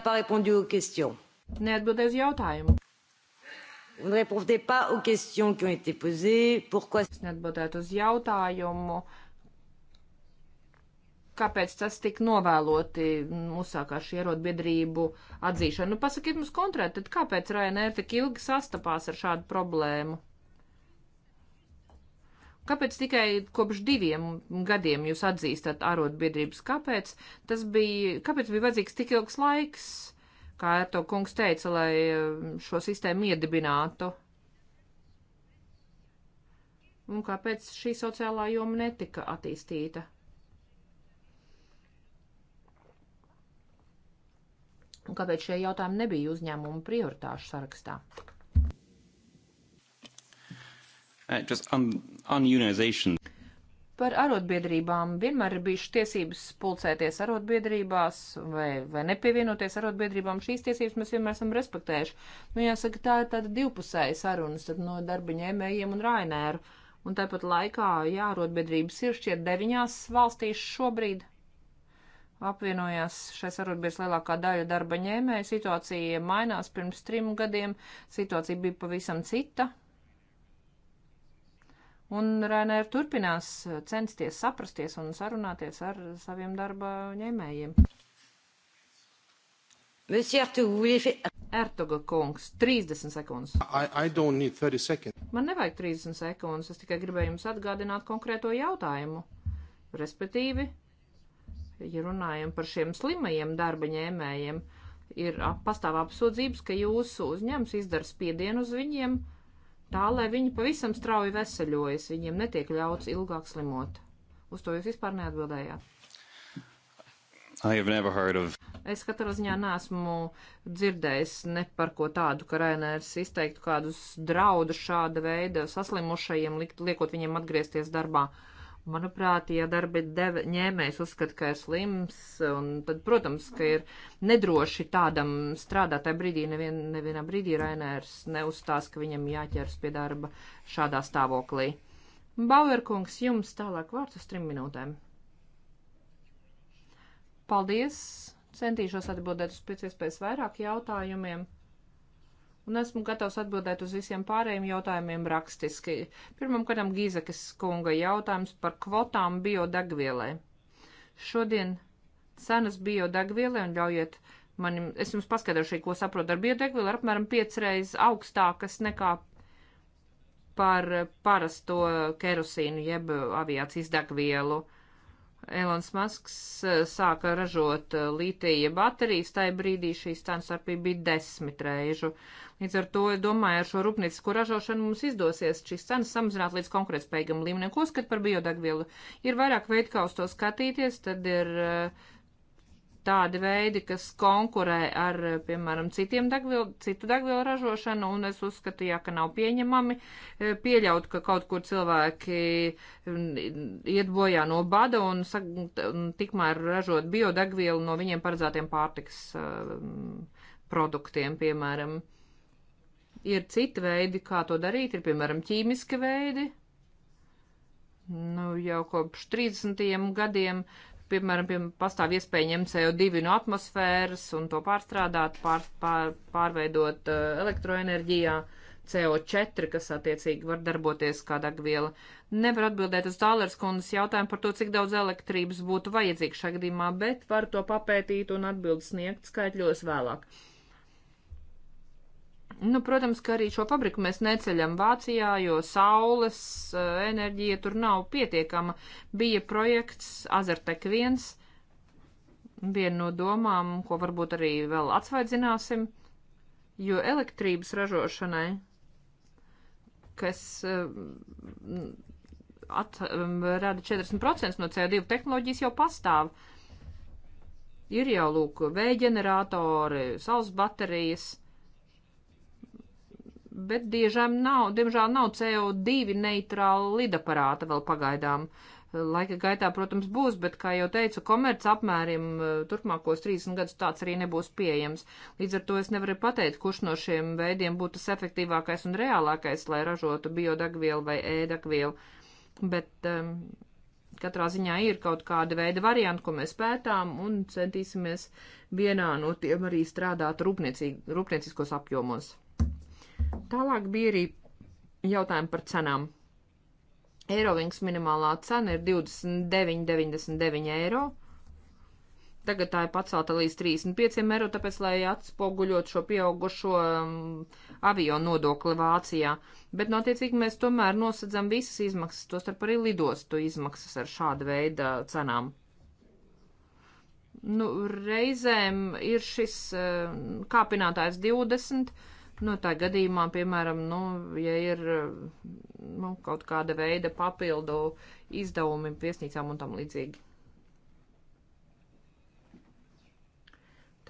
Neatbildēju uz jautājumu. Vous ne répondez pas aux questions qui ont été posées. Pourquoi Neatbildēt uz jautājumu, kāpēc tas tik novēloti uzsākās šī ierotbiedrību atzīšana? Nu, pasakiet mums konkrēti, tad kāpēc Ryanair tik ilgi sastapās ar šādu problēmu? Kāpēc tikai kopš diviem gadiem jūs atzīstat arotbiedrības? Kāpēc tas bija, kāpēc bija vajadzīgs tik ilgs laiks, kā to kungs teica, lai eh, šo sistēmu iedibinātu? Un kāpēc šī sociālā joma netika attīstīta? Un kāpēc šie jautājumi nebija uzņēmumu prioritāšu sarakstā? Uh, just, um, unionization. Par arotbiedrībām vienmēr ir bijušas tiesības pulcēties arotbiedrībās vai, vai nepievienoties arotbiedrībām. Šīs tiesības mēs vienmēr esam respektējuši. Nu, jāsaka, tā ir tāda divpusēja saruna no darba ņēmējiem un Rainēru. Un tāpat laikā, jā, arotbiedrības ir šķiet deviņās valstīs šobrīd. Apvienojās šai sarunbiedrs lielākā daļa darba ņēmēja. Situācija mainās pirms trim gadiem. Situācija bija pavisam cita Un Rainēra turpinās censties saprasties un sarunāties ar saviem darba ņēmējiem. Ertuga kungs, 30 sekundes. I, I 30 seconds. Man nevajag 30 sekundes, es tikai gribēju jums atgādināt konkrēto jautājumu. Respektīvi, ja runājam par šiem slimajiem darba ņēmējiem, ir pastāv apsūdzības, ka jūsu uzņēmums izdara spiedienu uz viņiem tā, lai viņi pavisam strauji veseļojas, viņiem netiek ļauts ilgāk slimot. Uz to jūs vispār neatbildējāt. Of... Es katrā ziņā neesmu dzirdējis ne par ko tādu, ka Rainērs izteiktu kādus draudus šāda veida saslimušajiem, likt, liekot viņiem atgriezties darbā. Uh, Manuprāt, ja darba ņēmējs uzskata, ka ir slims, un tad, protams, ka ir nedroši tādam strādāt, tai brīdī nevien, nevienā brīdī Rainērs neuzstās, ka viņam jāķers pie darba šādā stāvoklī. Bauerkungs, jums tālāk vārds uz trim minūtēm. Paldies! Centīšos atbildēt uz pēc iespējas vairāk jautājumiem un esmu gatavs atbildēt uz visiem pārējiem jautājumiem rakstiski. Pirmam kādam Gīzekas kunga jautājums par kvotām biodegvielai. Šodien cenas biodegvielai un ļaujiet manim, es jums paskaidrošu, ko saprotu ar biodegvielu, ir apmēram piecreiz augstākas nekā par parasto kerosīnu jeb aviācijas degvielu. Uh, Elons Masks eh, sāka ražot eh, lītīja baterijas, tajā brīdī šī censtarpība bija desmit reižu. Līdz ar to, domāju, ar šo rūpniecisko ražošanu mums izdosies šīs cenas samazināt līdz konkurētspējīgam līmenim. Ko skat par biodegvielu? Ir vairāk veidu, kā uz to skatīties, tad ir uh, tādi veidi, kas konkurē ar, piemēram, citiem degvielu, citu degvielu ražošanu, un es uzskatu, jā, ka nav pieņemami eh, pieļaut, ka kaut kur cilvēki mm, iet bojā no bada un, un tikmēr ražot biodegvielu no viņiem paredzētiem pārtiks eh, produktiem, piemēram. Ir citi veidi, kā to darīt, ir, piemēram, ķīmiski veidi, Nu, jau kopš 30. gadiem piemēram, piemēram, pastāv iespēja ņemt CO2 no atmosfēras un to pārstrādāt, pār, pār, pārveidot uh, elektroenerģijā. CO4, kas attiecīgi var darboties kā degviela. Nevar atbildēt uz Tālērs kundas jautājumu par to, cik daudz elektrības būtu vajadzīgs šajā gadījumā, bet var to papētīt un atbildes sniegt skaitļos vēlāk. Uh, Nu, protams, ka arī šo fabriku mēs neceļam Vācijā, jo saules eh, enerģija tur nav pietiekama. Bija projekts Azertek 1, viena no domām, ko varbūt arī vēl atsvaidzināsim, jo elektrības ražošanai, kas eh, at, eh, rada 40% no CO2 tehnoloģijas jau pastāv. Ir jau, lūk, vēja ģeneratori, saules baterijas bet diežām nav, diemžēl nav CO2 neitrāla lidaparāta vēl pagaidām. Laika gaitā, protams, būs, bet, kā jau teicu, komerc apmēriem eh, turpmākos 30 gadus tāds arī nebūs pieejams. Līdz ar to es nevaru pateikt, kurš no šiem veidiem būtu tas efektīvākais un reālākais, lai ražotu biodagvielu vai ēdagvielu. Bet um, katrā ziņā ir kaut kāda veida varianti, ko mēs pētām un centīsimies vienā no tiem arī strādāt rūpniecīgos apjomos. Tālāk bija arī jautājumi par cenām. Eirovings minimālā cena ir 29,99 eiro. Tagad tā ir pacelta līdz 35 eiro, tāpēc, lai atspoguļot šo pieaugušo um, avio nodokli Vācijā. Bet, notiecīgi, nu, mēs tomēr nosedzam visas izmaksas, tostarp arī lidostu izmaksas ar šādu veidu cenām. Nu, reizēm ir šis uh, kāpinātājs 20, uh, Nu, tā gadījumā, piemēram, nu, ja ir nu, kaut kāda veida papildu izdevumi viesnīcām un tam līdzīgi.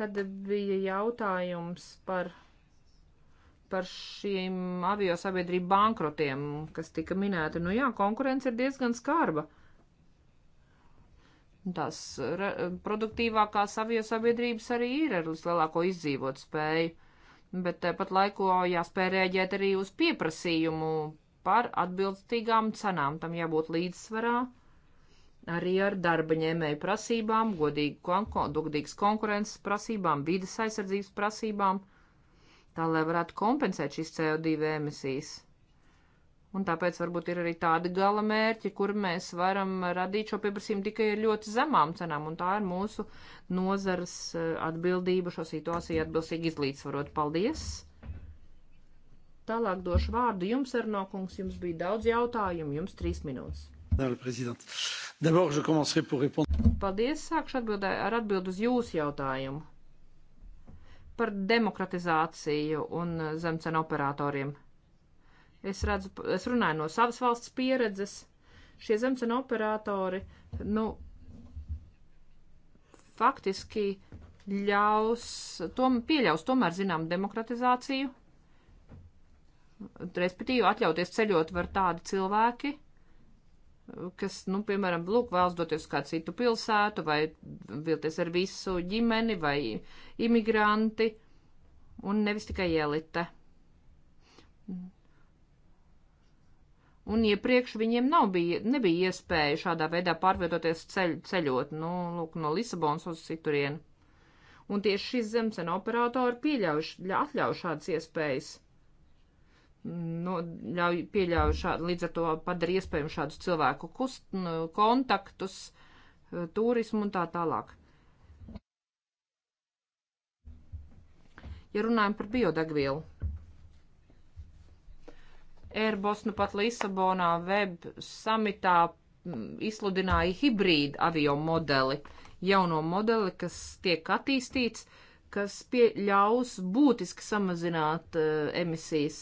Tad bija jautājums par, par šīm avio sabiedrību bankrotiem, kas tika minēti. Nu jā, konkurence ir diezgan skarba. Tās produktīvākās avio sabiedrības arī ir ar vislielāko izdzīvot spēju bet tāpat laiku jāspēj rēģēt arī uz pieprasījumu par atbilstīgām cenām. Tam jābūt līdzsvarā arī ar darba ņēmēju prasībām, godīgas konkurences prasībām, vidas aizsardzības prasībām, tā lai varētu kompensēt šīs CO2 emisijas. Un tāpēc varbūt ir arī tādi gala mērķi, kur mēs varam radīt šo pieprasījumu tikai ar ļoti zemām cenām, un tā ir mūsu nozars eh, atbildība šo situāciju atbilstīgi izlīdzvarot. Paldies! Tālāk došu vārdu jums, Arnokungs, jums bija daudz jautājumu, jums trīs minūtes. Paldies, sākšu atbildē, ar atbildu uz jūsu jautājumu par demokratizāciju un eh, zemcenu operatoriem. Es redzu, es runāju no savas valsts pieredzes. Šie zemceļa operatori, nu, faktiski ļaus, tom, pieļaus tomēr zinām demokratizāciju, respektīvi atļauties ceļot var tādi cilvēki, kas, nu, piemēram, lūk, vēlas doties uz kādu citu pilsētu vai vilties ar visu ģimeni vai imigranti un nevis tikai elite. Un iepriekš viņiem nav bija, nebija iespēja šādā veidā pārvietoties ceļ, ceļot, nu, lūk, no Lisabonas uz citurienu. Un tieši šis zemsena operatori pieļauj, atļauj šādas iespējas. Nu, ļauj, pieļauj šādu, līdz ar to padara iespējumu šādus cilvēku kust, nu, kontaktus, eh, turismu un tā tālāk. Ja runājam par biodegvielu, Airbus nu pat Lisabonā web samitā mm, izsludināja hibrīdu avio modeli, jauno modeli, kas tiek attīstīts, kas pie, ļaus būtiski samazināt uh, emisijas.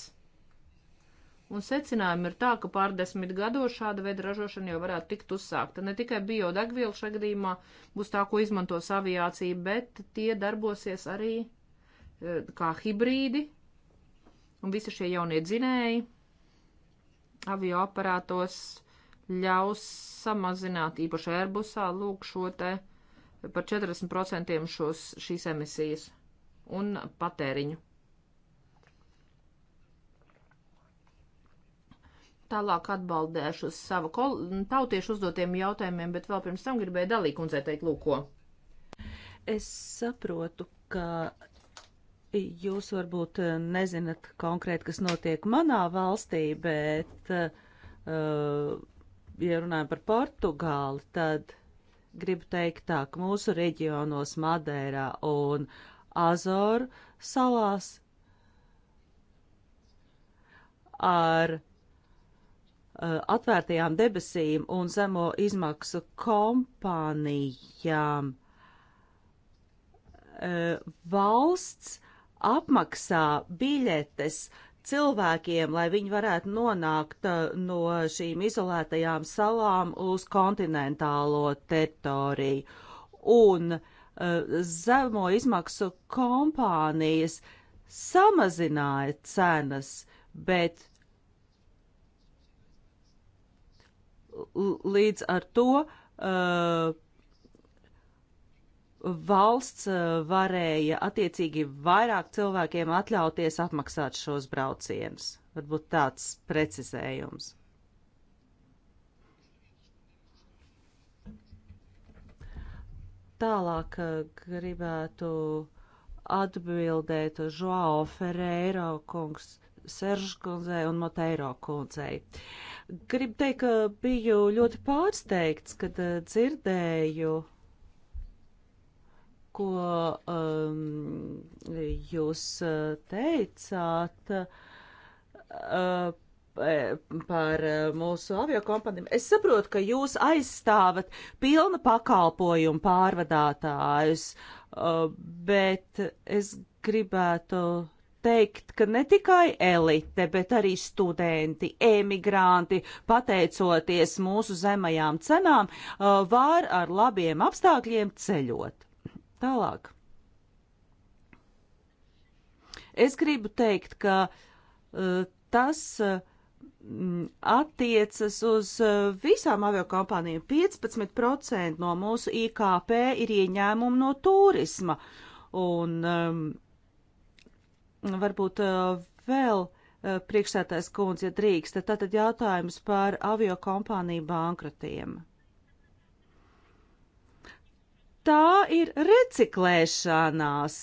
Un secinājumi ir tā, ka pārdesmit gados šāda veida ražošana jau varētu tikt uzsākta. Ne tikai biodegviela šajā gadījumā būs tā, ko izmantos aviācija, bet tie darbosies arī eh, kā hibrīdi un visi šie jaunie dzinēji avio aparātos ļaus samazināt īpaši Airbusā lūk šo te par 40% šos, šīs emisijas un patēriņu. Tālāk atbaldēšu uz savu kol... tautiešu uzdotiem jautājumiem, bet vēl pirms tam gribēju dalīkundzei teikt lūko. Es saprotu, ka Jūs varbūt eh, nezinat konkrēti, kas notiek manā valstī, bet, eh, ja runājam par Portugāli, tad gribu teikt tā, ka mūsu reģionos Madeirā un Azoru salās ar eh, atvērtajām debesīm un zemo izmaksu kompānijām valsts apmaksā biļetes cilvēkiem, lai viņi varētu nonākt eh, no šīm izolētajām salām uz kontinentālo teritoriju. Un eh, zemo izmaksu kompānijas samazināja cenas, bet līdz ar to uh, valsts eh, varēja attiecīgi vairāk cilvēkiem atļauties atmaksāt šos braucienus. Varbūt tāds precizējums. Tālāk eh, gribētu atbildēt Žoao Ferreiro kungs, Seržu kundzei un Moteiro kundzei. Gribu teikt, ka biju ļoti pārsteigts, kad eh, dzirdēju ko um, jūs uh, teicāt uh, e, par uh, mūsu aviokompanijām. Es saprotu, ka jūs aizstāvat pilna pakalpojumu pārvadātājus, uh, bet es gribētu teikt, ka ne tikai elite, bet arī studenti, emigranti, pateicoties mūsu zemajām cenām, uh, var ar labiem apstākļiem ceļot. Tālāk. Es gribu teikt, ka uh, tas uh, attiecas uz uh, visām aviokompānijām. 15% no mūsu IKP ir ieņēmumi no turisma. Un um, varbūt uh, vēl uh, priekšsētājs kundze, ja drīkst, tad, tad jautājums par aviokompāniju bankrotiem tā ir reciklēšanās.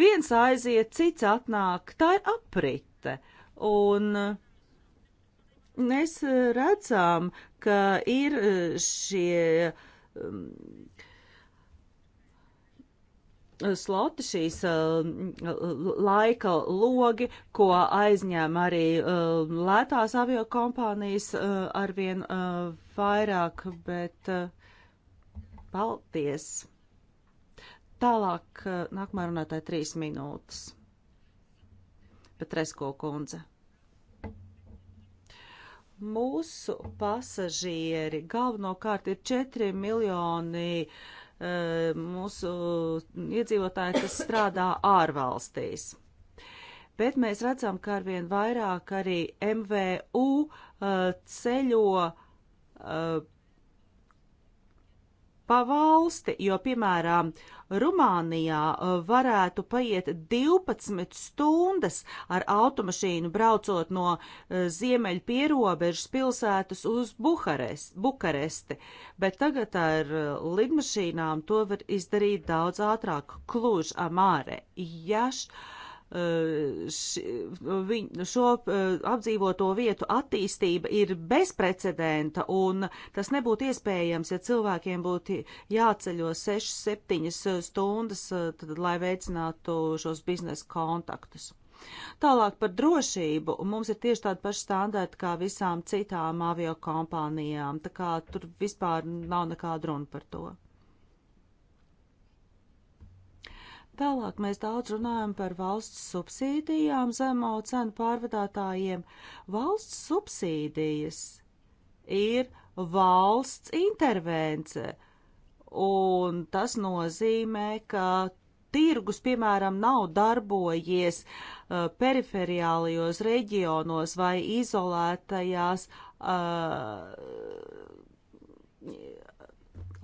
Viens aiziet, cits atnāk, tā ir aprite. Un uh, mēs uh, redzam, ka ir uh, šie um, sloti, šīs laika logi, ko aizņem arī lētās avio kompānijas arvien vairāk, bet uh, Paldies! Tālāk eh, nākamā runātāja trīs minūtes. Petresko kundze. Mūsu pasažieri galvenokārt ir 4 miljoni eh, mūsu iedzīvotāji, kas strādā ārvalstīs. Bet mēs redzam, ka arvien vairāk arī MVU eh, ceļo pa valsti, jo, piemēram, Rumānijā uh, varētu paiet 12 stundas ar automašīnu braucot no uh, ziemeļu pierobežas pilsētas uz Buharest, Bukaresti, bet tagad ar uh, lidmašīnām to var izdarīt daudz ātrāk. Kluž amāre, jaš. Uh, Eh, šo eh, apdzīvoto vietu attīstība ir bezprecedenta, un tas nebūtu iespējams, ja cilvēkiem būtu jāceļo 6-7 eh, stundas, tad, lai veicinātu šos biznesa kontaktus. Tālāk par drošību. Mums ir tieši tādi paši standarti kā visām citām avio kompānijām, tā kā tur vispār nav nekāda runa par to. Tālāk mēs daudz runājam par valsts subsīdijām zemo cenu pārvadātājiem. Valsts subsīdijas ir valsts intervence, un tas nozīmē, ka tirgus, piemēram, nav darbojies uh, periferiālajos reģionos vai izolētajās uh,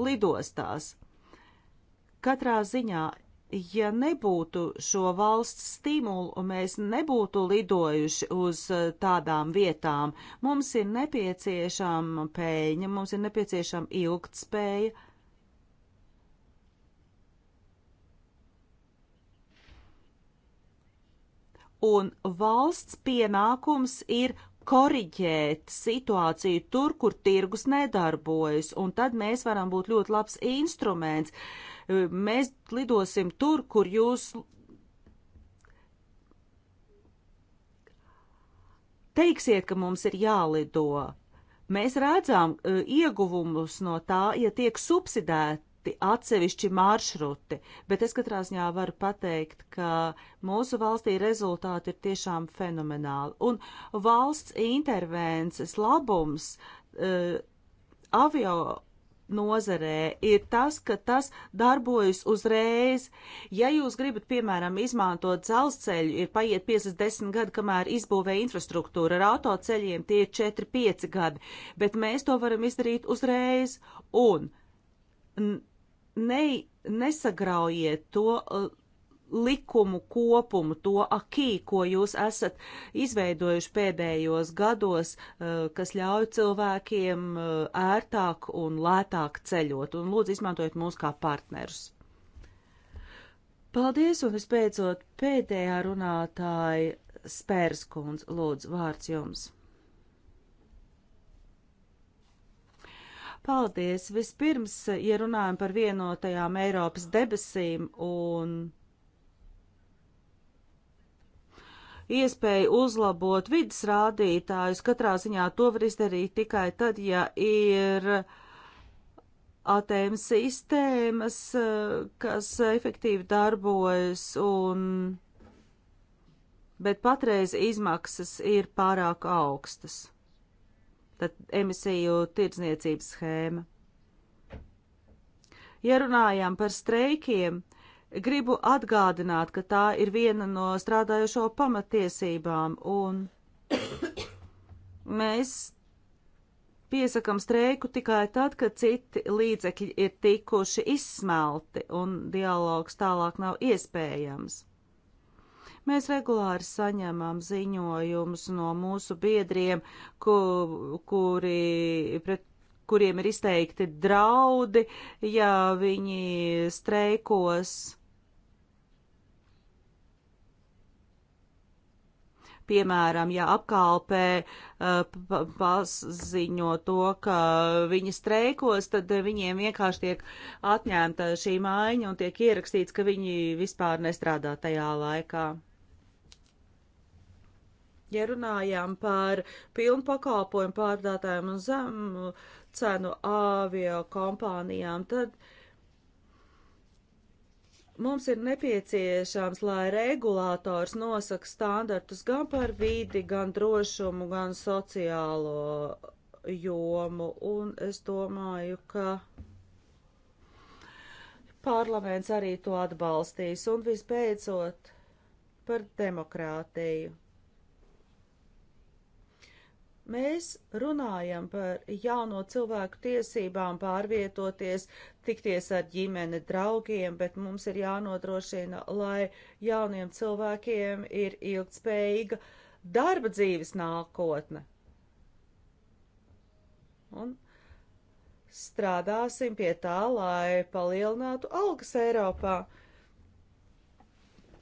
lidostās. Katrā ziņā ja nebūtu šo valsts stimulu un mēs nebūtu lidojuši uz eh, tādām vietām, mums ir nepieciešama pēļņa, mums ir nepieciešama ilgtspēja. Un valsts pienākums ir koriģēt situāciju tur, kur tirgus nedarbojas, un tad mēs varam būt ļoti labs instruments. Uh, Mēs lidosim tur, kur jūs teiksiet, ka mums ir jālido. Mēs redzam ieguvumus no tā, ja tiek subsidēti citi atsevišķi maršruti, bet es katrā ziņā varu pateikt, ka mūsu valstī rezultāti ir tiešām fenomenāli. Un valsts intervences labums uh, avio nozarē, ir tas, ka tas darbojas uzreiz. Ja jūs gribat, piemēram, izmantot dzelzceļu, ir paiet 50 gadi, kamēr izbūvē infrastruktūra, ar autoceļiem tie ir 4-5 gadi, bet mēs to varam izdarīt uzreiz un ne, nesagraujiet to likumu kopumu, to akī, ko jūs esat izveidojuši pēdējos gados, eh, kas ļauj cilvēkiem eh, ērtāk un lētāk ceļot. Un lūdzu, izmantojiet mūs kā partnerus. Paldies, un visbeidzot, pēdējā runātāja Spērskundz, lūdzu, vārds jums. Paldies! Vispirms, ja runājam par vienotajām Eiropas debesīm un iespēja uzlabot vidas rādītājus. Katrā ziņā to var izdarīt tikai tad, ja ir ATM sistēmas, kas efektīvi darbojas un. Bet patreiz izmaksas ir pārāk augstas. Tad emisiju tirdzniecības schēma. Ja runājām par streikiem, Gribu atgādināt, ka tā ir viena no strādājošo pamatiesībām, un mēs piesakam streiku tikai tad, kad citi līdzekļi ir tikuši izsmelti un dialogs tālāk nav iespējams. Mēs regulāri saņemam ziņojumus no mūsu biedriem, ku, kuri, pret kuriem ir izteikti draudi, ja viņi streikos. Piemēram, ja apkalpē eh, paziņo to, ka viņi streikos, tad viņiem vienkārši tiek atņemta šī maiņa un tiek ierakstīts, ka viņi vispār nestrādā tajā laikā. Ja runājām par pilnu pakalpojumu pārdātājiem un zemu cenu avio kompānijām, tad uh, mums ir nepieciešams, lai regulātors nosaka standartus gan par vīdi, gan drošumu, gan sociālo jomu. Un es domāju, ka parlaments arī to atbalstīs. Un visbeidzot, par demokrātiju. Mēs runājam par jauno cilvēku tiesībām pārvietoties, tikties ar ģimeni, draugiem, bet mums ir jānodrošina, lai jauniem cilvēkiem ir ilgtspējīga darba dzīves nākotne. Un strādāsim pie tā, lai palielinātu algas Eiropā.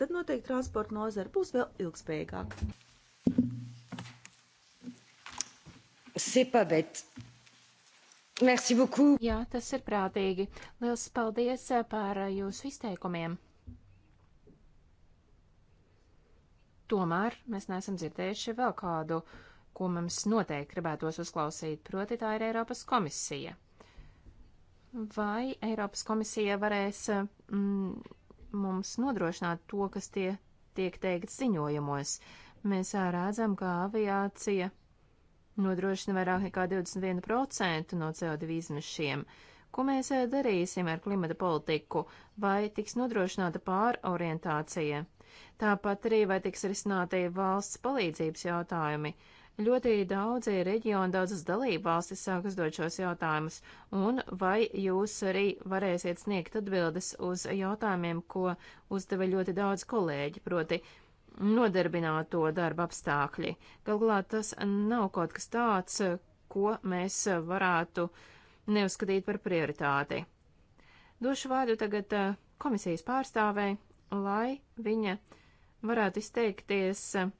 Tad noteikti transporta nozara būs vēl ilgspējīgāka. C'est pas bête. Merci beaucoup. Jā, tas ir prātīgi. Liels paldies eh, par eh, jūsu izteikumiem. Tomēr mēs neesam dzirdējuši vēl kādu, ko mums noteikti gribētos uzklausīt, proti tā ir Eiropas komisija. Vai Eiropas komisija varēs mm, mums nodrošināt to, kas tie tiek teikts ziņojumos? Mēs redzam, ka aviācija nodrošina vairāk nekā 21% no CO2 izmešiem. Ko mēs eh, darīsim ar klimata politiku? Vai tiks nodrošināta pārorientācija? Tāpat arī vai tiks risināti valsts palīdzības jautājumi? Ļoti daudzi reģioni, daudzas dalībvalstis sāk uzdot šos jautājumus, un vai jūs arī varēsiet sniegt atbildes uz jautājumiem, ko uzdeva ļoti daudz kolēģi, proti, nodarbināto darba apstākļi. Galvā tas nav kaut kas tāds, ko mēs varētu neuzskatīt par prioritāti. Došu vārdu tagad eh, komisijas pārstāvei, lai viņa varētu izteikties eh,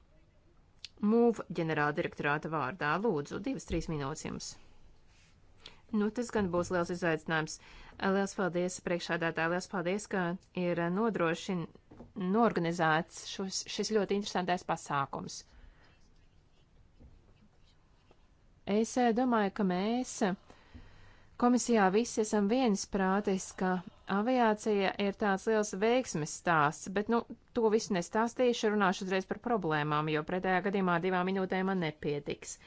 MUV ģenerāldirektorāta vārdā. Lūdzu, divas, trīs minūtes jums. Nu, tas gan būs liels izaicinājums. Liels paldies priekšādātā, liels paldies, ka ir nodrošin, norganizēts šus, šis ļoti interesantais pasākums. Es eh, domāju, ka mēs komisijā visi esam viensprātis, ka aviācija ir tāds liels veiksmes stāsts, bet, nu, to visu nestāstīšu, runāšu uzreiz par problēmām, jo pretējā gadījumā divām minūtēm man nepietiks.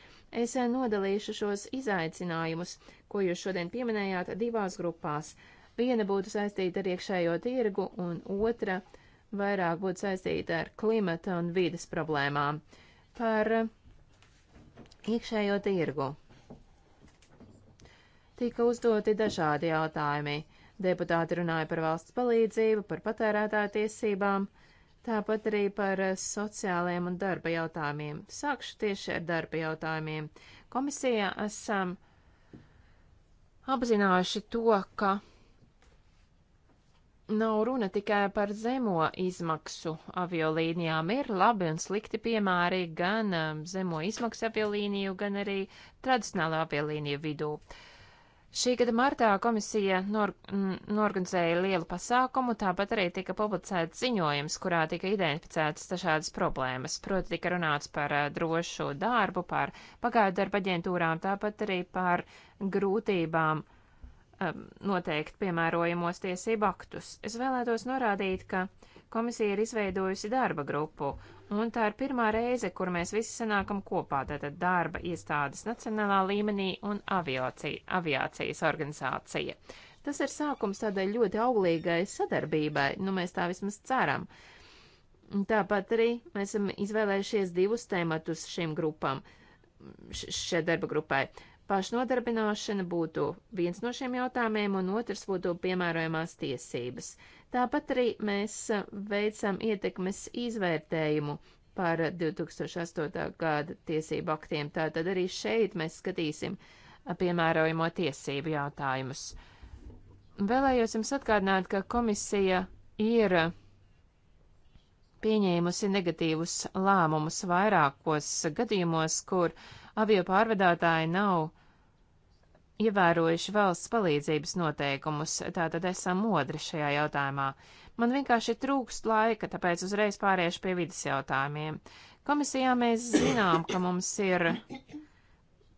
Es eh, nodalīšu šos izaicinājumus, ko jūs šodien pieminējāt, divās grupās. Viena būtu saistīta ar iekšējo tirgu, un otra vairāk būtu saistīta ar klimata un vides problēmām, par iekšējo tirgu. Tika uzdoti dažādi jautājumi. Deputāti runāja par valsts palīdzību, par patērētāju tiesībām, tāpat arī par sociālajiem un darba jautājumiem. Sākšu tieši ar darba jautājumiem. Komisijā esam apzinājuši to, ka Nav runa tikai par zemo izmaksu aviolīnijām. Ir labi un slikti piemēri gan um, zemo izmaksu aviolīniju, gan arī tradicionālo aviolīniju vidū. Šī gada martā komisija nor norganizēja lielu pasākumu, tāpat arī tika publicēts ziņojums, kurā tika identificētas dažādas problēmas. Proti tika runāts par uh, drošu darbu, par pagaidu darba aģentūrām, tāpat arī par grūtībām um, noteikt piemērojamos tiesību aktus. Es vēlētos norādīt, ka komisija ir izveidojusi darba grupu, un tā ir pirmā reize, kur mēs visi sanākam kopā, tātad darba iestādes nacionālā līmenī un aviācija, aviācijas organizācija. Tas ir sākums tādai ļoti auglīgai sadarbībai, nu mēs tā vismaz ceram. Tāpat arī mēs esam izvēlējušies divus tematus šīm grupām, šai darba grupai. Uh, Pašnodarbināšana būtu viens no šiem jautājumiem, un otrs būtu piemērojamās tiesības. Tāpat arī mēs veicam ietekmes izvērtējumu par 2008. gada tiesību aktiem. Tātad arī šeit mēs skatīsim piemērojamo tiesību jautājumus. Vēlējos jums atgādināt, ka komisija ir pieņēmusi negatīvus lēmumus vairākos gadījumos, kur uh, avio pārvadātāji nav ievērojuši valsts palīdzības noteikumus, tātad esam modri šajā jautājumā. Man vienkārši trūkst laika, tāpēc uzreiz pāriešu pie vidas jautājumiem. Komisijā mēs zinām, ka mums ir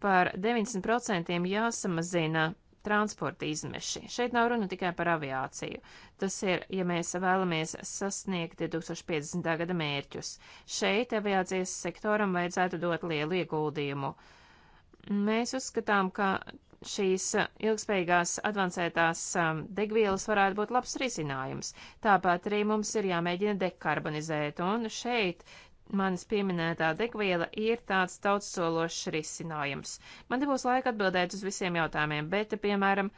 par 90% jāsamazina transporta izmeši. Šeit nav runa tikai par aviāciju. Tas ir, ja mēs vēlamies sasniegt 2050. gada mērķus. Šeit aviācijas sektoram vajadzētu dot lielu ieguldījumu. Mēs uzskatām, ka šīs ilgspējīgās advancētās um, degvielas varētu būt labs risinājums. Tāpat arī mums ir jāmēģina dekarbonizēt, un šeit manis pieminētā degviela ir tāds tautsološs risinājums. Man nebūs laika atbildēt uz visiem jautājumiem, bet, piemēram,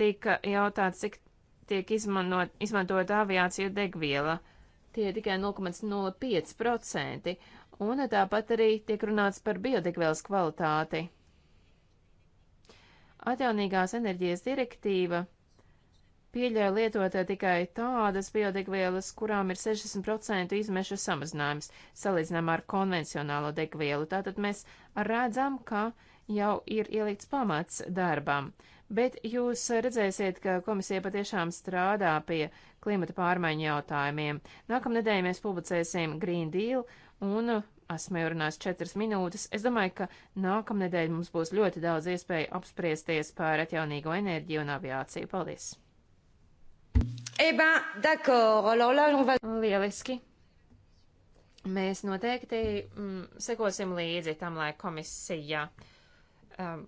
tika jautāts, cik tiek izmanot, izmantota aviācija degviela. Tie ir tikai 0,05%, un tāpat arī tiek runāts par biodegvielas kvalitāti. Atjaunīgās enerģijas direktīva pieļauj lietot tikai tādas biodegvielas, kurām ir 60% izmešu samazinājums, salīdzinām ar konvencionālo degvielu. Tātad mēs redzam, ka jau ir ielikts pamats darbam. Bet jūs redzēsiet, ka komisija patiešām strādā pie klimata pārmaiņu jautājumiem. Nākamnedēļ mēs publicēsim Green Deal un esmu jau runājis četras minūtes. Es domāju, ka nākamnedēļ mums būs ļoti daudz iespēju apspriesties par atjaunīgo enerģiju un aviāciju. Paldies! Eh ben, d'accord. Alors là, on va... Lieliski. Mēs noteikti mm, sekosim līdzi tam, lai komisija um,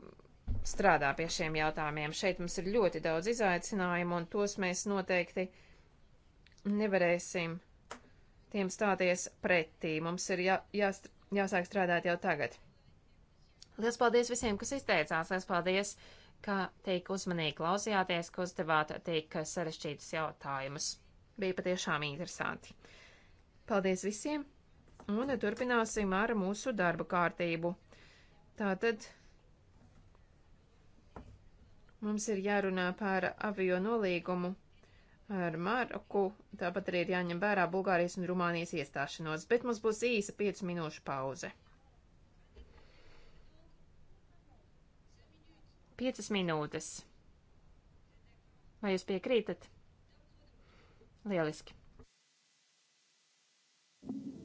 strādā pie šiem jautājumiem. Šeit mums ir ļoti daudz izaicinājumu, un tos mēs noteikti nevarēsim tiem stāties pretī. Mums ir jā, jā, jāsāk strādāt jau tagad. Lielas paldies visiem, kas izteicās. Lielas paldies! Uh, ka teik uzmanīgi klausījāties, ka uzdevāt teik sarešķītas jautājumus. Bija patiešām interesanti. Paldies visiem! Un turpināsim ar mūsu darba kārtību. Tātad mums ir jārunā par avio nolīgumu ar Maroku, tāpat arī ir jāņem vērā Bulgārijas un Rumānijas iestāšanos, bet mums būs īsa 5 minūšu pauze. Piecas minūtes. Vai jūs piekrītat? Lieliski. Thank you.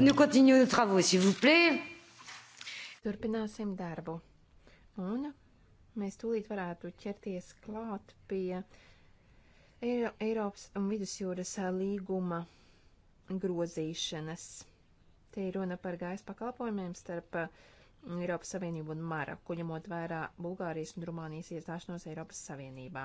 Nu continue nos travaux, s'il vous plaît. Turpināsim darbu. Un mēs tūlīt varētu ķerties klāt pie Eiro Eiropas un Vidusjūras līguma grozīšanas. Te ir runa par gaisa pakalpojumiem starp uh, Eiropas Savienību un Maroku, ņemot vērā Bulgārijas un Rumānijas iestāšanos Eiropas Savienībā.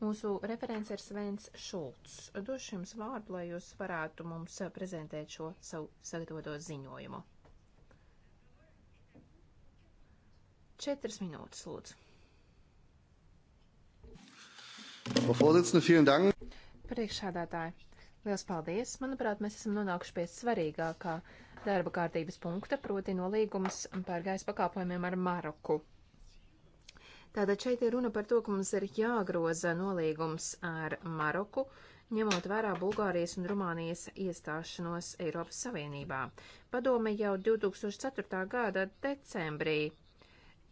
Mūsu referents ir Svens Šulcs. Došu jums vārdu, lai jūs varētu mums prezentēt šo savu sagatavoto ziņojumu. Četras minūtes, lūdzu. Priekšādātāji, liels paldies! Manuprāt, mēs esam nonākuši pie svarīgākā darba kārtības punkta, proti nolīgums par gaisa pakāpojumiem ar Maroku. Tātad šeit ir runa par to, ka mums ir jāgroza nolīgums ar Maroku, ņemot vērā Bulgārijas un Rumānijas iestāšanos Eiropas Savienībā. Padome jau 2004. gada decembrī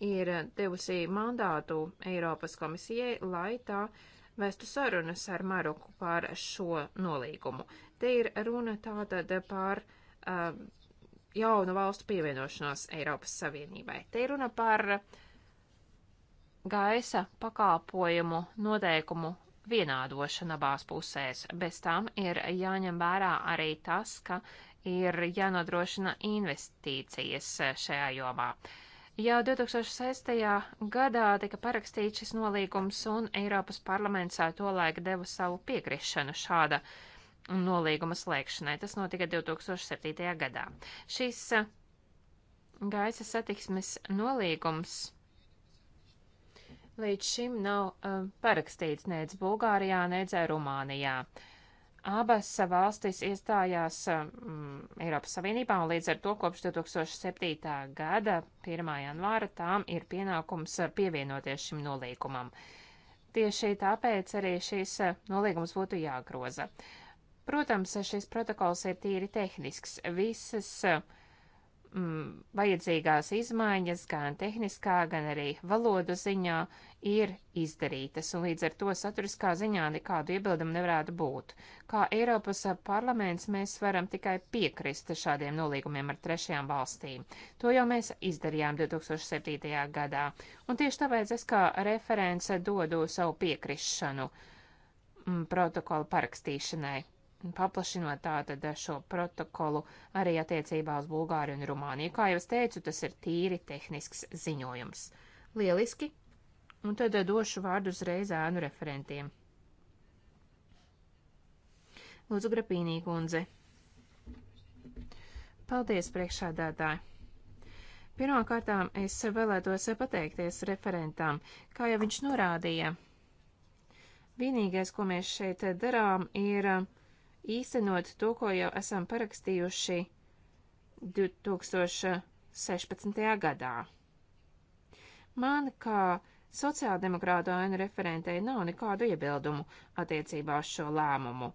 ir devusi mandātu Eiropas komisijai, lai tā vestu sarunas ar Maroku par šo nolīgumu. Te ir runa tātad par uh, jaunu valstu pievienošanos Eiropas Savienībai. Te ir runa par gaisa pakāpojumu noteikumu vienādošanu abās pusēs. Bez tam ir jāņem vērā arī tas, ka ir jānodrošina investīcijas šajā jomā. Jau 2006. gadā tika parakstīts šis nolīgums, un Eiropas parlaments tolaik deva savu piekrišanu šāda uh, nolīguma slēgšanai. Tas notika 2007. gadā. Šis eh, gaisa satiksmes nolīgums līdz šim nav uh, parakstīts nec Bulgārijā, nec Rumānijā. Abas valstis iestājās um, Eiropas Savienībā un līdz ar to kopš 2007. gada 1. janvāra tām ir pienākums pievienoties šim nolīgumam. Tieši tāpēc arī šīs nolīgums būtu jāgroza. Protams, šis protokols ir tīri tehnisks. Visas mm, vajadzīgās izmaiņas gan tehniskā, gan arī valodu ziņā ir izdarītas, un līdz ar to saturiskā ziņā nekādu iebildumu nevarētu būt. Kā Eiropas parlaments mēs varam tikai piekrist šādiem nolīgumiem ar trešajām valstīm. To jau mēs izdarījām 2007. gadā, un tieši tāpēc es kā reference dodu savu piekrišanu mm, protokola parakstīšanai paplašinot tātad šo protokolu arī attiecībā uz Bulgāriju un Rumāniju. Kā jau es teicu, tas ir tīri tehnisks ziņojums. Lieliski! Un tad eh, došu vārdu uzreiz ēnu referentiem. Lūdzu, Grapīnī kundze. Paldies, priekšādātāji! Pirmkārtām es vēlētos pateikties referentam, kā jau viņš norādīja. Vienīgais, ko mēs šeit darām, ir uh, īstenot to, ko jau esam parakstījuši 2016. gadā. Man kā sociāldemokrātu ainu referentei nav nekādu iebildumu attiecībā uz šo lēmumu.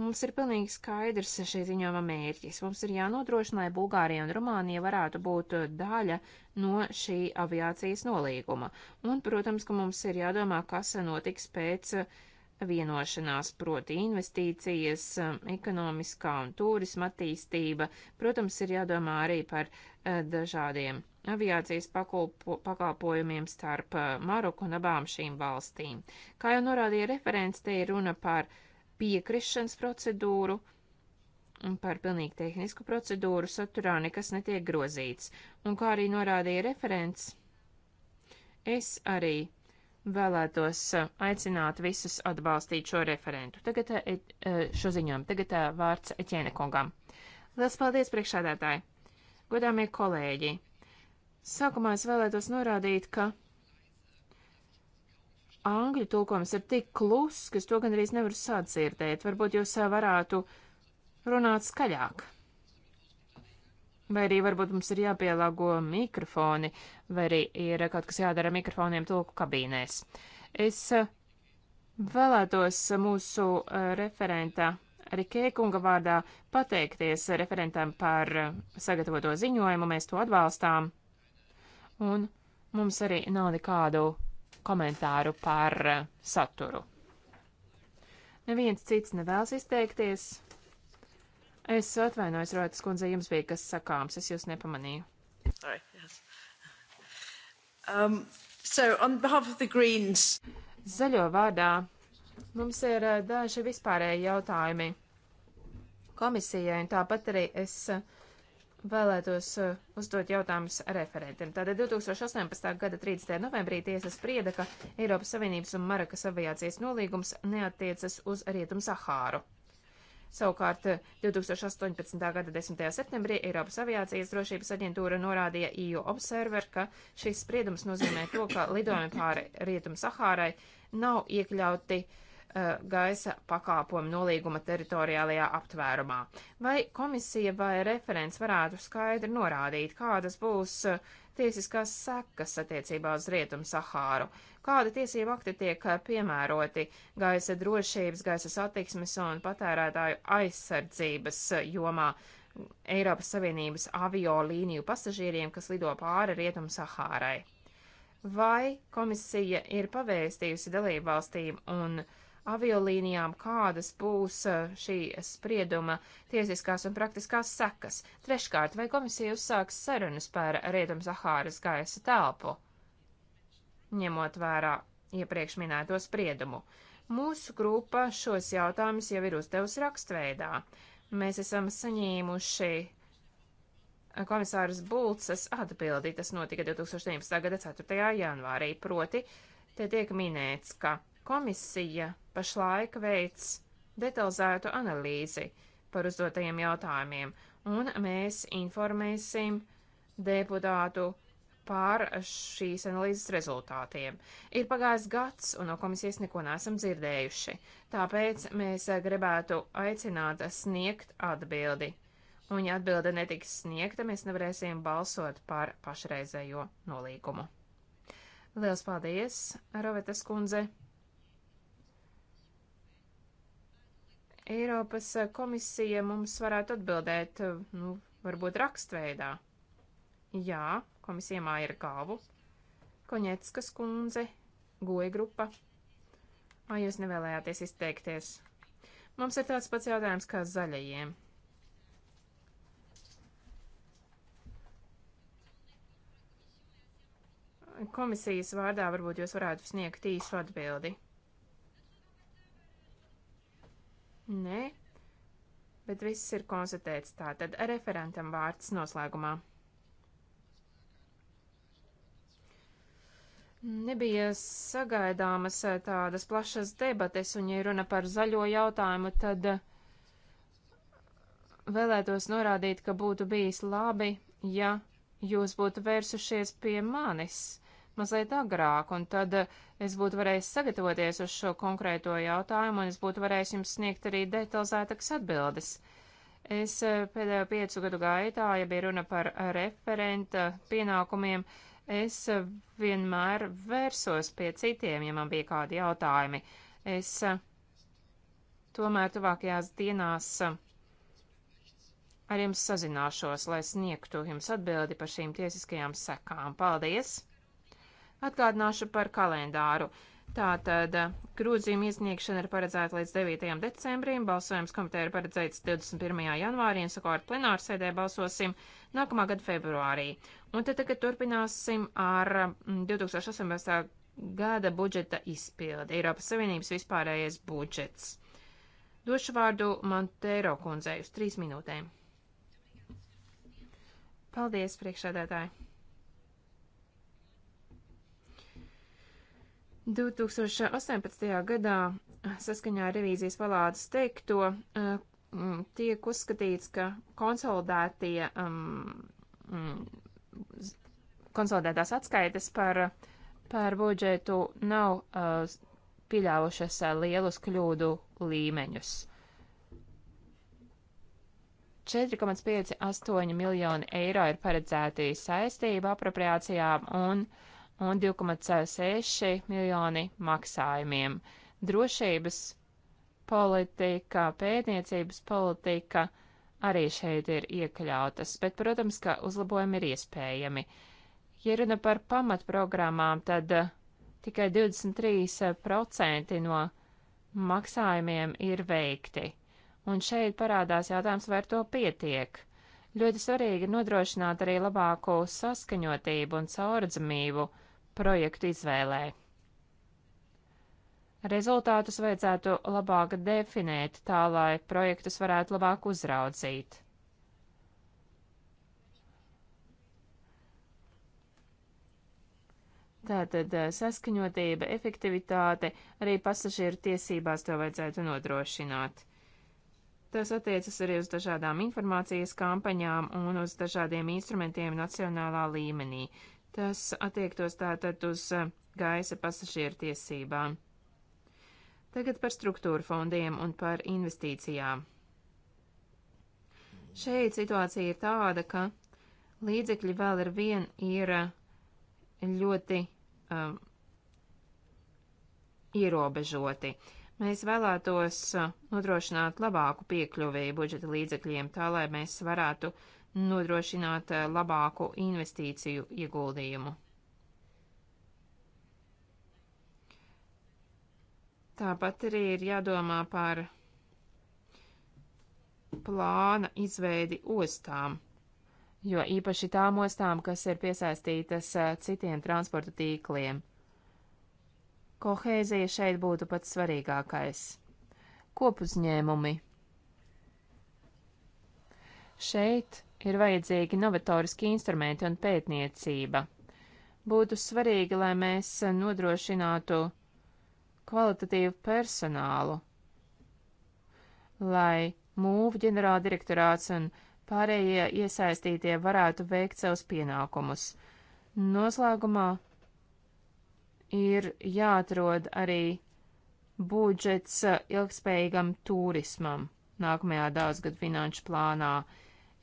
Mums ir pilnīgi skaidrs šī ziņojuma mērķis. Mums ir jānodrošina, lai Bulgārija un Rumānija varētu būt daļa no šī aviācijas nolīguma. Un, protams, ka mums ir jādomā, kas notiks pēc uh, vienošanās, proti investīcijas, um, ekonomiskā un turisma attīstība. Protams, ir jādomā arī par uh, dažādiem aviācijas pakulpo, pakalpojumiem starp uh, Maroku un abām šīm valstīm. Kā jau norādīja referents, te ir runa par piekrišanas procedūru, un par pilnīgi tehnisku procedūru saturā nekas netiek grozīts, un kā arī norādīja referents, es arī vēlētos eh, aicināt visus atbalstīt šo referentu. Tagad eh, eh, šo ziņojumu. Tagad vārds Ķēne kungam. Liels paldies priekšādātāji! Godāmie kolēģi! Sākumā es vēlētos norādīt, ka angļu tulkojums ir tik kluss, ka es to gandrīz nevaru sadzirdēt. Varbūt jūs varētu runāt skaļāk. Vai arī varbūt mums ir jāpielāgo mikrofoni, vai arī ir kaut kas jādara mikrofoniem tulku kabīnēs. Es eh, vēlētos mūsu eh, referenta Rikē kunga vārdā pateikties referentam par eh, sagatavoto ziņojumu, mēs to atbalstām. Un mums arī nav nekādu komentāru par saturu. Neviens cits nevēlas izteikties. Es atvainojos, Rotas kundze, jums bija kas sakāms, es jūs nepamanīju. Sorry, yes. um, so on behalf of the Greens. Zaļo vārdā mums ir uh, daži vispārēji jautājumi komisijai, un tāpat arī es uh, vēlētos uh, uzdot jautājumus referentiem. Tātad 2018. gada 30. novembrī tiesa sprieda, ka Eiropas Savienības un Marakas aviācijas nolīgums neatiecas uz Rietumu Sahāru. Savukārt 2018. Eh, gada 10. septembrī Eiropas aviācijas drošības aģentūra norādīja EU Observer, ka šis spriedums nozīmē to, ka lidojumi pāri Rietumu Sahārai nav iekļauti uh, gaisa pakāpojuma nolīguma teritoriālajā aptvērumā. Vai komisija vai referents varētu skaidri norādīt, kādas būs uh, tiesiskās sekas attiecībā uz Rietumu Sahāru, kādi tiesību akti tiek eh, piemēroti gaisa drošības, gaisa satiksmes un patērētāju aizsardzības eh, jomā Eiropas Savienības avio līniju pasažieriem, kas lido pāri Rietumu Sahārai. Vai komisija ir pavēstījusi dalībvalstīm un uh, aviolīnijām, kādas būs eh, šī sprieduma tiesiskās un praktiskās sekas. Treškārt, vai komisija uzsāks sarunas par Rietum-Zahāras gaisa telpu, ņemot vērā iepriekš minēto spriedumu. Mūsu grupa šos jautājumus jau ir uzdevusi rakstveidā. Mēs esam saņēmuši komisāras Bulces atbildi, tas notika 2017. gada 4. janvārī, proti, te tiek minēts, ka Komisija pašlaik veic detalizētu analīzi par uzdotajiem jautājumiem, un mēs informēsim deputātu par šīs analīzes rezultātiem. Ir pagājis gads, un no komisijas neko neesam dzirdējuši, tāpēc mēs gribētu aicināt sniegt atbildi. Un, ja atbilde netiks sniegta, mēs nevarēsim balsot par pašreizējo nolīgumu. Liels paldies, Rovetas kundze! Eiropas eh, komisija mums varētu atbildēt, eh, nu, varbūt rakstveidā. Jā, komisijamā ir galvu. Koņetskas kundze, goja grupa. Ai, jūs nevēlējāties izteikties. Mums ir tāds pats jautājums kā zaļajiem. Komisijas vārdā varbūt jūs varētu sniegt īsu atbildi. Nē, bet viss ir konstatēts tā. Tad referentam vārds noslēgumā. Nebija sagaidāmas eh, tādas plašas debates, un, ja runa par zaļo jautājumu, tad eh, vēlētos norādīt, ka būtu bijis labi, ja jūs būtu vērsušies pie manis mazliet agrāk, un tad eh, es būtu varējis sagatavoties uz šo konkrēto jautājumu, un es būtu varējis jums sniegt arī detalizētākas atbildes. Es eh, pēdējo piecu gadu gaitā, ja bija runa par referenta pienākumiem, es eh, vienmēr vērsos pie citiem, ja man bija kādi jautājumi. Es tomēr tuvākajās dienās ar jums sazināšos, lai sniegtu jums atbildi par šīm tiesiskajām sekām. Paldies! Atgādināšu par kalendāru. Tātad eh, grūzījuma iesniegšana ir paredzēta līdz 9. decembrim, balsojums komiteja ir paredzēts 21. janvārī, un sakārt plenārsēdē balsosim nākamā gada februārī. Un tad tagad turpināsim ar 2018. Mm, gada budžeta izpildi, Eiropas Savienības vispārējais budžets. Došu vārdu Montero kundzei uz trīs minūtēm. Paldies, priekšsēdētāji! 2018. gadā saskaņā ar revīzijas palādes teikto eh, tiek uzskatīts, ka konsolidētie, um, konsolidētās atskaites par, par budžetu nav uh, pieļāvušas eh, lielus kļūdu līmeņus. 4,58 miljoni eiro ir paredzēti saistību apropriācijām un uh, un 2,6 miljoni maksājumiem. Drošības politika, pētniecības politika arī šeit ir iekļautas, bet, protams, ka uzlabojumi ir iespējami. Ja runa par pamatprogrammām, tad eh, tikai 23% no maksājumiem ir veikti. Un šeit parādās jautājums, vai ar to pietiek. Ļoti svarīgi nodrošināt arī labāko saskaņotību un caurdzamību projektu izvēlē. Rezultātus vajadzētu labāk definēt tā, lai projektus varētu labāk uzraudzīt. Tātad eh, saskaņotība, efektivitāte, arī pasažieru tiesībās to vajadzētu nodrošināt. Tas attiecas arī uz dažādām informācijas kampaņām un uz dažādiem instrumentiem nacionālā līmenī. Tas attiektos tātad uz uh, gaisa pasažieru tiesībām. Tagad par struktūru fondiem un par investīcijām. Šeit situācija ir tāda, ka līdzekļi vēl ar vien ir uh, ļoti um, ierobežoti. Mēs vēlētos nodrošināt labāku piekļuvību budžeta līdzekļiem, tā lai mēs varētu uh, nodrošināt eh, labāku investīciju ieguldījumu. Tāpat arī ir jādomā par plāna izveidi ostām, jo īpaši tām ostām, kas ir piesaistītas eh, citiem transporta tīkliem. Kohēzija šeit būtu pats svarīgākais. Kopuzņēmumi. Šeit ir vajadzīgi novatoriski instrumenti un pētniecība. Būtu svarīgi, lai mēs nodrošinātu kvalitatīvu personālu, lai mūvu ģenerāldirektorāts un pārējie iesaistītie varētu veikt savus pienākumus. Noslēgumā ir jāatrod arī budžets ilgspējīgam turismam nākamajā daudzgad finanšu plānā.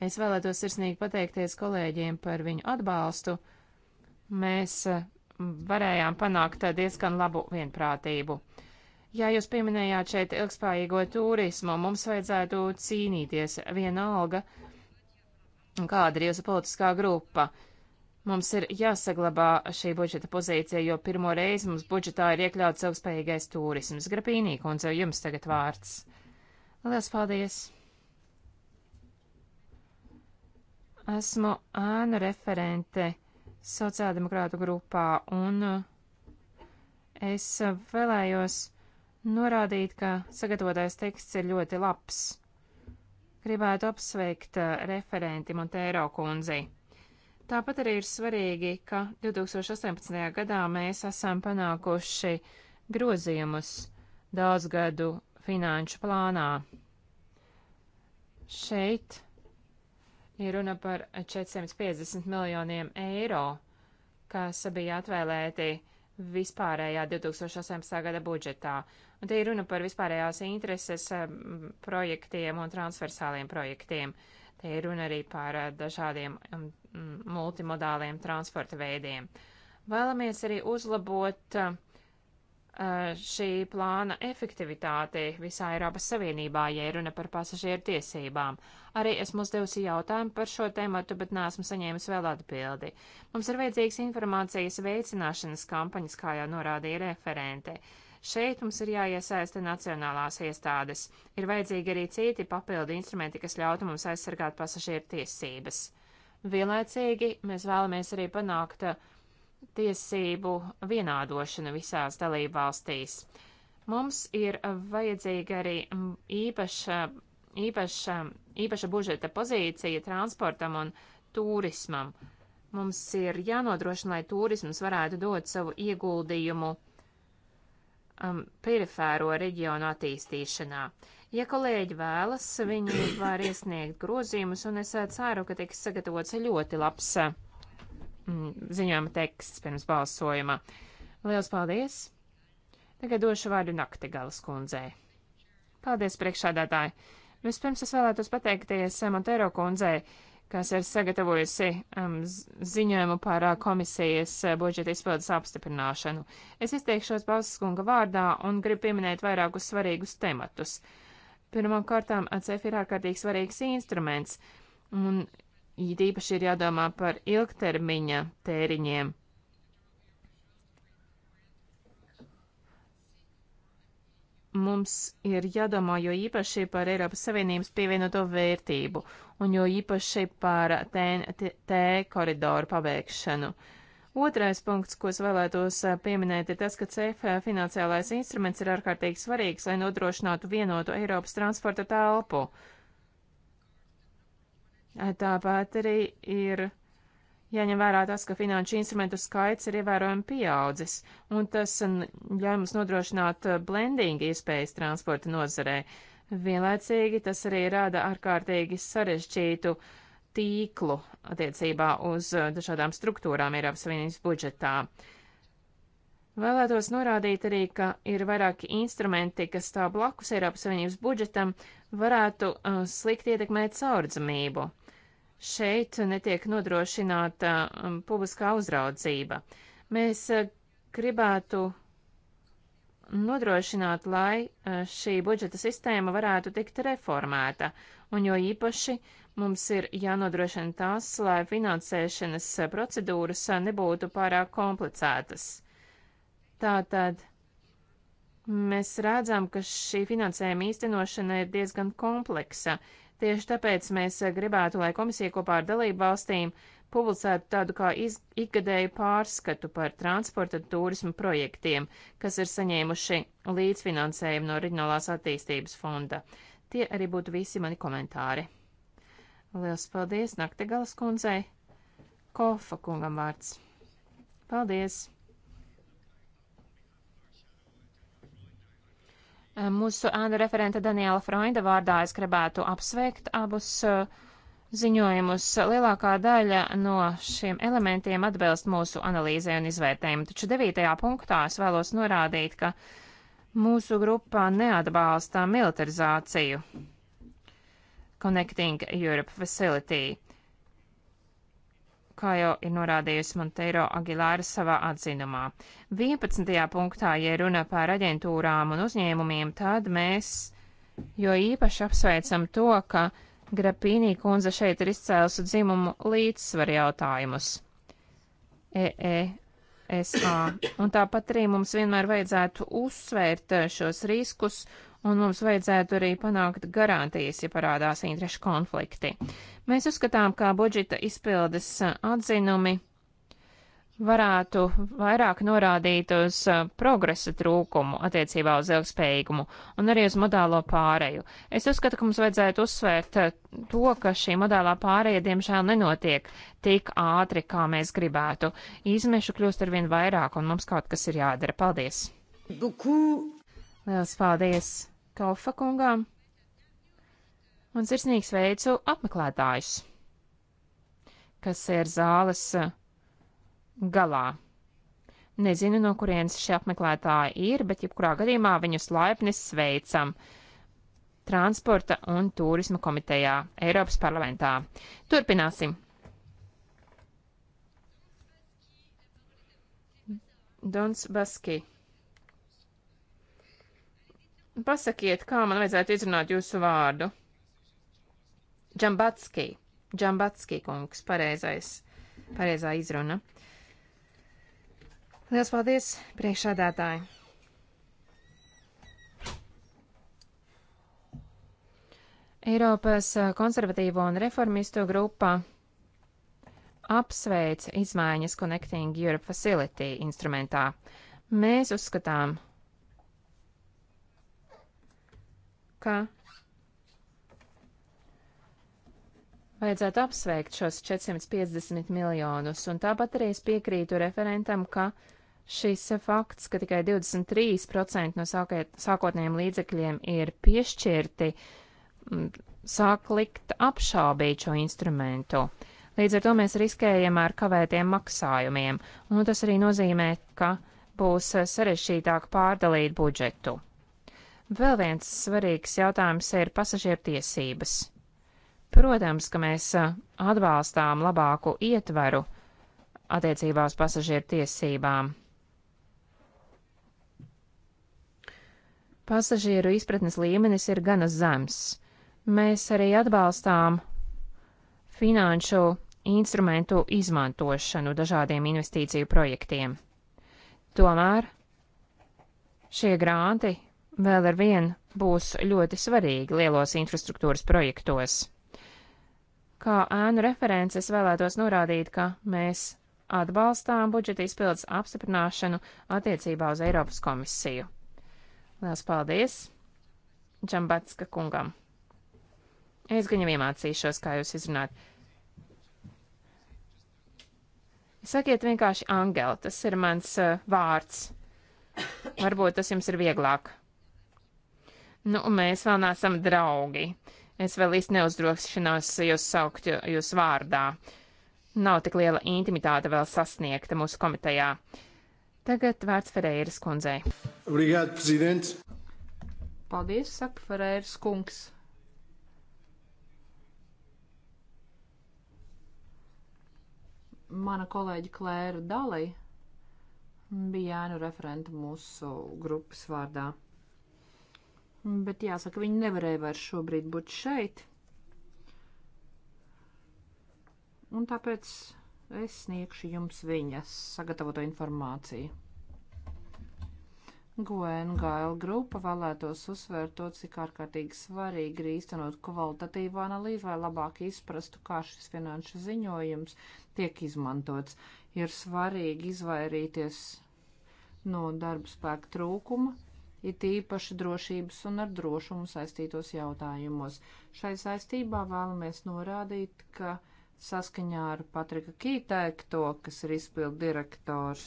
Es vēlētos sirsnīgi pateikties kolēģiem par viņu atbalstu. Mēs eh, varējām panākt eh, diezgan labu vienprātību. Jā, jūs pieminējāt šeit ilgspējīgo turismu, mums vajadzētu cīnīties vienalga, kāda ir jūsu politiskā grupa. Mums ir jāsaglabā šī budžeta pozīcija, jo pirmo reizi mums budžetā ir iekļauts ilgspējīgais turisms. Grapīnī, kundze, jums tagad vārds. Lielas paldies! Esmu ēnu referente sociāldemokrātu grupā, un eh, es vēlējos norādīt, ka sagatavotais teksts ir ļoti labs. Gribētu apsveikt eh, referenti Montēro kundzi. Tāpat arī ir svarīgi, ka 2018. gadā mēs esam panākuši grozījumus daudzgadu finanšu plānā. Šeit Ir runa par 450 miljoniem eiro, kas bija atvēlēti vispārējā 2018. gada budžetā. Un te ir runa par vispārējās intereses um, projektiem un transversāliem projektiem. Te ir runa arī par uh, dažādiem um, multimodāliem transporta veidiem. Vēlamies arī uzlabot uh, Eh, šī plāna efektivitāti visā Eiropas Savienībā, ja runa par pasažieru tiesībām. Arī esmu uzdevusi jautājumu par šo tēmatu, bet neesmu saņēmis vēl atbildi. Mums ir vajadzīgs informācijas veicināšanas kampaņas, kā jau norādīja referente. Šeit mums ir jāiesaista nacionālās iestādes. Ir vajadzīgi arī citi papildu instrumenti, kas ļautu mums aizsargāt pasažieru tiesības. Vienlaicīgi mēs vēlamies arī panākt uh, tiesību vienādošanu visās dalībvalstīs. Mums ir vajadzīga arī īpaša, īpaša, īpaša budžeta pozīcija transportam un turismam. Mums ir jānodrošina, lai turisms varētu dot savu ieguldījumu um, perifēro reģionu attīstīšanā. Ja kolēģi vēlas, viņi var iesniegt grozījumus, un es uh, ceru, ka tiks sagatavots ļoti labs uh, Mm, ziņojuma teksts pirms balsojuma. Lielas paldies! Tagad došu vārdu Naktigalas kundzei. Paldies, priekšādātāji! Vispirms es vēlētos pateikties Montero kundzei, kas ir sagatavojusi um, ziņojumu par uh, komisijas uh, budžeta izpildes apstiprināšanu. Es izteikšos Pausas kunga vārdā un gribu pieminēt vairākus svarīgus tematus. Pirmkārtām, CEF ir ārkārtīgi svarīgs instruments, un It īpaši ir jādomā par ilgtermiņa tēriņiem. Mums ir jādomā jo īpaši par Eiropas Savienības pievienoto vērtību un jo īpaši par TNT koridoru pabeigšanu. Otrais punkts, ko es vēlētos eh, pieminēt, ir tas, ka CF finansiālais instruments ir ārkārtīgi svarīgs, lai nodrošinātu vienotu Eiropas transporta telpu. Tā Tāpat arī ir jāņem vērā tas, ka finanšu instrumentu skaits ir ievērojami pieaudzis, un tas ļauj mums nodrošināt uh, blendinga iespējas transporta nozarē. Vienlaicīgi tas arī rada ārkārtīgi sarežģītu tīklu attiecībā uz uh, dažādām struktūrām Eiropas Savienības budžetā. Vēlētos norādīt arī, ka ir vairāki instrumenti, kas stāv blakus Eiropas Savienības budžetam, varētu uh, slikti ietekmēt caurdzamību. Uh, šeit netiek nodrošināta um, publiskā uzraudzība. Mēs uh, gribētu nodrošināt, lai uh, šī budžeta sistēma varētu tikt reformēta, un jo īpaši mums ir jānodrošina tas, lai finansēšanas procedūras uh, nebūtu pārāk komplicētas. Tātad mēs redzam, ka šī finansējuma īstenošana ir diezgan kompleksa, Tieši tāpēc mēs eh, gribētu, lai komisija kopā ar dalību valstīm publicētu tādu kā iz, ikgadēju pārskatu par transporta turismu projektiem, kas ir saņēmuši līdzfinansējumu no Reģionālās attīstības fonda. Tie arī būtu visi mani komentāri. Lielas paldies Naktegalas kundzei. Kofa kungam vārds. Paldies! Mūsu ēnu referenta Daniela Freunda vārdā es gribētu apsveikt abus eh, ziņojumus. Lielākā daļa no šiem elementiem atbilst mūsu analīzē un izvērtējumu, taču devītajā punktā es vēlos norādīt, ka mūsu grupā neatbalsta militarizāciju Connecting Europe Facility kā jau ir norādījusi Monteiro Agilāra savā atzinumā. 11. punktā, ja runa par aģentūrām un uzņēmumiem, tad mēs jo īpaši apsveicam to, ka Grapīnī kundze šeit ir izcēlusi dzimumu līdzsvaru jautājumus. EESA. Un tāpat arī mums vienmēr vajadzētu uzsvērt šos riskus un mums vajadzētu arī panākt garantijas, ja parādās interešu konflikti. Mēs uzskatām, ka budžeta izpildes uh, atzinumi varētu vairāk norādīt uz uh, progresa trūkumu attiecībā uz ilgspējīgumu un arī uz modālo pāreju. Es uzskatu, ka mums vajadzētu uzsvērt uh, to, ka šī modālā pāreja diemžēl nenotiek tik ātri, kā mēs gribētu. Izmešu kļūst arvien vairāk un mums kaut kas ir jādara. Paldies! Beaucoup. Lielas paldies! Kaufa kungām un sirsnīgi sveicu apmeklētājus, kas ir zāles eh, galā. Nezinu, no kurienes šie apmeklētāji ir, bet jebkurā gadījumā viņus laipni sveicam transporta un turisma komitejā Eiropas parlamentā. Turpināsim. Dons Baski. Pasakiet, kā man vajadzētu izrunāt jūsu vārdu. Džambatski, Džambatski kungs, pareizais, pareizā izruna. Lielas paldies, priekšādātāji! Eiropas eh, konservatīvo un reformistu grupā apsveic izmaiņas Connecting Europe Facility instrumentā. Mēs uzskatām, ka vajadzētu apsveikt šos 450 miljonus, un tāpat arī es piekrītu referentam, ka šis fakts, ka tikai 23% no sākotnējiem līdzekļiem ir piešķirti, sāk likt apšaubīt šo instrumentu. Līdz ar to mēs riskējam ar kavētiem maksājumiem, un tas arī nozīmē, ka būs sarežģītāk pārdalīt budžetu. Vēl viens svarīgs jautājums ir pasažieru tiesības. Protams, ka mēs uh, atbalstām labāku ietvaru attiecībā uz pasažieru tiesībām. Pasažieru izpratnes līmenis ir gana zems. Mēs arī atbalstām finanšu instrumentu izmantošanu dažādiem investīciju projektiem. Tomēr šie grānti vēl ar vienu būs ļoti svarīgi lielos infrastruktūras projektos. Kā ēnu references vēlētos norādīt, ka mēs atbalstām budžeta izpildes apstiprināšanu attiecībā uz Eiropas komisiju. Lielas paldies Džambatska kungam. Es gan jau iemācīšos, kā jūs izrunāt. Sakiet vienkārši Angela, tas ir mans uh, vārds. Varbūt tas jums ir vieglāk. Nu, mēs vēl neesam draugi. Es vēl īsti neuzdrošinos jūs saukt jūs vārdā. Nav tik liela intimitāte vēl sasniegta mūsu komitejā. Tagad vārds Ferēras kundzei. Obrigāt, prezidents. Paldies, saka Ferēras kungs. mana kolēģa Klēra Dalai bija ēnu referenta mūsu grupas vārdā. Bet jāsaka, viņi nevarēja vairs šobrīd būt šeit. Un tāpēc es sniegšu jums viņas sagatavoto informāciju. GNGL grupa vēlētos uzsvērt to, cik ārkārtīgi svarīgi ir īstenot kvalitatīvu analīzi, lai labāk izprastu, kā šis finanšu ziņojums tiek izmantots. Ir svarīgi izvairīties no darba spēka trūkuma it īpaši drošības un ar drošumu saistītos jautājumos. Šai saistībā vēlamies norādīt, ka saskaņā ar Patrika Kītēkto, kas ir izpildu direktors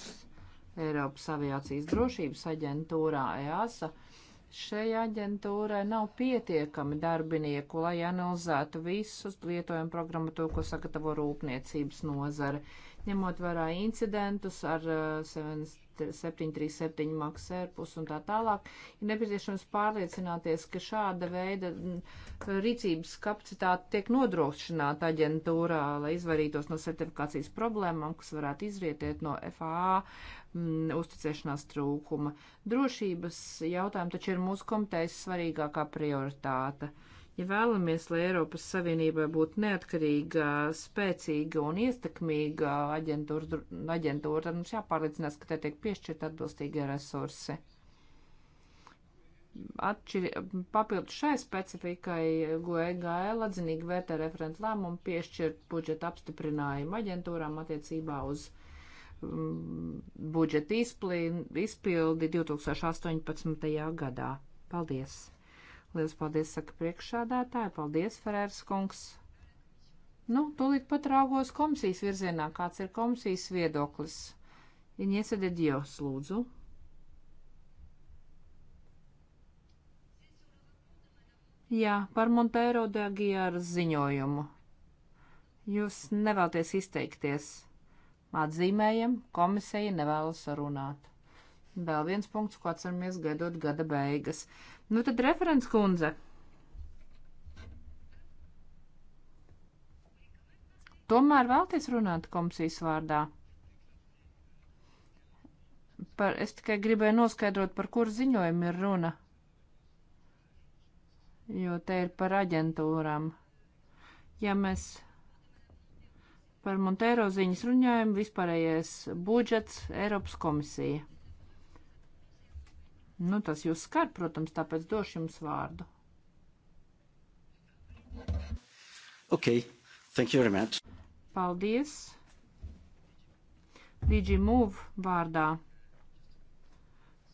Eiropas aviācijas drošības aģentūrā EASA, šai aģentūrai nav pietiekami darbinieku, lai analizētu visus lietojumu programmu, to, ko sagatavo rūpniecības nozare. Ņemot vērā incidentus ar uh, 7 737 maks ērpus un tā tālāk, ir nepieciešams pārliecināties, ka šāda veida mm, rīcības kapacitāte tiek nodrošināta aģentūrā, lai izvairītos no certifikācijas problēmām, kas varētu izrietēt no FAA mm, uzticēšanās trūkuma. Drošības jautājumi taču ir mūsu komitejas svarīgākā prioritāte. Uh, Ja vēlamies, lai Eiropas Savienībai būtu neatkarīga, spēcīga un iestakmīga aģentūra, aģentūra tad mums jāpārliecinās, ka tai tiek piešķirt atbilstīgie resursi. Atšķir, papildu šai specifikai GOEGL atzinīgi vērtē referentu lēmumu piešķirt budžeta apstiprinājumu aģentūrām attiecībā uz um, budžeta izpildi 2018. gadā. Paldies! Liels paldies, saka priekšādātāji, paldies, Ferērs kungs. Nu, tūlīt pat raugos komisijas virzienā, kāds ir komisijas viedoklis. Iniesa de Dios, lūdzu. Jā, par Monteiro de Aguiar ziņojumu. Jūs nevēlaties izteikties. Atzīmējam, komisija nevēlas runāt. Vēl viens punkts, ko atceramies gaidot gada beigas. Nu tad referents kundze. Tomēr vēlties runāt komisijas vārdā. Par, es tikai gribēju noskaidrot, par kur ziņojumu ir runa. Jo te ir par aģentūrām. Ja mēs par Montēro ziņas runājam, vispārējais budžets Eiropas komisija. Nu, tas jūs skar, protams, tāpēc došu jums vārdu. Ok, thank you very much. Paldies. DG Move vārdā.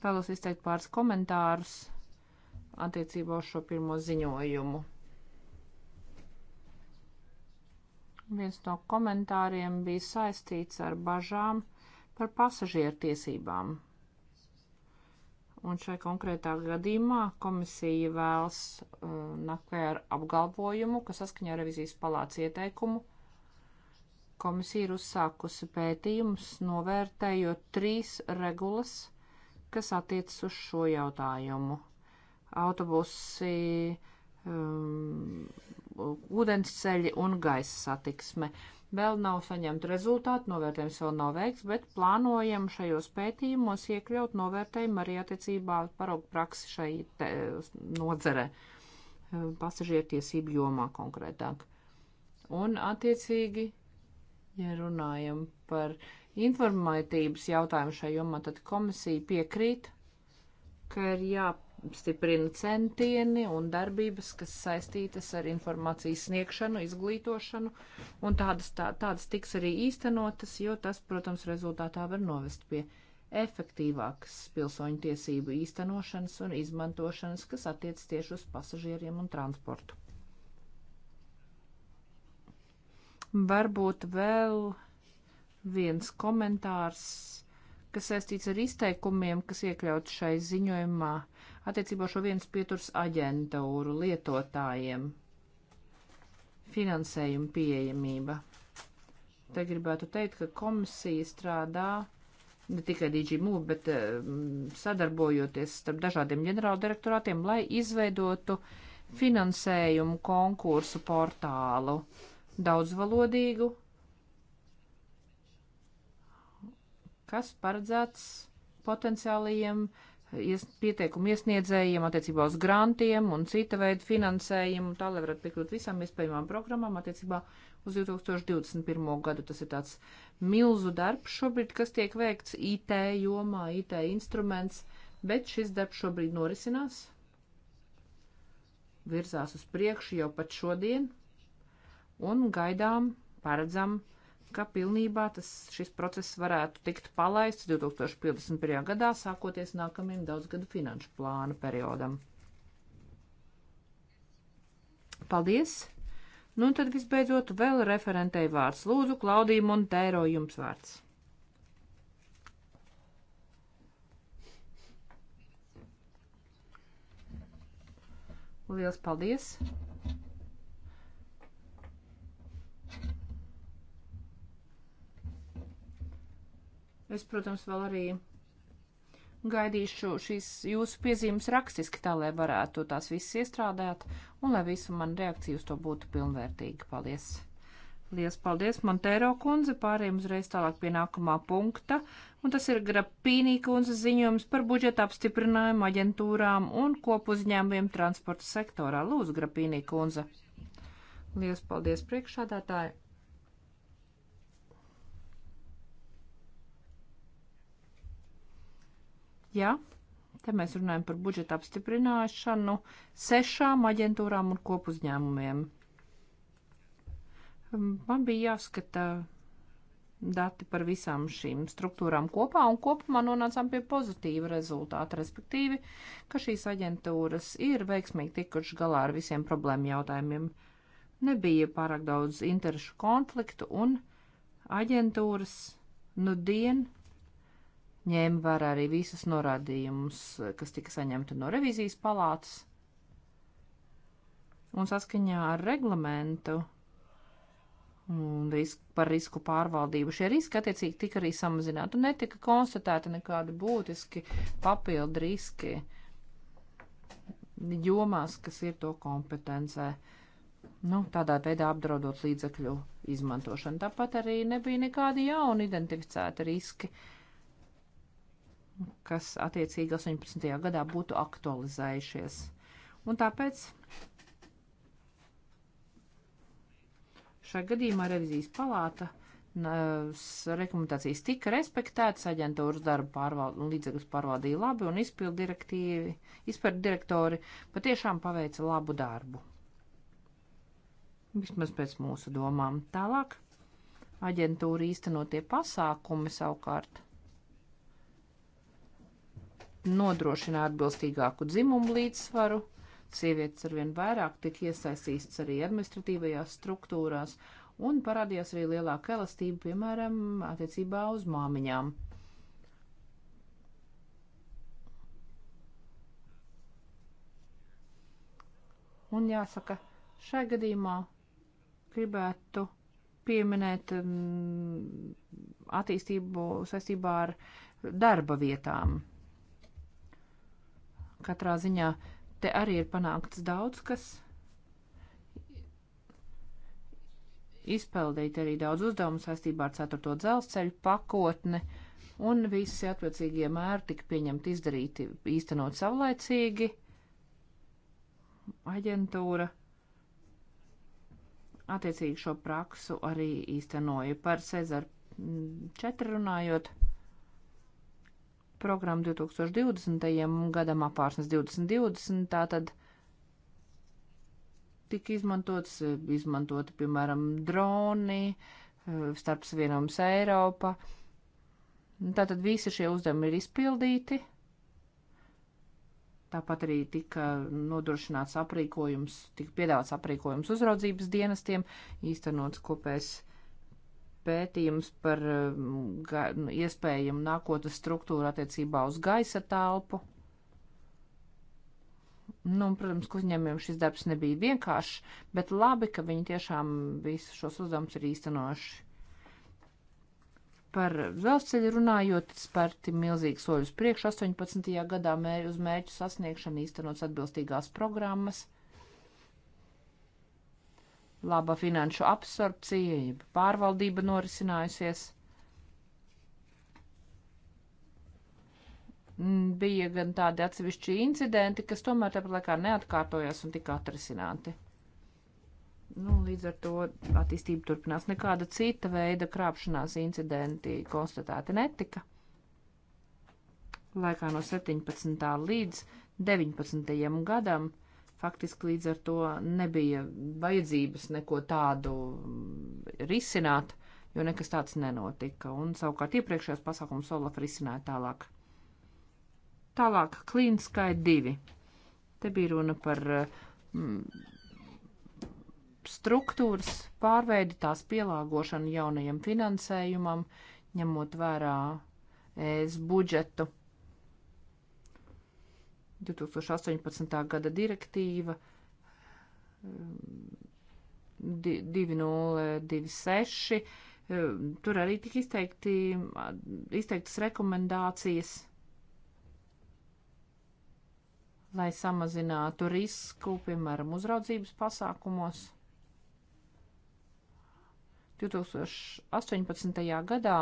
Vēlos izteikt pāris komentārus attiecībā uz šo pirmo ziņojumu. Viens no komentāriem bija saistīts ar bažām par pasažieru tiesībām Un šai konkrētā gadījumā komisija vēlas uh, naklē ar apgalvojumu, ka saskaņā revizijas palāca ieteikumu komisija ir uzsākusi pētījumus, novērtējot trīs regulas, kas attiecas uz šo jautājumu. Autobusi, um, ūdensceļi un gaisa satiksme. Uh, Vēl nav saņemta rezultāta, novērtējums vēl nav veikts, bet plānojam šajos pētījumos iekļaut novērtējumu arī attiecībā paraugu praksi šai te, nodzere eh, pasažieru tiesību jomā konkrētāk. Un attiecīgi, ja runājam par informatīvas jautājumu šai jomā, tad komisija piekrīt, ka ir jāpārāk jāstiprina centieni un darbības, kas saistītas ar informācijas sniegšanu, izglītošanu, un tādas, tā, tādas tiks arī īstenotas, jo tas, protams, rezultātā var novest pie efektīvākas pilsoņu tiesību īstenošanas un izmantošanas, kas attiec tieši uz pasažieriem un transportu. Varbūt vēl viens komentārs kas saistīts ar izteikumiem, kas iekļauts šai ziņojumā, attiecībā šo viens pieturs aģentūru lietotājiem. Finansējuma pieejamība. Te gribētu teikt, ka komisija strādā ne tikai DigiMu, bet eh, sadarbojoties starp dažādiem ģenerāldirektorātiem, lai izveidotu finansējumu konkursu portālu daudzvalodīgu, kas paredzēts potenciālajiem uh, ies, pieteikumu iesniedzējiem attiecībā uz grantiem un cita veida finansējumu, tā lai varētu piekļūt visām iespējamām programmām attiecībā uz 2021. gadu. Tas ir tāds milzu darbs šobrīd, kas tiek veikts IT jomā, IT instruments, bet šis darbs šobrīd norisinās, virzās uz priekšu jau pat šodien un gaidām, paredzam, uh, ka pilnībā tas, šis process varētu tikt palaists 2051. gadā, sākoties nākamajam daudzgadu finanšu plānu periodam. Paldies! Nu, un tad visbeidzot vēl referentei vārds. Lūdzu, Klaudija Monteiro, jums vārds. Lielas paldies! Es, protams, vēl arī gaidīšu šīs jūsu piezīmes rakstiski, tā lai varētu tās visas iestrādāt un lai visu man reakciju uz to būtu pilnvērtīga. Paldies! Lielas paldies, Montēro kundze, pārējiem uzreiz tālāk pie nākamā punkta, un tas ir Grapīnī kundze ziņojums par budžeta apstiprinājumu aģentūrām un kopuzņēmumiem transporta sektorā. Lūdzu, Grapīnī kundze! Lielas paldies priekšādātāji! Jā, te mēs runājam par budžeta apstiprināšanu sešām aģentūrām un kopuzņēmumiem. Um, man bija jāskata dati par visām šīm struktūrām kopā, un kopumā nonācām pie pozitīva rezultāta, respektīvi, ka šīs aģentūras ir veiksmīgi tikuši galā ar visiem problēmu jautājumiem. Nebija pārāk daudz interešu konfliktu, un aģentūras nu dien ņēma vērā arī visus norādījumus, kas tika saņemti no revizijas palātas. Un saskaņā ar reglamentu un risk, par risku pārvaldību. Šie riski attiecīgi tika arī samazināti un netika konstatēti nekādi būtiski papildu riski jomās, kas ir to kompetencē. Nu, tādā veidā apdraudot līdzekļu izmantošanu. Tāpat arī nebija nekādi jauni identificēti riski. Uh, kas attiecīgi 18. gadā būtu aktualizējušies. Un tāpēc šajā gadījumā revizijas palāta rekomendācijas tika respektētas, aģentūras darba pārvald, līdzekļus pārvaldīja labi un izpildu direktīvi, izpildu direktori patiešām paveica labu darbu. Vismaz pēc mūsu domām. Tālāk aģentūra īstenotie pasākumi savukārt nodrošina atbilstīgāku dzimumu līdzsvaru. Sievietes arvien vairāk tika iesaistītas arī administratīvajās struktūrās, un parādījās arī lielāka elastība, piemēram, attiecībā uz māmiņām. Un jāsaka, šai gadījumā gribētu pieminēt um, attīstību saistībā ar darba vietām. Katrā ziņā te arī ir panākts daudz, kas izpildīt arī daudz uzdevumu saistībā ar 4. dzelzceļu pakotni, un visi attiecīgie mēri tika pieņemti izdarīti, īstenot savlaicīgi. Aģentūra attiecīgi šo praksu arī īstenoja par Cezaru 4 runājot programmu 2020. gadam apārsnes 2020. Tātad tika izmantots, izmantoti, piemēram, droni eh, starp savienojums Eiropa. Tātad visi šie uzdevumi ir izpildīti. Tāpat arī tika nodrošināts aprīkojums, tika piedāvāts aprīkojums uzraudzības dienestiem, īstenots kopējs pētījums par um, nu, iespējamu nākotnes struktūru attiecībā uz gaisa telpu. Nu, un, protams, ka uzņēmumiem šis darbs nebija vienkāršs, bet labi, ka viņi tiešām visus šos uzdevumus ir īstenojuši. Par dzelzceļu runājot, spērti milzīgi soļus priekš 18. gadā mē, uz mērķu sasniegšanu īstenots atbilstīgās programmas laba finanšu absorpcija, jeb pārvaldība norisinājusies. Bija gan tādi atsevišķi incidenti, kas tomēr tāpat laikā neatkārtojās un tika atrisināti. Nu, līdz ar to attīstība turpinās. Nekāda cita veida krāpšanās incidenti konstatēti netika. Laikā no 17. līdz 19. gadam Faktiski līdz ar to nebija vajadzības neko tādu mm, risināt, jo nekas tāds nenotika. Un savukārt iepriekšējos pasākums Olaf risināja tālāk. Tālāk, klīniskai divi. Te bija runa par mm, struktūras pārveidi, tās pielāgošanu jaunajam finansējumam, ņemot vērā ES budžetu 2018. gada direktīva 2026. Um, um, tur arī tika izteikti, izteiktas rekomendācijas, lai samazinātu risku, piemēram, uzraudzības pasākumos. 2018. gadā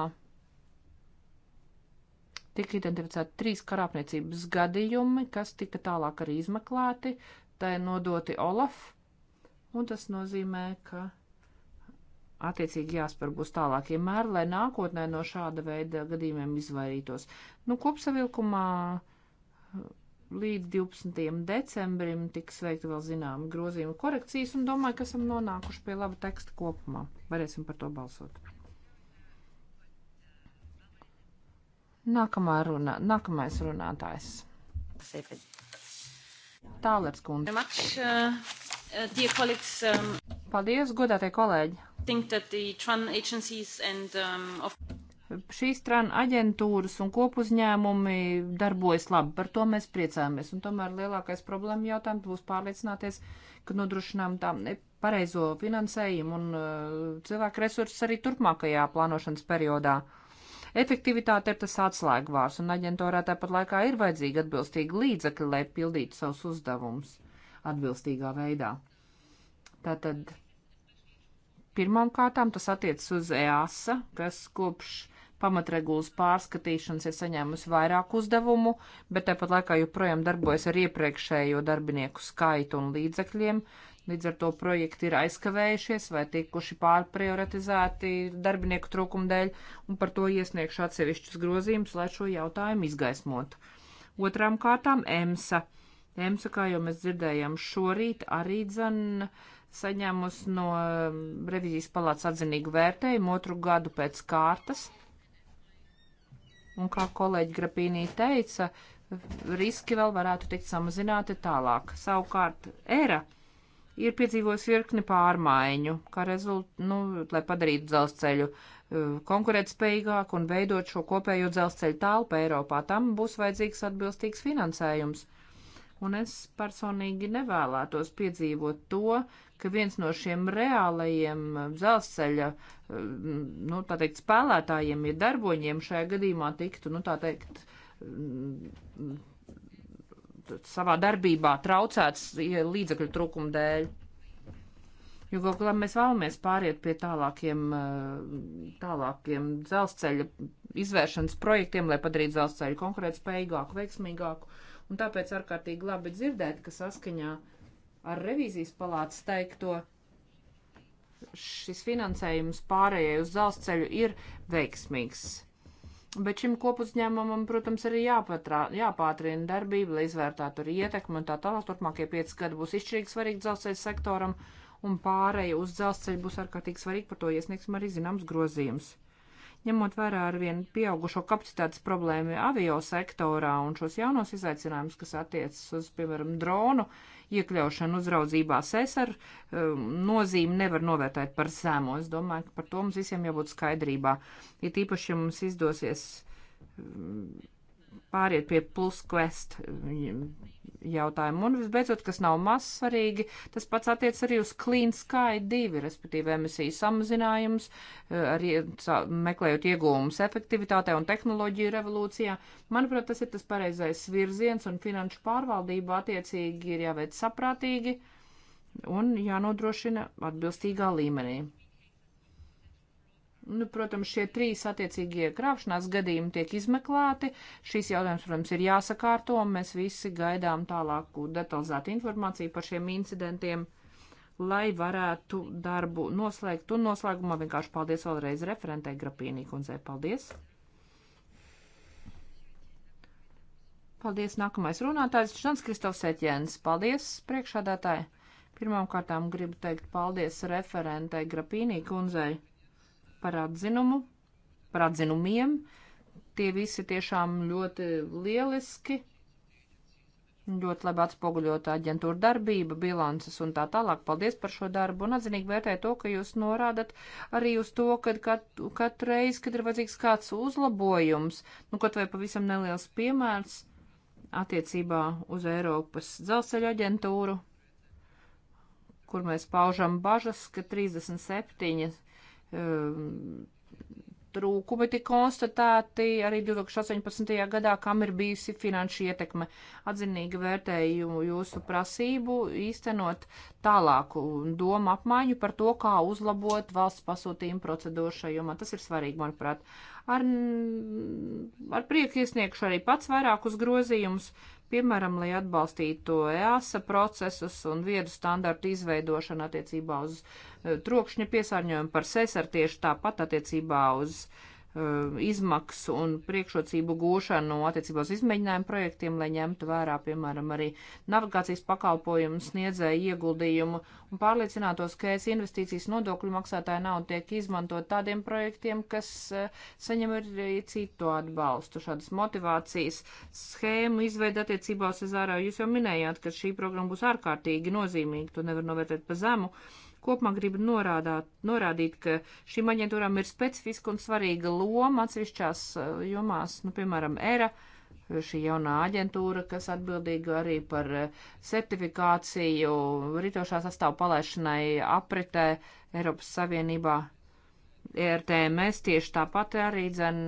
tika identificēti trīs karāpniecības gadījumi, kas tika tālāk arī izmeklēti, tā ir nodoti Olaf, un tas nozīmē, ka attiecīgi jāspēr būs tālākie ja mēri, lai nākotnē no šāda veida gadījumiem izvairītos. Nu, kopsavilkumā līdz 12. decembrim tiks veikta vēl zināma grozījuma korekcijas, un domāju, ka esam nonākuši pie laba teksta kopumā. Varēsim par to balsot. Nākamā runa, nākamais runātājs. Tālērs kundze. Uh, uh, um, Paldies, godātie kolēģi. And, um, of... Šīs tran aģentūras un kopuzņēmumi darbojas labi, par to mēs priecājamies. Un tomēr lielākais problēma jautājums būs pārliecināties, ka nodrošinām tām pareizo finansējumu un uh, cilvēku resursus arī turpmākajā plānošanas periodā. Uh, Efektivitāte ir tas atslēgvārds, un aģentūrā tāpat laikā ir vajadzīgi atbilstīgi līdzekļi, lai pildītu savus uzdevumus atbilstīgā veidā. Tātad pirmām kārtām tas attiecas uz EASA, kas kopš pamatregulas pārskatīšanas ir saņēmusi vairāk uzdevumu, bet tāpat laikā joprojām darbojas ar iepriekšējo darbinieku skaitu un līdzekļiem. Uh, Līdz ar to projekti ir aizkavējušies vai tikuši pārprioritizēti darbinieku trūkuma dēļ, un par to iesniegšu atsevišķus grozījumus, lai šo jautājumu izgaismotu. Otrām kārtām EMSA. EMSA, kā jau mēs dzirdējām šorīt, arī dzen saņēmusi no revizijas palāca atzinīgu vērtējumu otru gadu pēc kārtas. Un kā kolēģi Grapīnī teica, riski vēl varētu tikt samazināti tālāk. Savukārt, ERA ir piedzīvojis virkni pārmaiņu, kā rezultātu, nu, lai padarītu dzelzceļu uh, konkurētspējīgāku un veidot šo kopējo dzelzceļu tālpu Eiropā. Tam būs vajadzīgs atbilstīgs finansējums. Un es personīgi nevēlētos piedzīvot to, ka viens no šiem reālajiem dzelzceļa, uh, nu, tā teikt, spēlētājiem, ja darboņiem šajā gadījumā tiktu, nu, tā teikt, savā darbībā traucēts līdzekļu trūkuma dēļ. Jo kaut kādā mēs vēlamies pāriet pie tālākiem, eh, tālākiem dzelzceļa izvēršanas projektiem, lai padarītu dzelzceļu konkurētspējīgāku, veiksmīgāku. Un tāpēc ārkārtīgi labi dzirdēt, ka saskaņā ar revīzijas palātas teikto šis finansējums pārējai uz dzelzceļu ir veiksmīgs Bet šim kopuzņēmumam, protams, arī jāpatrā, jāpātrina darbība, lai izvērtātu arī ietekmi un tā tālāk. Turpmākie pieci gadi būs izšķirīgi svarīgi dzelzceļa sektoram un pārēja uz dzelzceļu būs ārkārtīgi svarīgi, par to iesniegsim arī zināms grozījums ņemot vērā ar vien pieaugušo kapacitātes problēmu avio sektorā un šos jaunos izaicinājumus, kas attiecas uz, piemēram, dronu iekļaušanu uzraudzībā SESAR, um, nozīmi nevar novērtēt par zemu. Es domāju, ka par to mums visiem jābūt skaidrībā. Ja tīpaši, ja mums izdosies um, pāriet pie PlusQuest mm, jautājumu. Un visbeidzot, kas nav maz svarīgi, tas pats attiec arī uz Clean Sky 2, respektīvi emisiju samazinājums, eh, arī meklējot iegūmus efektivitātē un tehnoloģiju revolūcijā. Manuprāt, tas ir tas pareizais virziens un finanšu pārvaldība attiecīgi ir jāveic saprātīgi un jānodrošina atbilstīgā līmenī. Nu, protams, šie trīs attiecīgie krāpšanās gadījumi tiek izmeklēti. Šis jautājums, protams, ir jāsakārto, un mēs visi gaidām tālāku detalizētu informāciju par šiem incidentiem, lai varētu darbu noslēgt. Un noslēgumā vienkārši paldies vēlreiz referentei Grapīnī kundzei. Paldies! Paldies, nākamais runātājs Žans Kristofs Eķēns. Paldies, priekšādātāji! Pirmām kārtām gribu teikt paldies referentei Grapīnī kundzei par atzinumu, par atzinumiem. Tie visi tiešām ļoti lieliski, ļoti labi atspoguļota aģentūra darbība, bilances un tā tālāk. Paldies par šo darbu un atzinīgi vērtēju to, ka jūs norādat arī uz to, ka kat, katru reizi, kad ir vajadzīgs kāds uzlabojums, nu kaut vai pavisam neliels piemērs attiecībā uz Eiropas dzelzceļa aģentūru, kur mēs paužam bažas, ka 37 Ehm, trūkumi tika konstatēti arī 2018. gadā, kam ir bijusi finanšu ietekme. Atzinīgi vērtēju jūsu prasību īstenot tālāku domu apmaiņu par to, kā uzlabot valsts pasūtījumu procedūru šajomā. Tas ir svarīgi, manuprāt. Ar, ar prieku iesniegšu arī pats vairākus grozījumus piemēram, lai atbalstītu EASA procesus un viedu standartu izveidošanu attiecībā uz eh, trokšņa piesārņojumu par sesar tieši tāpat attiecībā uz uh, Um, izmaksu un priekšrocību gūšanu attiecībā uz izmēģinājumu projektiem, lai ņemtu vērā, piemēram, arī navigācijas pakalpojumu sniedzēju ieguldījumu un pārliecinātos, ka es investīcijas nodokļu maksātāja naudu tiek izmantot tādiem projektiem, kas uh, saņem arī citu atbalstu. Šādas motivācijas schēmu izveida attiecībā uz Cezārā. Jūs jau minējāt, ka šī programma būs ārkārtīgi nozīmīga, to nevar novērtēt pa zemu. Uh, Kopumā gribu norādāt, norādīt, ka šīm aģentūrām ir specifiska un svarīga loma atsevišķās uh, jomās, nu, piemēram, ERA, šī jaunā aģentūra, kas atbildīga arī par uh, certifikāciju ritošā sastāvu palaišanai apritē Eiropas Savienībā. E RTMS tieši tāpat arī dzen,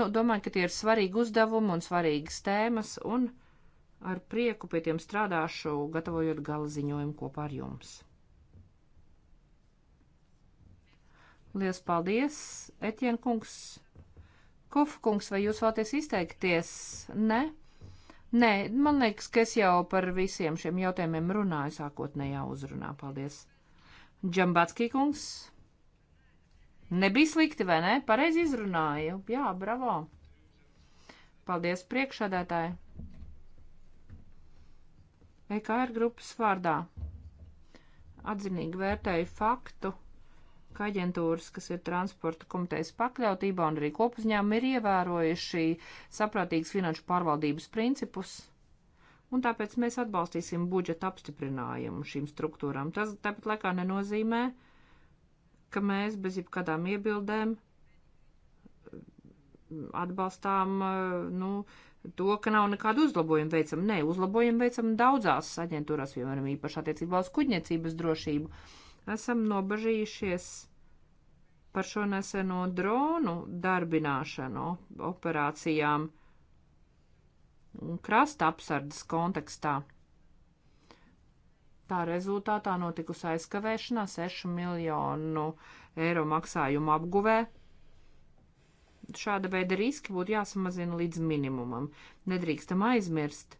nu, domāju, ka tie ir svarīgi uzdevumi un svarīgas tēmas, un ar prieku pie tiem strādāšu, gatavojot gala ziņojumu kopā ar jums. Lielas paldies, Etien kungs. Kofa kungs, vai jūs vēlaties izteikties? Ne? Nē, man liekas, ka es jau par visiem šiem jautājumiem runāju sākotnējā uzrunā. Paldies. Džambatskī kungs. Nebija slikti, vai ne? Pareizi izrunāju. Jā, bravo. Paldies priekšādētāji. EKR er grupas vārdā atzinīgi vērtēju faktu, ka aģentūras, kas ir transporta komitejas pakļautībā un arī kopuzņēmumi, ir ievērojuši saprātīgas finanšu pārvaldības principus. Un tāpēc mēs atbalstīsim budžeta apstiprinājumu šīm struktūrām. Tas tāpat laikā nenozīmē, ka mēs bez jebkādām iebildēm mm, atbalstām, mm, nu, to, ka nav nekādu uzlabojumu veicam. Nē, uzlabojumu veicam daudzās aģentūrās, piemēram, īpaši attiecībā uz kuģniecības drošību. Esam nobažījušies par šo neseno dronu darbināšanu operācijām krasta apsardzes kontekstā. Tā rezultātā notikusi aizkavēšanās 6 miljonu eiro maksājumu apguvē. Šāda veida riski būtu jāsamazina līdz minimumam. Nedrīkstam aizmirst,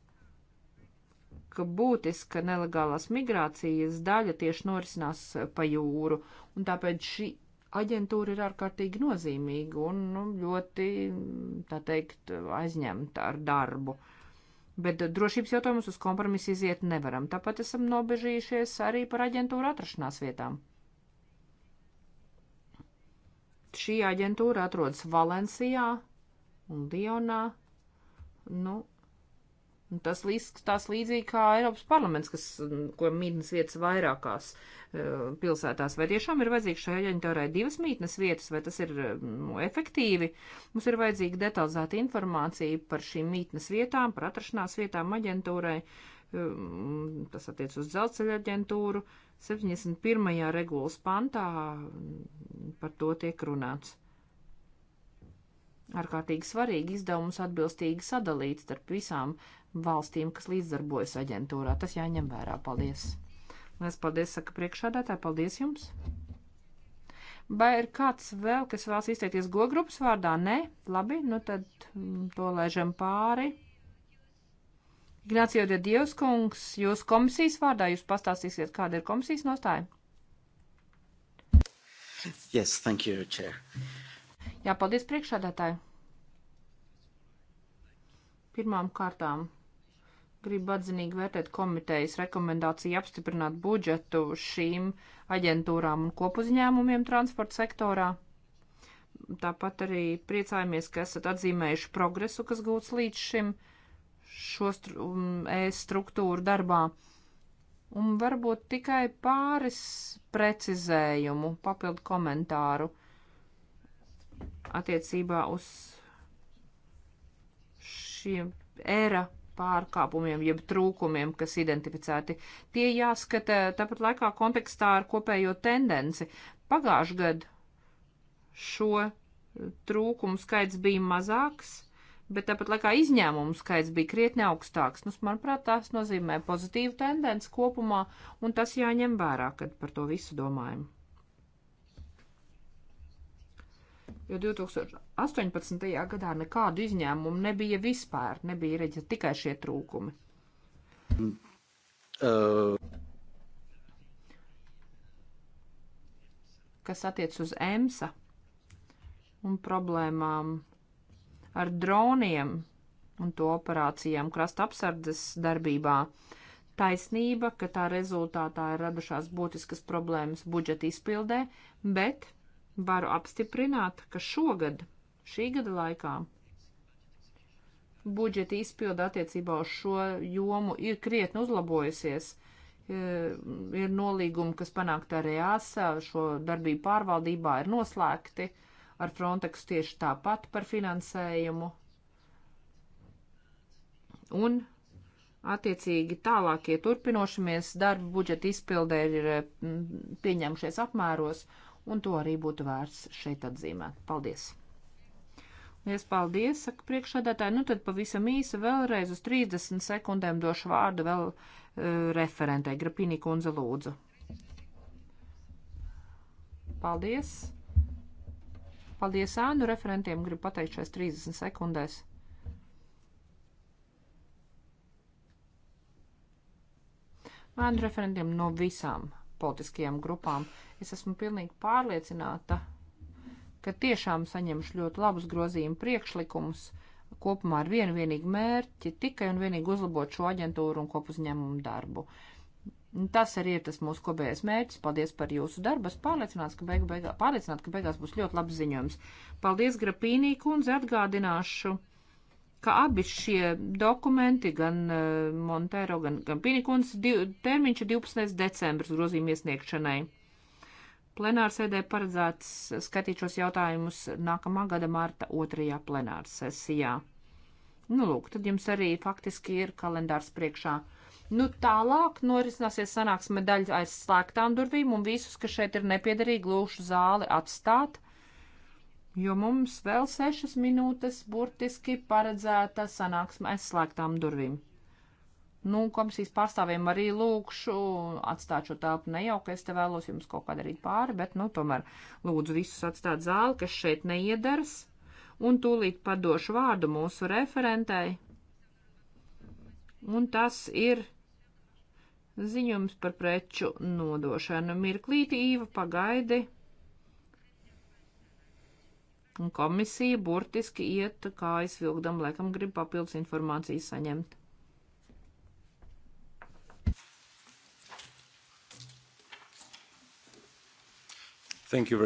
ka būtiska nelegālās migrācijas daļa tieši norisinās pa jūru, un tāpēc šī aģentūra ir ārkārtīgi nozīmīga un nu, ļoti, tā teikt, aizņemta ar darbu. Bet drošības jautājumus uz kompromisu iziet nevaram, tāpat esam nobežījušies arī par aģentūru atrašanās vietām. Šī aģentūra atrodas Valencijā un Lionā. Nu, Un tas izskatās līdzīgi kā Eiropas parlaments, kas, mm, ko mītnes vietas vairākās uh, pilsētās. Vai tiešām ir vajadzīgs šai aģentūrai divas mītnes vietas, vai tas ir nu, efektīvi? Mums ir vajadzīga detalizēta informācija par šīm mītnes vietām, par atrašanās vietām aģentūrai. Um, tas attiec uz dzelzceļa aģentūru. 71. regulas pantā par to tiek runāts ārkārtīgi svarīgi izdevumus atbilstīgi sadalīt starp visām valstīm, kas līdzdarbojas aģentūrā. Tas jāņem vērā. Paldies! Lielas paldies, saka priekšādātāji, paldies jums! Vai ir kāds vēl, kas vēlas izteikties gogrupas vārdā? Nē, labi, nu tad mm, to laižam pāri. Ignācijot, ja Dievs kungs, jūs komisijas vārdā, jūs pastāstīsiet, kāda ir komisijas nostāja? Yes, thank you, Chair. Jā, paldies priekšādātāju. Pirmām kārtām Gribu atzinīgi vērtēt komitejas rekomendāciju apstiprināt budžetu šīm aģentūrām un kopuzņēmumiem transporta sektorā. Tāpat arī priecājamies, ka esat atzīmējuši progresu, kas gūts līdz šim šo stru, um, struktūru darbā. Un varbūt tikai pāris precizējumu, papildu komentāru attiecībā uz šiem era pārkāpumiem, jeb trūkumiem, kas identificēti. Tie jāskata tāpat laikā kontekstā ar kopējo tendenci. Pagājuši gadu šo trūkumu skaits bija mazāks, bet tāpat laikā izņēmumu skaits bija krietni augstāks. Nu, manuprāt, tas nozīmē pozitīvu tendenci kopumā, un tas jāņem vērā, kad par to visu domājam. jo 2018. gadā nekādu izņēmumu nebija vispār, nebija reģi tikai šie trūkumi. Uh. Kas attiec uz EMSA un problēmām ar droniem un to operācijām krasta apsardzes darbībā. Taisnība, ka tā rezultātā ir radušās būtiskas problēmas budžeta izpildē, bet varu apstiprināt, ka šogad, šī gada laikā, budžeta izpilda attiecībā uz šo jomu ir krietni uzlabojusies e, ir nolīgumi, kas panākt ar EASA, šo darbību pārvaldībā ir noslēgti, ar Frontex tieši tāpat par finansējumu. Un, attiecīgi, tālākie turpinošamies darba budžeta izpildē ir pieņemšies apmēros, un to arī būtu vērts šeit atzīmēt. Paldies! Lies paldies, saka priekšādātāji. Nu tad pavisam īsi vēlreiz uz 30 sekundēm došu vārdu vēl uh, referentei. Grapinī kundze lūdzu. Paldies! Paldies ēnu referentiem, gribu pateikt šais 30 sekundēs. Ēnu referentiem no visām politiskajām grupām. Es esmu pilnīgi pārliecināta, ka tiešām saņemšu ļoti labus grozījumu priekšlikumus kopumā ar vienu vienīgu mērķi tikai un vienīgi uzlabot šo aģentūru un kopuzņēmumu darbu. Tas arī ir tas mūsu kopējais mērķis. Paldies par jūsu darbu. Es pārliecināts, ka, beigu, beigā, pārliecināt, ka beigās būs ļoti labs ziņojums. Paldies, Grapīnī kundze, atgādināšu ka abi šie dokumenti, gan eh, Montero, gan, gan Pinikons, termiņš ir 12. decembris grozījuma iesniegšanai. Plenārsēdē paredzēts skatīt šos jautājumus nākamā gada marta otrajā plenārsesijā. Nu, lūk, tad jums arī faktiski ir kalendārs priekšā. Nu, tālāk norisināsies sanāksme daļa aiz slēgtām durvīm, un visus, kas šeit ir nepiedarīgi, lūšu zāli atstāt jo mums vēl sešas minūtes burtiski paredzēta sanāksme aizslēgtām durvīm. Nu, komisijas pārstāvjiem arī lūkšu atstāt šo telpu nejauku, es te vēlos jums kaut kā darīt pāri, bet, nu, tomēr lūdzu visus atstāt zāli, kas šeit neiedaras, un tūlīt padošu vārdu mūsu referentei. Un tas ir ziņums par preču nodošanu. Mirklīti, Īva, pagaidi! Un komisija burtiski iet kājas vilkdam, laikam grib papildus informāciju saņemt. Thank you very